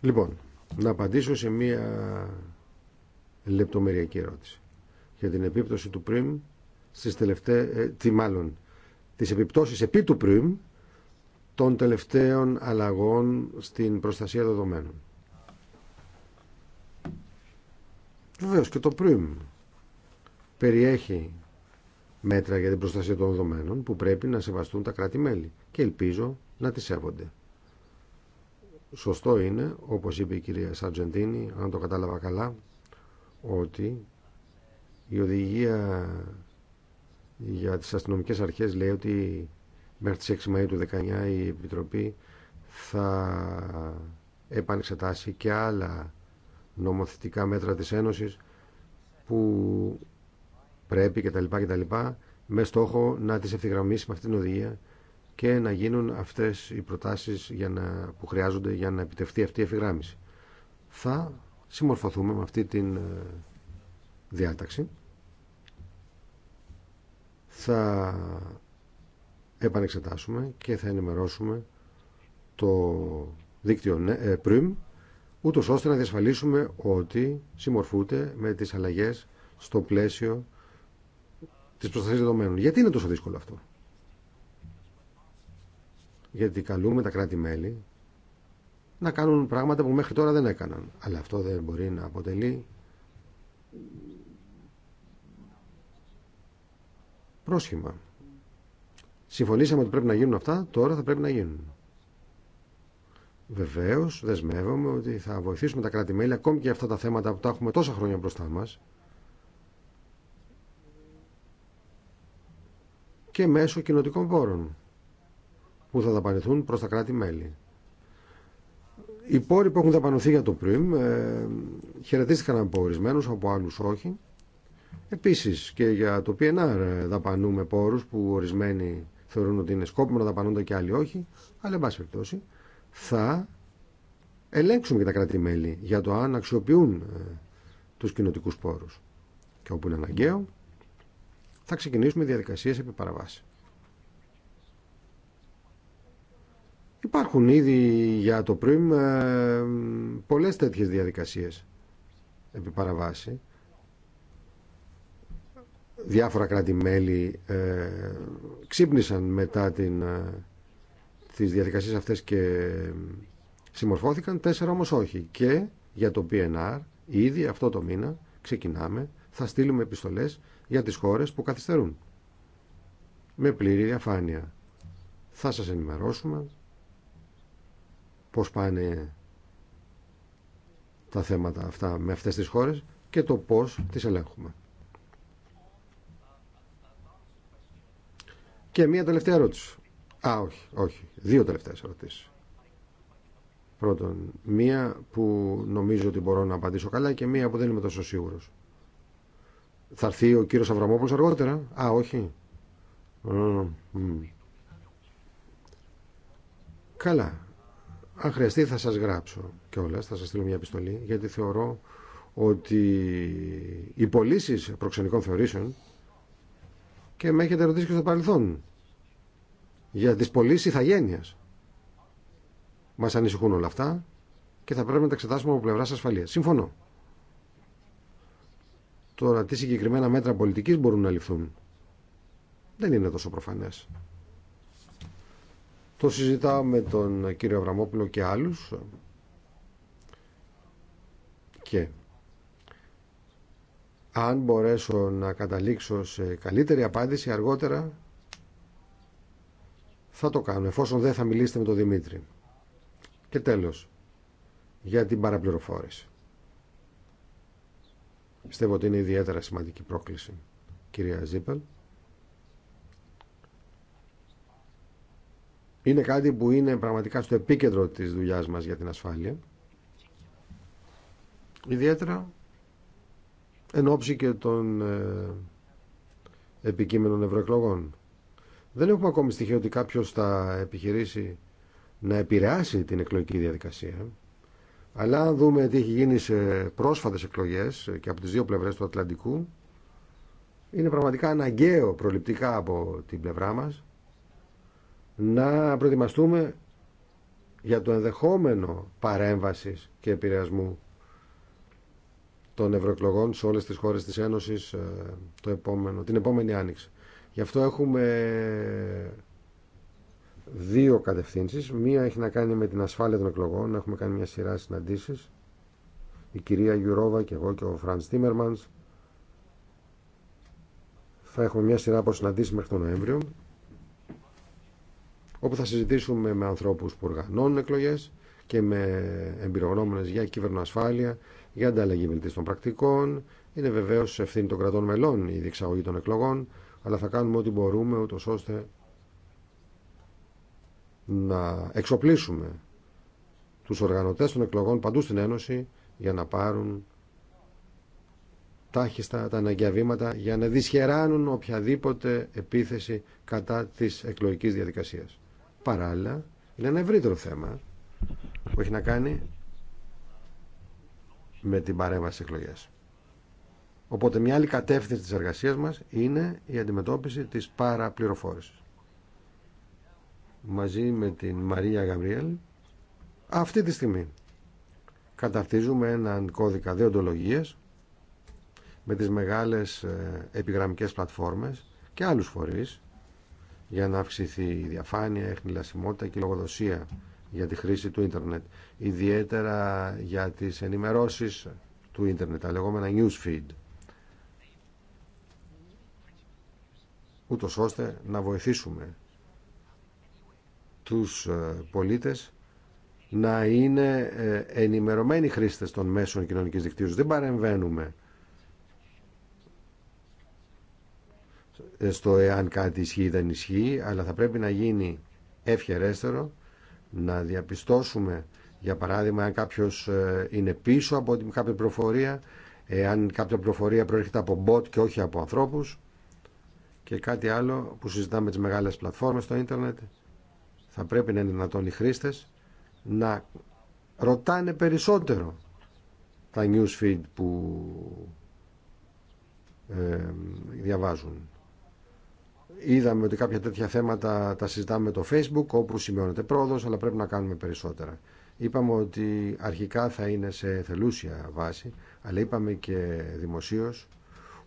[SPEAKER 1] Λοιπόν, να απαντήσω σε μία λεπτομεριακή ερώτηση για την επίπτωση του πριμ στις τελευταίες, τι μάλλον, τις επιπτώσεις επί του πριμ των τελευταίων αλλαγών στην προστασία δεδομένων. Βεβαίω και το πριμ περιέχει μέτρα για την προστασία των δεδομένων που πρέπει να σεβαστούν τα κράτη-μέλη και ελπίζω να τη σέβονται. Σωστό είναι, όπως είπε η κυρία Σαρτζεντίνη, αν το κατάλαβα καλά, ότι η οδηγία για τις αστυνομικές αρχές λέει ότι μέχρι τις 6 Μαΐου του 19 η Επιτροπή θα επανεξετάσει και άλλα νομοθετικά μέτρα της Ένωσης που πρέπει κτλ. κτλ με στόχο να τις ευθυγραμμίσει με αυτήν την οδηγία και να γίνουν αυτές οι προτάσεις για να, που χρειάζονται για να επιτευχθεί αυτή η ευθυγράμμιση. Θα συμμορφωθούμε με αυτή την ε, διάταξη. Θα επανεξετάσουμε και θα ενημερώσουμε το δίκτυο ΠΡΙΜ ούτω ώστε να διασφαλίσουμε ότι συμμορφούνται με τις αλλαγέ στο πλαίσιο τη προστασία δεδομένων. Γιατί είναι τόσο δύσκολο αυτό. Γιατί καλούμε τα κράτη-μέλη να κάνουν πράγματα που μέχρι τώρα δεν έκαναν. Αλλά αυτό δεν μπορεί να αποτελεί πρόσχημα. Συμφωνήσαμε ότι πρέπει να γίνουν αυτά, τώρα θα πρέπει να γίνουν. Βεβαίω, δεσμεύομαι ότι θα βοηθήσουμε τα κράτη-μέλη ακόμη και αυτά τα θέματα που τα έχουμε τόσα χρόνια μπροστά μα. και μέσω κοινοτικών πόρων που θα δαπανηθούν προς τα κράτη-μέλη. Οι πόροι που έχουν δαπανωθεί για το ΠΡΙΜ ε, χαιρετίστηκαν από ορισμένου, από άλλους όχι. Επίσης και για το PNR ε, δαπανούμε πόρου που ορισμένοι θεωρούν ότι είναι σκόπιμο να δαπανούνται και άλλοι όχι, αλλά εν πάση θα ελέγξουμε και τα κράτη-μέλη για το αν αξιοποιούν ε, τους κοινοτικούς πόρους. Και όπου είναι αναγκαίο, θα ξεκινήσουμε διαδικασίες επί παραβάση. Υπάρχουν ήδη για το ΠΡΙΜ ε, πολλές τέτοιες διαδικασίες επί παραβάση. Διάφορα κράτη-μέλη ε, ξύπνησαν μετά την τις διαδικασίες αυτές και συμμορφώθηκαν, τέσσερα όμως όχι. Και για το PNR, ήδη αυτό το μήνα ξεκινάμε, θα στείλουμε επιστολές για τις χώρες που καθυστερούν. Με πλήρη διαφάνεια. Θα σας ενημερώσουμε πώς πάνε τα θέματα αυτά με αυτές τις χώρες και το πώς τις ελέγχουμε. Και μία τελευταία ερώτηση. Α, όχι, όχι. Δύο τελευταίες ερωτήσει. Πρώτον, μία που νομίζω ότι μπορώ να απαντήσω καλά και μία που δεν είμαι τόσο σίγουρο. Θα έρθει ο κύριο Αβραμόπουλος αργότερα. Α, όχι. Καλά. Αν χρειαστεί θα σας γράψω κιόλας, θα σας στείλω μια επιστολή, γιατί θεωρώ ότι οι πωλήσει προξενικών θεωρήσεων και με έχετε ρωτήσει και στο παρελθόν για τις πωλήσει ηθαγένειας. Μας ανησυχούν όλα αυτά και θα πρέπει να τα εξετάσουμε από πλευράς ασφαλείας. Συμφωνώ. Τώρα τι συγκεκριμένα μέτρα πολιτικής μπορούν να ληφθούν. Δεν είναι τόσο προφανές. Το συζητάω με τον κύριο Αβραμόπουλο και άλλους και αν μπορέσω να καταλήξω σε καλύτερη απάντηση αργότερα θα το κάνω, εφόσον δεν θα μιλήσετε με τον Δημήτρη. Και τέλος, για την παραπληροφόρηση. Πιστεύω ότι είναι ιδιαίτερα σημαντική πρόκληση, κυρία Ζήπελ. Είναι κάτι που είναι πραγματικά στο επίκεντρο της δουλειάς μας για την ασφάλεια. Ιδιαίτερα εν ώψη και των ε, επικείμενων ευρωεκλογών. Δεν έχουμε ακόμη στοιχείο ότι κάποιο θα επιχειρήσει να επηρεάσει την εκλογική διαδικασία. Αλλά αν δούμε τι έχει γίνει σε πρόσφατες εκλογές και από τις δύο πλευρές του Ατλαντικού, είναι πραγματικά αναγκαίο προληπτικά από την πλευρά μας να προετοιμαστούμε για το ενδεχόμενο παρέμβασης και επηρεασμού των ευρωεκλογών σε όλες τις χώρες της Ένωσης ε, την επόμενη άνοιξη. Γι' αυτό έχουμε δύο κατευθύνσει. Μία έχει να κάνει με την ασφάλεια των εκλογών. Έχουμε κάνει μια σειρά συναντήσει. Η κυρία Γιουρόβα και εγώ και ο Φραντς Τίμερμαν. Θα έχουμε μια σειρά από συναντήσει μέχρι τον Νοέμβριο όπου θα συζητήσουμε με ανθρώπου που οργανώνουν εκλογέ και με εμπειρογνώμονε για κυβερνοασφάλεια, για ανταλλαγή βελτίστων πρακτικών. Είναι βεβαίω ευθύνη των κρατών μελών η διεξαγωγή των εκλογών αλλά θα κάνουμε ό,τι μπορούμε ούτως ώστε να εξοπλίσουμε τους οργανωτές των εκλογών παντού στην Ένωση για να πάρουν τάχιστα τα αναγκαία βήματα για να δυσχεράνουν οποιαδήποτε επίθεση κατά της εκλογικής διαδικασίας. Παράλληλα, είναι ένα ευρύτερο θέμα που έχει να κάνει με την παρέμβαση εκλογές. Οπότε μια άλλη κατεύθυνση της εργασίας μας είναι η αντιμετώπιση της παραπληροφόρησης. Μαζί με την Μαρία Γαβριέλ αυτή τη στιγμή καταρτίζουμε έναν κώδικα δεοντολογίας με τις μεγάλες ε, επιγραμμικές πλατφόρμες και άλλους φορείς για να αυξηθεί η διαφάνεια, η εχνηλασιμότητα και η λογοδοσία για τη χρήση του ίντερνετ. Ιδιαίτερα για τις ενημερώσεις του ίντερνετ, τα λεγόμενα news ούτως ώστε να βοηθήσουμε τους ε, πολίτες να είναι ε, ενημερωμένοι χρήστες των μέσων κοινωνικής δικτύωσης. Δεν παρεμβαίνουμε ε, στο εάν κάτι ισχύει ή δεν ισχύει, αλλά θα πρέπει να γίνει ευχερέστερο, να διαπιστώσουμε, για παράδειγμα, αν κάποιος είναι πίσω από κάποια προφορία, εάν κάποια προφορία προέρχεται από bot και όχι από ανθρώπους, και κάτι άλλο που συζητάμε τις μεγάλες πλατφόρμες στο ίντερνετ, θα πρέπει να είναι δυνατόν οι χρήστες να ρωτάνε περισσότερο τα news feed που ε, διαβάζουν. Είδαμε ότι κάποια τέτοια θέματα τα συζητάμε με το Facebook, όπου σημειώνεται πρόοδος, αλλά πρέπει να κάνουμε περισσότερα. Είπαμε ότι αρχικά θα είναι σε θελούσια βάση, αλλά είπαμε και δημοσίως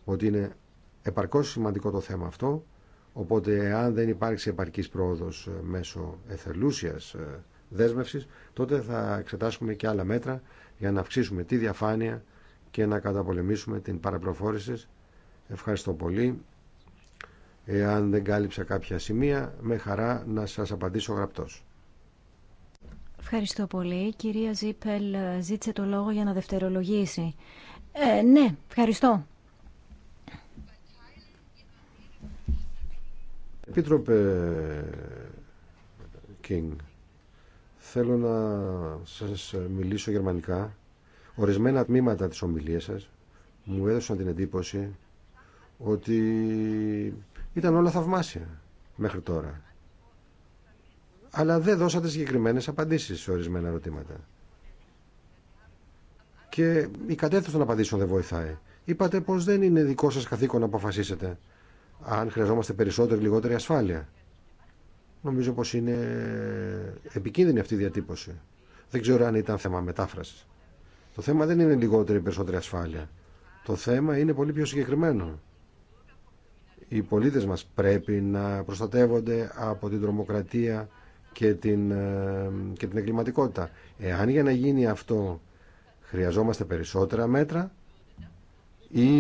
[SPEAKER 1] ότι είναι επαρκώς σημαντικό το θέμα αυτό, οπότε αν δεν υπάρξει επαρκής πρόοδος ε, μέσω εθελούσιας ε, δέσμευσης, τότε θα εξετάσουμε και άλλα μέτρα για να αυξήσουμε τη διαφάνεια και να καταπολεμήσουμε την παραπροφόρηση. Ευχαριστώ πολύ. Εάν δεν κάλυψα κάποια σημεία, με χαρά να σας απαντήσω γραπτός.
[SPEAKER 2] Ευχαριστώ πολύ. κυρία Ζίπελ ζήτησε το λόγο για να δευτερολογήσει. Ε, ναι, ευχαριστώ.
[SPEAKER 1] Επίτροπε King, θέλω να σας μιλήσω γερμανικά. Ορισμένα τμήματα της ομιλίας σας μου έδωσαν την εντύπωση ότι ήταν όλα θαυμάσια μέχρι τώρα. Αλλά δεν δώσατε συγκεκριμένες απαντήσεις σε ορισμένα ερωτήματα. Και η κατεύθυνση των απαντήσεων δεν βοηθάει. Είπατε πως δεν είναι δικό σας καθήκον να αποφασίσετε αν χρειαζόμαστε περισσότερη ή λιγότερη ασφάλεια. Νομίζω πως είναι επικίνδυνη αυτή η διατύπωση. Δεν ξέρω αν ήταν θέμα μετάφρασης. Το θέμα δεν είναι λιγότερη ή περισσότερη ασφάλεια. Το θέμα είναι πολύ πιο συγκεκριμένο. Οι πολίτες μας πρέπει να προστατεύονται από την τρομοκρατία και την, ε, και την εγκληματικότητα. Εάν για να γίνει αυτό χρειαζόμαστε περισσότερα μέτρα, ή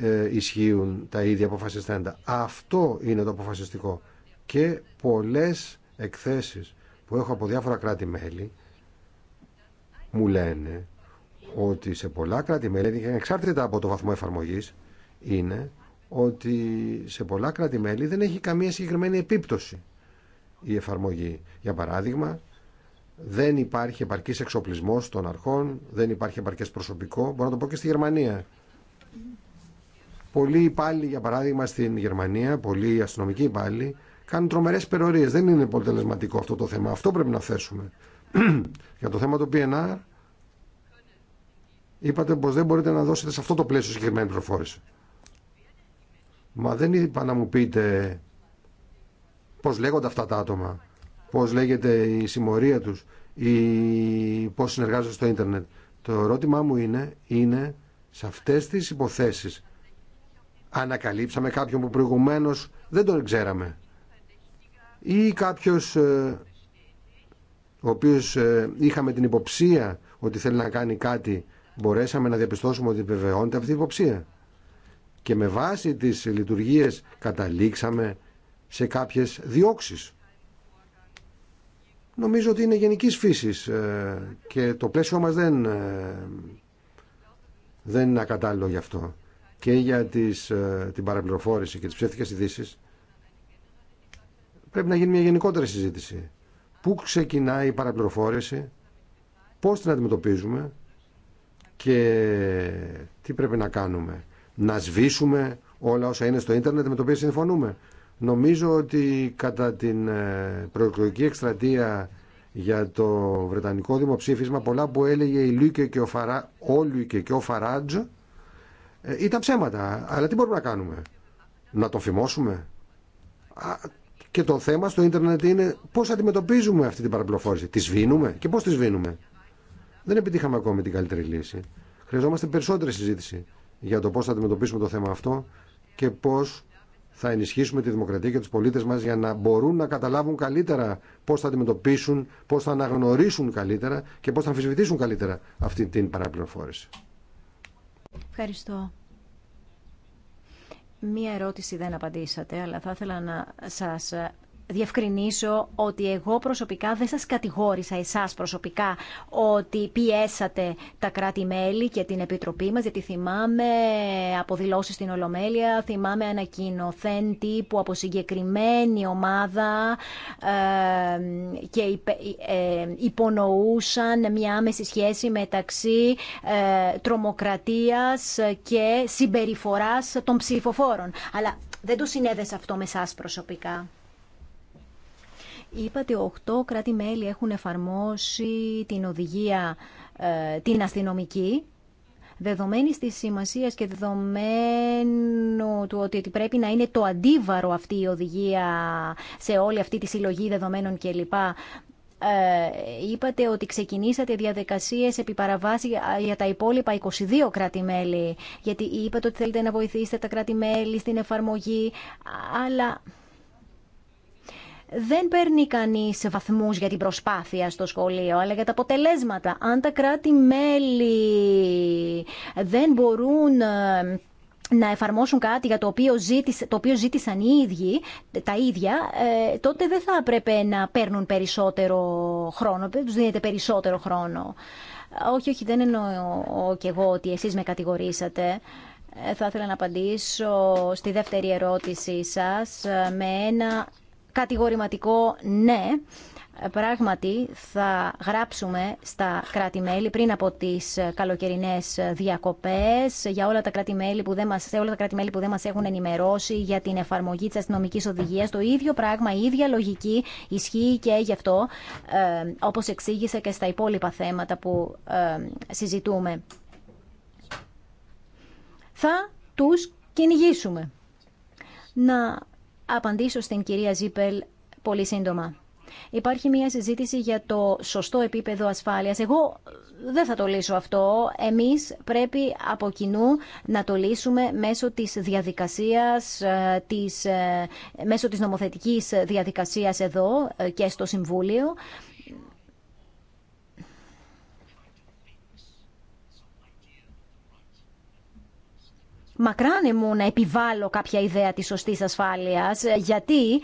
[SPEAKER 1] ε, ισχύουν τα ίδια αποφασιστέντα. Αυτό είναι το αποφασιστικό. Και πολλές εκθέσεις που έχω από διάφορα κράτη-μέλη μου λένε ότι σε πολλά κράτη-μέλη, δηλαδή εξάρτητα από το βαθμό εφαρμογής, είναι ότι σε πολλά κράτη-μέλη δεν έχει καμία συγκεκριμένη επίπτωση η εφαρμογή. Για παράδειγμα, δεν υπάρχει επαρκής εξοπλισμός των αρχών, δεν υπάρχει επαρκές προσωπικό, μπορώ να το πω και στη Γερμανία. Πολλοί υπάλληλοι, για παράδειγμα, στην Γερμανία, πολλοί αστυνομικοί υπάλληλοι, κάνουν τρομερέ υπερορίε. Δεν είναι αποτελεσματικό αυτό το θέμα. Αυτό πρέπει να θέσουμε. [CLEARS THROAT] για το θέμα του PNR, είπατε πω δεν μπορείτε να δώσετε σε αυτό το πλαίσιο συγκεκριμένη πληροφόρηση. Μα δεν είπα να μου πείτε πώς λέγονται αυτά τα άτομα, πώς λέγεται η συμμορία τους ή πώς συνεργάζονται στο ίντερνετ. Το ερώτημά μου είναι, είναι σε αυτές τις υποθέσεις ανακαλύψαμε κάποιον που προηγουμένως δεν τον ξέραμε ή κάποιος ε, ο οποίος ε, είχαμε την υποψία ότι θέλει να κάνει κάτι μπορέσαμε να διαπιστώσουμε ότι βεβαιώνεται αυτή η καποιος ο οποιος ειχαμε την υποψια οτι θελει να κανει κατι μπορεσαμε να διαπιστωσουμε οτι επιβεβαιωνεται αυτη η υποψια και με βάση τις λειτουργίες καταλήξαμε σε κάποιες διώξεις. Νομίζω ότι είναι γενικής φύσης ε, και το πλαίσιο μας δεν δεν είναι ακατάλληλο γι' αυτό. Και για τις, ε, την παραπληροφόρηση και τις ψεύτικες ειδήσει. πρέπει να γίνει μια γενικότερη συζήτηση. Πού ξεκινάει η παραπληροφόρηση, πώς την αντιμετωπίζουμε και τι πρέπει να κάνουμε. Να σβήσουμε όλα όσα είναι στο ίντερνετ με το οποίο συμφωνούμε. Νομίζω ότι κατά την ε, προεκλογική εκστρατεία για το Βρετανικό δημοψήφισμα πολλά που έλεγε η Λούκε και ο, Φαρά, ο Λούκε και ο Φαράτζ ε, ήταν ψέματα. Αλλά τι μπορούμε να κάνουμε. Να το φημώσουμε. Και το θέμα στο ίντερνετ είναι πώς αντιμετωπίζουμε αυτή την παραπληροφόρηση. Τη σβήνουμε και πώς τη σβήνουμε. Δεν επιτύχαμε ακόμη την καλύτερη λύση. Χρειαζόμαστε περισσότερη συζήτηση για το πώς θα αντιμετωπίσουμε το θέμα αυτό και πώς θα ενισχύσουμε τη δημοκρατία και του πολίτε μας για να μπορούν να καταλάβουν καλύτερα πώς θα αντιμετωπίσουν, πώς θα αναγνωρίσουν καλύτερα και πώς θα αμφισβητήσουν καλύτερα αυτή την παραπληροφόρηση.
[SPEAKER 2] Ευχαριστώ. Μία ερώτηση δεν απαντήσατε, αλλά θα ήθελα να σας διευκρινίσω ότι εγώ προσωπικά δεν σας κατηγόρησα εσάς προσωπικά ότι πιέσατε τα κράτη-μέλη και την Επιτροπή μας, γιατί θυμάμαι αποδηλώσεις στην Ολομέλεια, θυμάμαι ανακοινωθέν που από συγκεκριμένη ομάδα ε, και ε, υπονοούσαν μια άμεση σχέση μεταξύ ε, τρομοκρατίας και συμπεριφοράς των ψηφοφόρων. Αλλά δεν το συνέδεσα αυτό με εσάς προσωπικά. Είπατε 8 κράτη-μέλη έχουν εφαρμόσει την οδηγία ε, την αστυνομική δεδομένη τη σημασία και δεδομένου του ότι πρέπει να είναι το αντίβαρο αυτή η οδηγία σε όλη αυτή τη συλλογή δεδομένων κλπ. Ε, είπατε ότι ξεκινήσατε διαδικασίες επί παραβάση για τα υπόλοιπα 22 κράτη-μέλη, γιατί είπατε ότι θέλετε να βοηθήσετε τα κράτη-μέλη στην εφαρμογή, αλλά δεν παίρνει κανεί βαθμούς για την προσπάθεια στο σχολείο, αλλά για τα αποτελέσματα. Αν τα κράτη-μέλη δεν μπορούν ε, να εφαρμόσουν κάτι για το οποίο, ζήτησαν, το οποίο οι ίδιοι, τα ίδια, ε, τότε δεν θα έπρεπε να παίρνουν περισσότερο χρόνο, δεν τους δίνεται περισσότερο χρόνο. Όχι, όχι, δεν εννοώ και εγώ ότι εσείς με κατηγορήσατε. Ε, θα ήθελα να απαντήσω στη δεύτερη ερώτησή σας με ένα κατηγορηματικό ναι. Πράγματι θα γράψουμε στα κράτη-μέλη πριν από τις καλοκαίρινέ διακοπές για όλα τα κρατη που, δεν μας, σε όλα τα κράτη-μέλη που δεν μας έχουν ενημερώσει για την εφαρμογή της αστυνομική οδηγίας. Το ίδιο πράγμα, η ίδια λογική ισχύει και γι' αυτό ε, όπως εξήγησε και στα υπόλοιπα θέματα που ε, συζητούμε. Θα του κυνηγήσουμε. Να απαντήσω στην κυρία Ζίπελ πολύ σύντομα. Υπάρχει μια συζήτηση για το σωστό επίπεδο ασφάλειας. Εγώ δεν θα το λύσω αυτό. Εμείς πρέπει από κοινού να το λύσουμε μέσω της διαδικασίας, ε, της, ε, μέσω της νομοθετικής διαδικασίας εδώ ε, και στο Συμβούλιο. Μακράνε μου να επιβάλλω κάποια ιδέα της σωστής ασφάλειας, ε, γιατί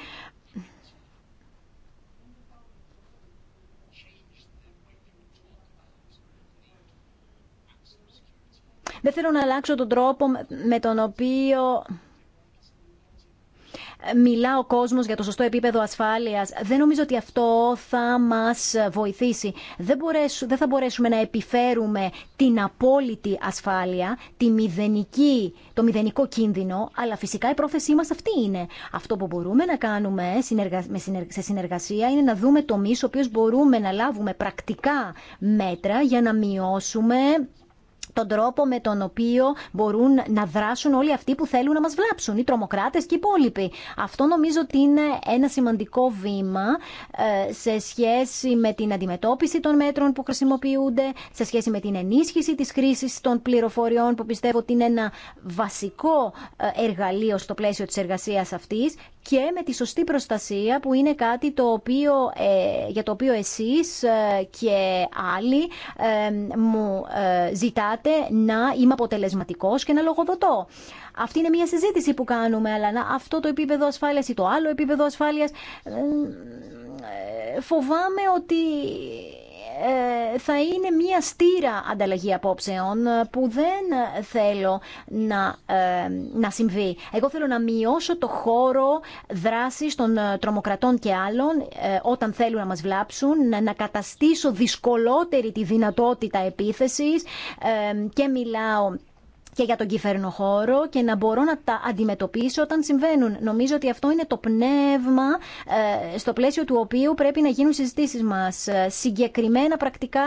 [SPEAKER 2] δεν θέλω να αλλάξω τον τρόπο με τον οποίο μιλά ο κόσμος για το σωστό επίπεδο ασφάλειας, δεν νομίζω ότι αυτό θα μας βοηθήσει. Δεν, δεν θα μπορέσουμε να επιφέρουμε την απόλυτη ασφάλεια, τη το μηδενικό κίνδυνο, αλλά φυσικά η πρόθεσή μα αυτή είναι. Αυτό που μπορούμε να κάνουμε σε συνεργασία είναι να δούμε τομεί ο οποίο μπορούμε να λάβουμε πρακτικά μέτρα για να μειώσουμε τον τρόπο με τον οποίο μπορούν να δράσουν όλοι αυτοί που θέλουν να μας βλάψουν, οι τρομοκράτες και οι υπόλοιποι. Αυτό νομίζω ότι είναι ένα σημαντικό βήμα ε, σε σχέση με την αντιμετώπιση των μέτρων που χρησιμοποιούνται, σε σχέση με την ενίσχυση της κρίσης των πληροφοριών που πιστεύω ότι είναι ένα βασικό ε, εργαλείο στο πλαίσιο της εργασίας αυτής και με τη σωστή προστασία που είναι κάτι το οποίο, ε, για το οποίο εσείς ε, και άλλοι ε, μου ζητάτε να είμαι αποτελεσματικός και να λογοδοτώ. Αυτή είναι μια συζήτηση που κάνουμε, αλλά αυτό το επίπεδο ασφάλειας ή το άλλο επίπεδο ασφάλειας φοβάμαι ότι ε, θα είναι μία στήρα ανταλλαγή απόψεων ε, που δεν θέλω να, ε, να συμβεί. Εγώ θέλω να μειώσω το χώρο δράσης των τρομοκρατών και άλλων όταν θέλουν να μας βλάψουν, να καταστήσω δυσκολότερη τη δυνατότητα επίθεσης και μιλάω και για τον χώρο και να μπορώ να τα αντιμετωπίσω όταν συμβαίνουν. Νομίζω ότι αυτό είναι το πνεύμα ε, στο πλαίσιο του οποίου πρέπει να γίνουν συζητήσεις μα ε, Συγκεκριμένα πρακτικά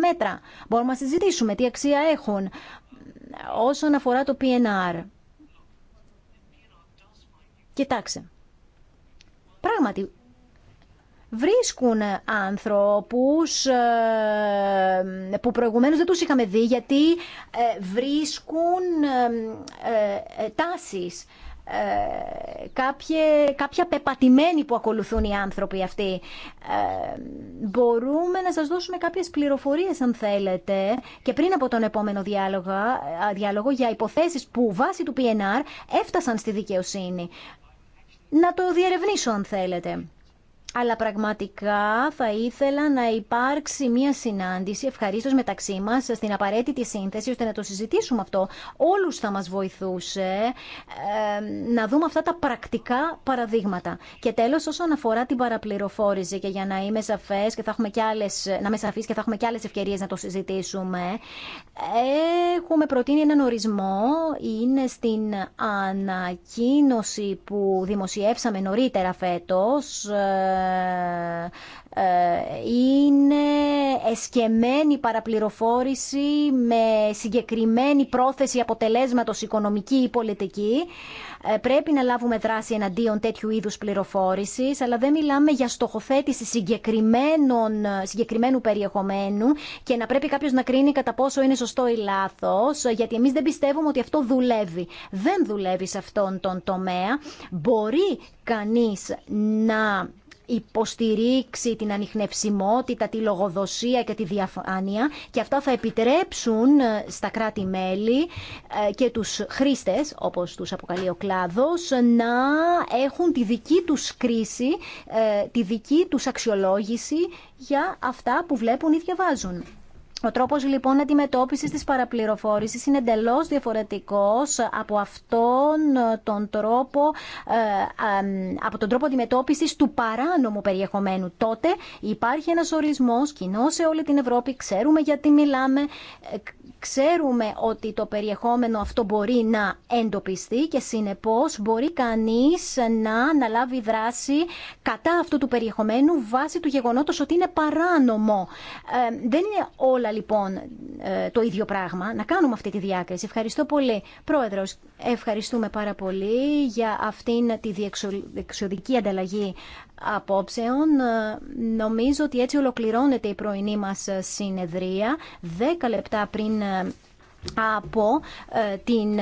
[SPEAKER 2] μέτρα. Μπορούμε να συζητήσουμε τι αξία έχουν. Ε, όσον αφορά το PNR. Κοιτάξτε. Πράγματι, βρίσκουν άνθρωπους ε, που προηγουμένως δεν τους είχαμε δει γιατί ε, βρίσκουν ε, τάσεις κάποια, κάποια πεπατημένοι που ακολουθούν οι άνθρωποι αυτοί. μπορούμε να σας δώσουμε κάποιες πληροφορίες αν θέλετε και πριν από τον επόμενο διάλογο, διάλογο για υποθέσεις που βάσει του PNR έφτασαν στη δικαιοσύνη. Να το διερευνήσω αν θέλετε. Αλλά πραγματικά θα ήθελα να υπάρξει μια συνάντηση ευχαρίστω μεταξύ μα στην απαραίτητη σύνθεση ώστε να το συζητήσουμε αυτό. Όλου θα μα βοηθούσε ε, να δούμε αυτά τα πρακτικά παραδείγματα. Και τέλο, όσον αφορά την παραπληροφόρηση, και για να είμαι σαφέ και θα έχουμε και άλλες, να είμαι και θα έχουμε και άλλε ευκαιρίε να το συζητήσουμε, έχουμε προτείνει έναν ορισμό. Είναι στην ανακοίνωση που δημοσιεύσαμε νωρίτερα φέτος ε, είναι εσκεμμένη παραπληροφόρηση με συγκεκριμένη πρόθεση αποτελέσματος οικονομική ή πολιτική. Ε, πρέπει να λάβουμε δράση εναντίον τέτοιου είδους πληροφόρησης, αλλά δεν μιλάμε για στοχοθέτηση συγκεκριμένων, συγκεκριμένου περιεχομένου και να πρέπει κάποιος να κρίνει κατά πόσο είναι σωστό ή λάθος, γιατί εμείς δεν πιστεύουμε ότι αυτό δουλεύει. Δεν δουλεύει σε αυτόν τον τομέα. Μπορεί κανείς να υποστηρίξει την ανιχνευσιμότητα, τη λογοδοσία και τη διαφάνεια και αυτά θα επιτρέψουν ε, στα κράτη-μέλη ε, και τους χρήστες, όπως τους αποκαλεί ο κλάδος, να έχουν τη δική τους κρίση, ε, τη δική τους αξιολόγηση για αυτά που βλέπουν ή διαβάζουν. Ο τρόπος λοιπόν αντιμετώπιση της παραπληροφόρηση είναι εντελώ διαφορετικός από αυτόν ε, τον τρόπο, ε, από τον τρόπο αντιμετώπισης του παράνομου περιεχομένου. Τότε υπάρχει ένας ορισμός κοινό σε όλη την Ευρώπη, ξέρουμε γιατί μιλάμε, ε, Ξέρουμε ότι το περιεχόμενο αυτό μπορεί να εντοπιστεί και συνεπώς μπορεί κανείς να αναλάβει δράση κατά αυτού του περιεχομένου βάσει του γεγονότος ότι είναι παράνομο. Ε, δεν είναι όλα λοιπόν ε, το ίδιο πράγμα. Να κάνουμε αυτή τη διάκριση. Ευχαριστώ πολύ. Πρόεδρος, ευχαριστούμε πάρα πολύ για αυτήν τη διεξοδική ανταλλαγή απόψεων. Ε, νομίζω ότι έτσι ολοκληρώνεται η πρωινή μας ε, συνεδρία. Δέκα λεπτά πριν ε, από την